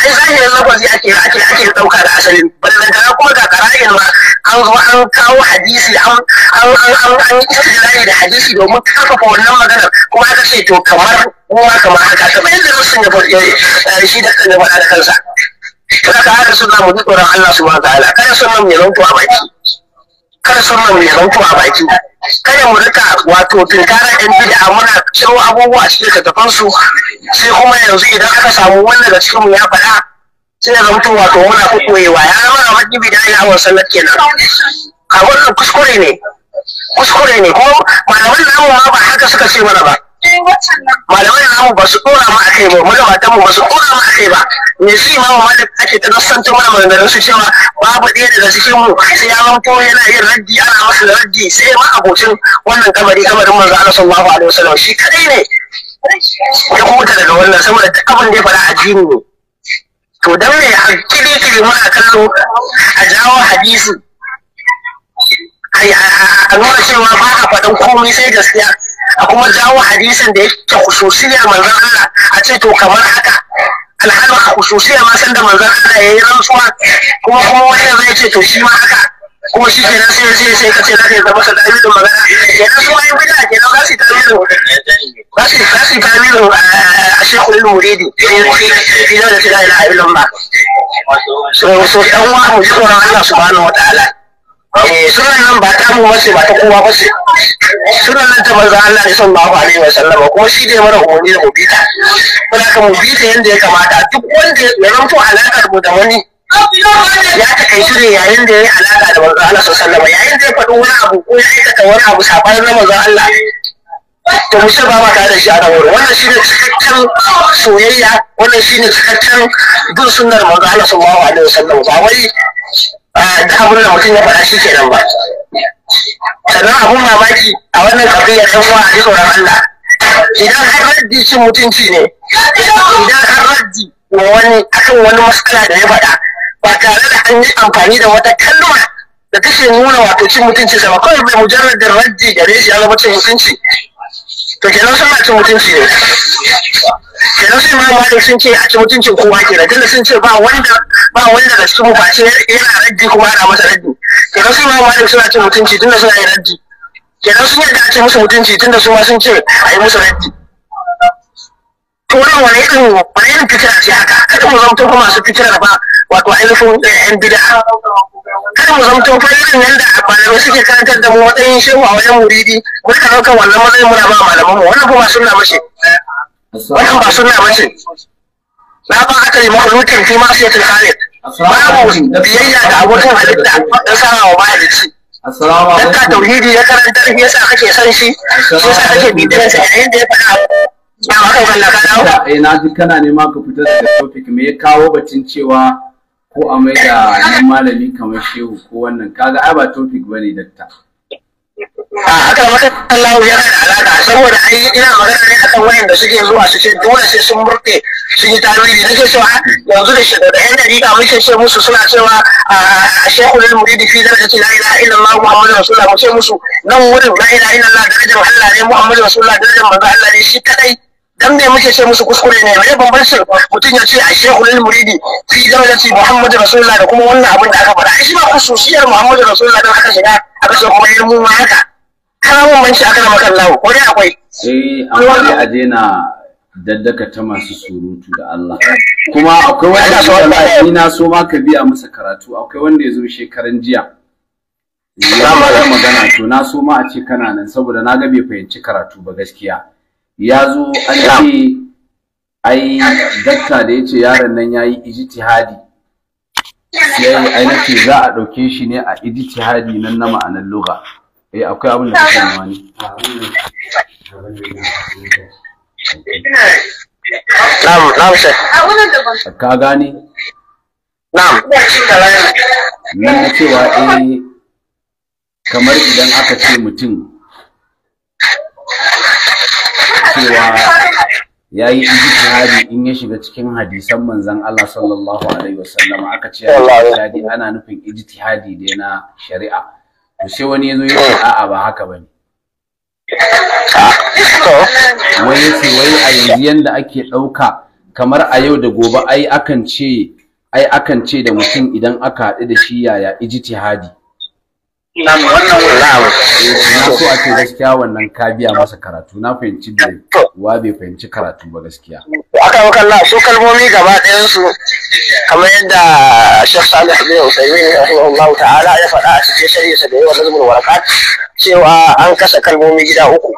Speaker 4: ai zahirin lafazi ake ake ake dauka da asalin ballan kana kuma ga qara'in ma an zo an kawo hadisi an an an an da hadisi domin kafafa wannan maganar kuma aka ce to kamar kuma kamar haka kamar yadda musulmi ya eh, shi da kan da kansa kaga ka hada suna mu bi tsoron Allah subhanahu wataala kada son mu yaron a baki kada son mu yaron a baki kada mu rika wato tunkarar yan bid'a muna ciro abubuwa su cikin littattafan su sai kuma yanzu idan aka samu wannan da cikin mu ya faɗa sai ya zamto wato muna kokoyewa ya mana wani bid'a ya hawan sallar kenan a wannan kuskure ne kuskure ne kuma malaman namu mu ba haka suka ce mana ba malaman namu ba su dora mu akai ba magabatan mu ba su dora mu kai ba me su imamu da ake ta nassanto mana maganganun cewa babu ɗaya daga cikin mu sai ya ko yana yin raddi ana masa da raddi sai ma abocin wannan kabari kabarin manzo Allah sallallahu alaihi wasallam shi kadai ne ya huta daga wannan saboda duk abin da ya fara addini ne to dan ne hakili kiri muna kallo a jawo hadisi a nuna cewa ba a faɗin komai sai gaskiya a kuma jawo hadisin da yake khususiyar manzon Allah a ce to kamar haka al'adu a kususiya ma san da manzan Allah ya yi rantsuwa kuma kuma wani zai ce to shi ma haka kuma shi kenan sai sai sai ka ce za zama sa masa da magana kenan su ma yin bida kenan za su yi tawilin za su za su yi tawilin eh, a shekul muridi eh, fi da ta ila ilmin ba
Speaker 2: so so yan
Speaker 4: uwa mu ji tsoron Allah subhanahu wataala eh sunan nan ba ta mu bace ba ta kowa ba bace sunan nan ta manzo Allah ne sallallahu alaihi wasallam kuma shi ne mara umarni da mubita kuma ka mubita yadda ya kamata duk wanda ya ranto alakar mu da wani ya ta kai shi ne yayin da ya yi alaƙa da manzo Allah sallallahu alaihi yayin da ya faɗi wani abu ko ya aikata wani abu sabanin na manzo Allah to mu ba ma tare da shi a nan wurin wannan ne cikakken soyayya wannan shi ne cikakken bin sunnar manzo Allah sallallahu alaihi wasallam ba wai Ah, da abin da mutum ya faɗa shi nan ba sannan abun mamaki a wannan ya san wa a tsoron Allah idan har raddi shi mutunci ne idan har raddi wa wani akan wani matsala da ya faɗa ba tare da an yi amfani da wata kalma da take nuna wato cin mutunci sama kawai bai da raddi gare shi ya zama cin mutunci to kenan suna cin mutunci ne kenan sai ma malik sun ce a ci mutuncin kowa da, tunda sun ce ba wanda ba wanda da su ba ce yana raddi kuma ana masa raddi kenan sai ma malik suna cin mutunci tunda suna yin raddi kenan sun yarda a ci musu mutunci tunda su ma sun ce a yi musu raddi to wannan wani irin wani irin fitira ce haka kada mu zama kuma masu fitira ba wato ainihin eh, yan bida kar mu zamto fa irin yanda malamai suke karantar da mu matsayin shehu a wajen muridi mu rika wannan matsayin muna ba malaman mu wannan ba sunna bace wannan ba sunna bace na ba aka yi makhluqin fi ma'siyatil khaliq babu biyayya da abokan halitta dan sa wa mahalicci dan ka tauhidi ya karantar ya yasa kake san shi shi yasa kake bibiyar sa yayin da ya faɗa
Speaker 3: eh, Na ji kana ka fitar da topic me ya kawo batun cewa ko a mai da nan malami kamar shehu ko wannan kaga ai ba topic bane dakta
Speaker 4: a haka Allah ya da alaka saboda ai ina magana ne akan wayan da suke zuwa su ce dole sai sun murke sun yi tarihi nake cewa yanzu da shida da yan dariƙa muke ce musu suna cewa a shehu lil muridi fi ta la ilaha illallah muhammadu rasulullah mu ce musu nan wurin la ilaha illallah darajar Allah ne muhammadu rasulullah darajar manzo Allah ne shi kadai dan muke ce musu kuskure ne me shi mutum ya ce a shehu lil muridi fi ci muhammadu rasulullah da kuma wannan
Speaker 3: abin da aka fara shi ma kususiyar muhammadu rasulullah da aka shiga aka ce kuma ilmu ma haka kana mun shi aka maka Allah ko dai akwai eh amma dai a daina daddaka ta masu surutu da Allah kuma akwai wanda ya Allah ni na so ma ka biya masa karatu akwai wanda ya zo shekaran jiya ya magana to na so ma a ce kana nan saboda na ga bai fahimci karatu ba gaskiya ya zo an ce ai dakta da ya ce yaron nan ya yi ijtihadi ya yi ai nake za a ɗauke shi ne a ijtihadi nan na ma'anar lugha eh akwai abin da kake nema ne Na'am, na'am sai. Ka gane? Na'am. Nan na cewa eh kamar idan aka ce mutum cewa ya yi ijtihadi in ya shiga cikin hadisan manzon Allah sallallahu alaihi wasallam aka ce ijtihadi ana nufin ijtihadi dai na shari'a to sai wani yazo ya ce a'a ba haka bane wai yace wai a yanzu yanda ake ɗauka kamar a yau da gobe ai akan ce da mutum idan aka haɗu da shi yaya ijtihadi
Speaker 8: na so a ce
Speaker 3: gaskiya wannan ka biya masa karatu na fahimci da wa bai fahimci karatu ba gaskiya
Speaker 4: aka maka Allah su kalmomi gaba ɗayan su kamar yadda Sheikh Salih bin Usaimin rahimahullahu ta'ala ya faɗa a cikin sharhinsa da yawa nazmul warakat cewa an kasa kalmomi gida uku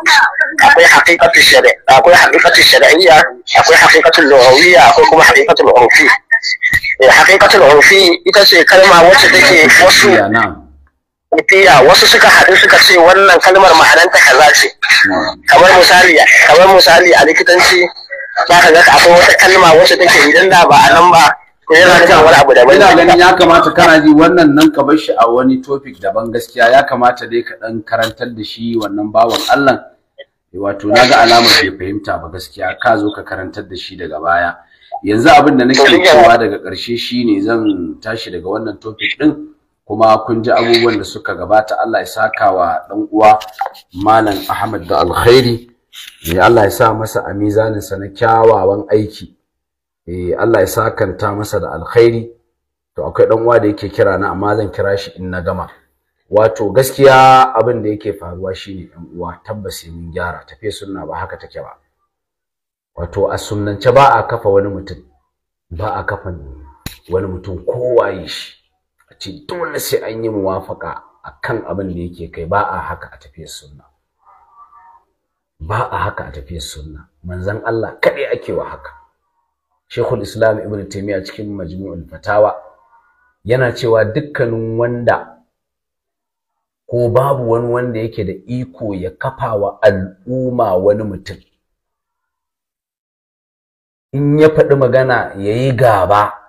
Speaker 4: akwai haqiqatu shari'a akwai haqiqatu shari'iyya akwai haqiqatu lughawiyya akwai kuma haqiqatu urfi eh, haqiqatu urfi ita ce kalma wacce take wasu kufiya wasu suka haɗu suka ce wannan kalmar ma'ananta kaza ce kamar misali kamar misali a likitanci za ka ga akwai wata kalma wacce take idan da ba a nan ba
Speaker 6: ko yana da wani abu daban ina ganin
Speaker 3: ya kamata kana ji wannan nan ka bar shi a wani topic daban gaskiya ya kamata dai ka dan karantar da shi wannan bawan Allah wato na ga alamar bai fahimta ba gaskiya ka zo ka karantar da shi daga baya yanzu abin da nake cewa daga ƙarshe shine zan tashi daga wannan topic din kuma kun ji abubuwan da suka gabata Allah ya saka wa dan uwa malam Ahmad da alkhairi eh Allah ya sa masa amizaninsa sa na kyawawan aiki eh Allah ya sakanta masa da alkhairi to akwai dan uwa da yake kira na amma zan kira shi in na gama wato gaskiya abin da yake faruwa shine dan uwa tabbas mun gyara tafe sunna ba haka take ba wato a sunnance ba a kafa wani mutum ba a kafa wani mutum yi shi ce dole sai an yi muwafaka a kan abin da yake kai ba a haka a tafiyar sunna ba a haka a tafiyar sunna manzon Allah kaɗai ake wa haka Sheikhul Islam Ibn Taymiyyah cikin Majmu'ul Fatawa yana cewa dukkanin wanda ko babu wani wanda yake da iko ya kafa wa al'umma wani mutum in ya faɗi magana ya yi gaba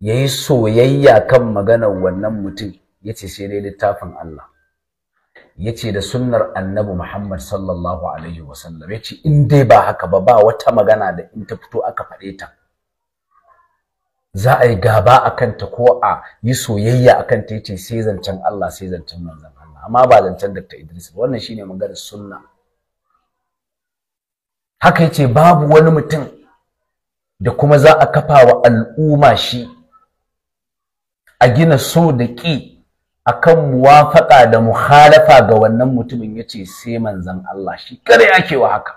Speaker 3: ya yi soyayya kan maganar wannan mutum ya ce sai dai littafin Allah ya ce da sunnar annabi Muhammad sallallahu alaihi wasallam ya ce in dai ba haka ba ba wata magana da in ta fito aka faɗe ta za a yi gaba a kanta ko a yi soyayya a kanta ya ce sai zancen Allah sai zancen manzon Allah amma ba zancen Dr. Idris ba wannan shine maganar sunna haka ya ce babu wani mutum da kuma za a kafa wa al'umma shi a gina so da ƙi kan muwafaƙa da muhalafa ga wannan mutumin ya ce sai manzan Allah shi kada ake wa haka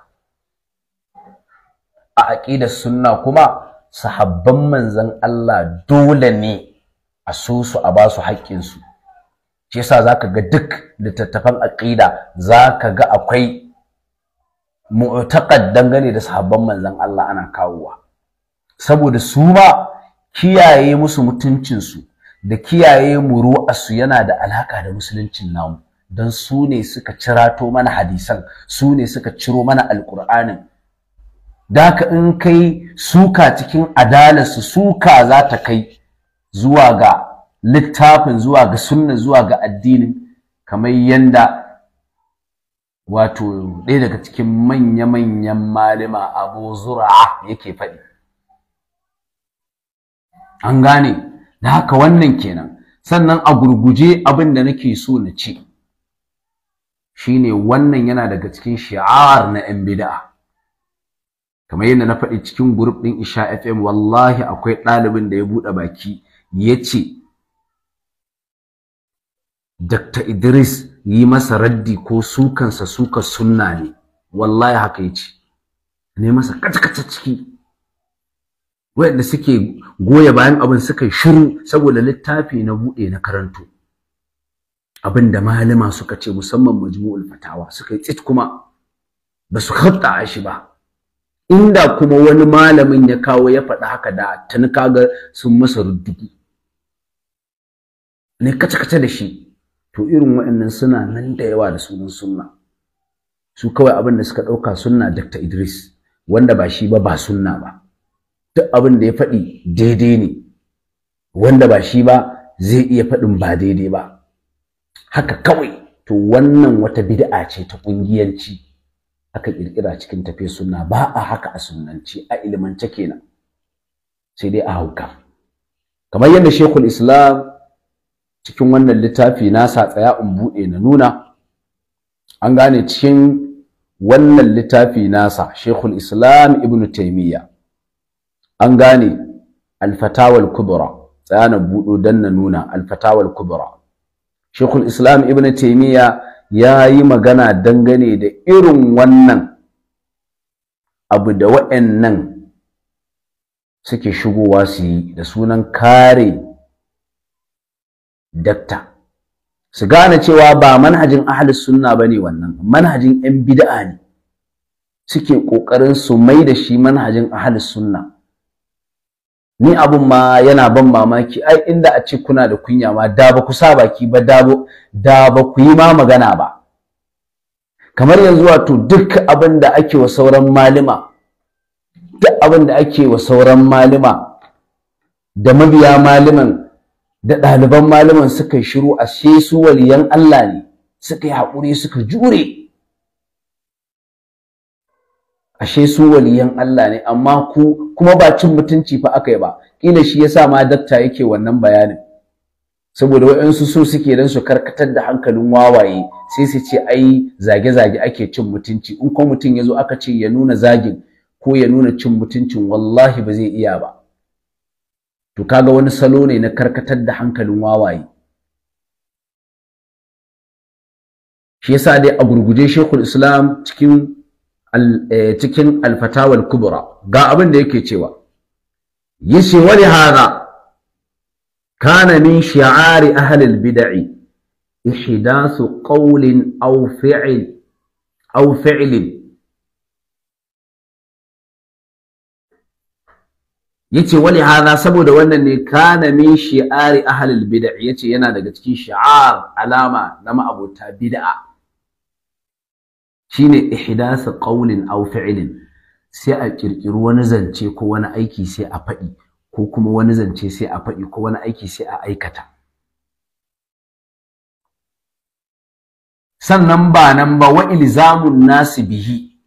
Speaker 3: a aƙida sunna kuma sahabban manzan Allah dole ne a so su a ba su haƙƙin su shi yasa ka ga duk littattafan za ka ga akwai mu'taqad dangane da sahabban manzan Allah ana kawowa saboda su ma kiyaye musu mutuncinsu da kiyaye muru'asu yana da alaƙa da musuluncin namu don su ne suka cirato mana hadisan su ne suka ciro mana Alƙur'anin. da ka in kai suka cikin adalarsu suka za ta kai zuwa ga littafin zuwa ga sunna zuwa ga addinin kamar yanda wato ɗaya daga cikin manya-manyan malima abu zura yake faɗi an gane da haka wannan kenan sannan a gurguje abin da nake so na ce shine wannan yana daga cikin shi'ar na 'yan bida. kamar yadda na faɗi cikin group ɗin Isha FM wallahi akwai ɗalibin da ya buɗe baki ya ce Dr. Idris yi masa raddi ko sukansa suka sunna ne wallahi haka ya ce ne masa kacakaca ciki wayanda suke goya bayan abin suka shiru saboda littafi na bude na karanto abinda malama suka ce musamman majmu'ul fatawa suka yi tsit kuma ba su a shi ba inda kuma wani malamin ya kawo ya faɗa haka da tun kaga sun masa ruddugu ne kace-kace da shi to irin waɗannan suna nan da yawa da sunan sunna su kawai abin da suka ɗauka sunna Dr. Idris wanda ba shi ba ba sunna ba duk abin da ya faɗi daidai ne wanda ba shi ba zai iya faɗin ba daidai ba haka kawai to wannan wata bid'a ce ta ƙungiyanci aka ƙirƙira cikin tafe suna ba a haka a sunanci a ilimance kenan sai dai a hauka kamar yadda shekul islam cikin wannan littafi nasa tsaya in buɗe na nuna an gane cikin wannan littafi nasa shekul islam ibnu taimiyya an gane alfatawal kubra tsaya na buɗo don na nuna alfatawal kubra shekul islam ibn taimiyya ya yi magana dangane da irin wannan abu da wa'annan suke shigowa su yi da sunan kare dakta su gane cewa ba manhajin suna sunna ne wannan manhajin yan bida'a ne suke ƙoƙarin su mai da shi manhajin ahlus sunna ni abun ma yana ban mamaki ai inda a ce kuna da kunya ma da ba ku saba ki ba da da ba ku yi ma magana ba kamar yanzu wato duk abin da ake wa sauran malima duk abin da ake wa sauran malima da mabiya maliman da ɗaliban maliman suka shiru a sai su waliyan Allah ne suka yi haƙuri suka jure ashe su waliyan Allah ne amma ku kuma ba cin mutunci fa aka yi ba kila shi yasa ma dakta yake wannan bayanin saboda waɗansu su suke don su karkatar da hankalin wawaye sai su ce ai zage-zage ake cin mutunci in ko mutum ya zo aka ce ya nuna zagin ko ya nuna cin mutuncin wallahi ba zai iya ba to kaga wani salo ne na karkatar da hankalin wawaye shi yasa dai a gurguje shekul islam cikin cikin alfatawal kubra ga abin da yake cewa yace wali hada kana min shi'ari ahli albid'i ihdasu qawlin aw fi'l aw fi'l yace wali hada saboda wannan ne kana min shi'ari ahli albid'i yace yana daga cikin shi'ar alama na ma'abota bid'a shine ihdasa ƙaunin aw fi'lin sai a ƙirƙiru wani zance ko wani aiki sai a faɗi ko kuma wani zance sai a faɗi ko wani aiki sai a aikata sannan ba nan ba wa ilzamun nasu bihi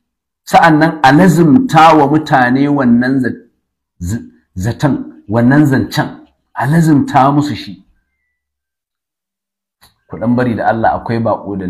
Speaker 3: sa'annan a lazimta wa mutane wannan wannan zancen a lazimta musu shi kuɗan bari da Allah akwai baƙo da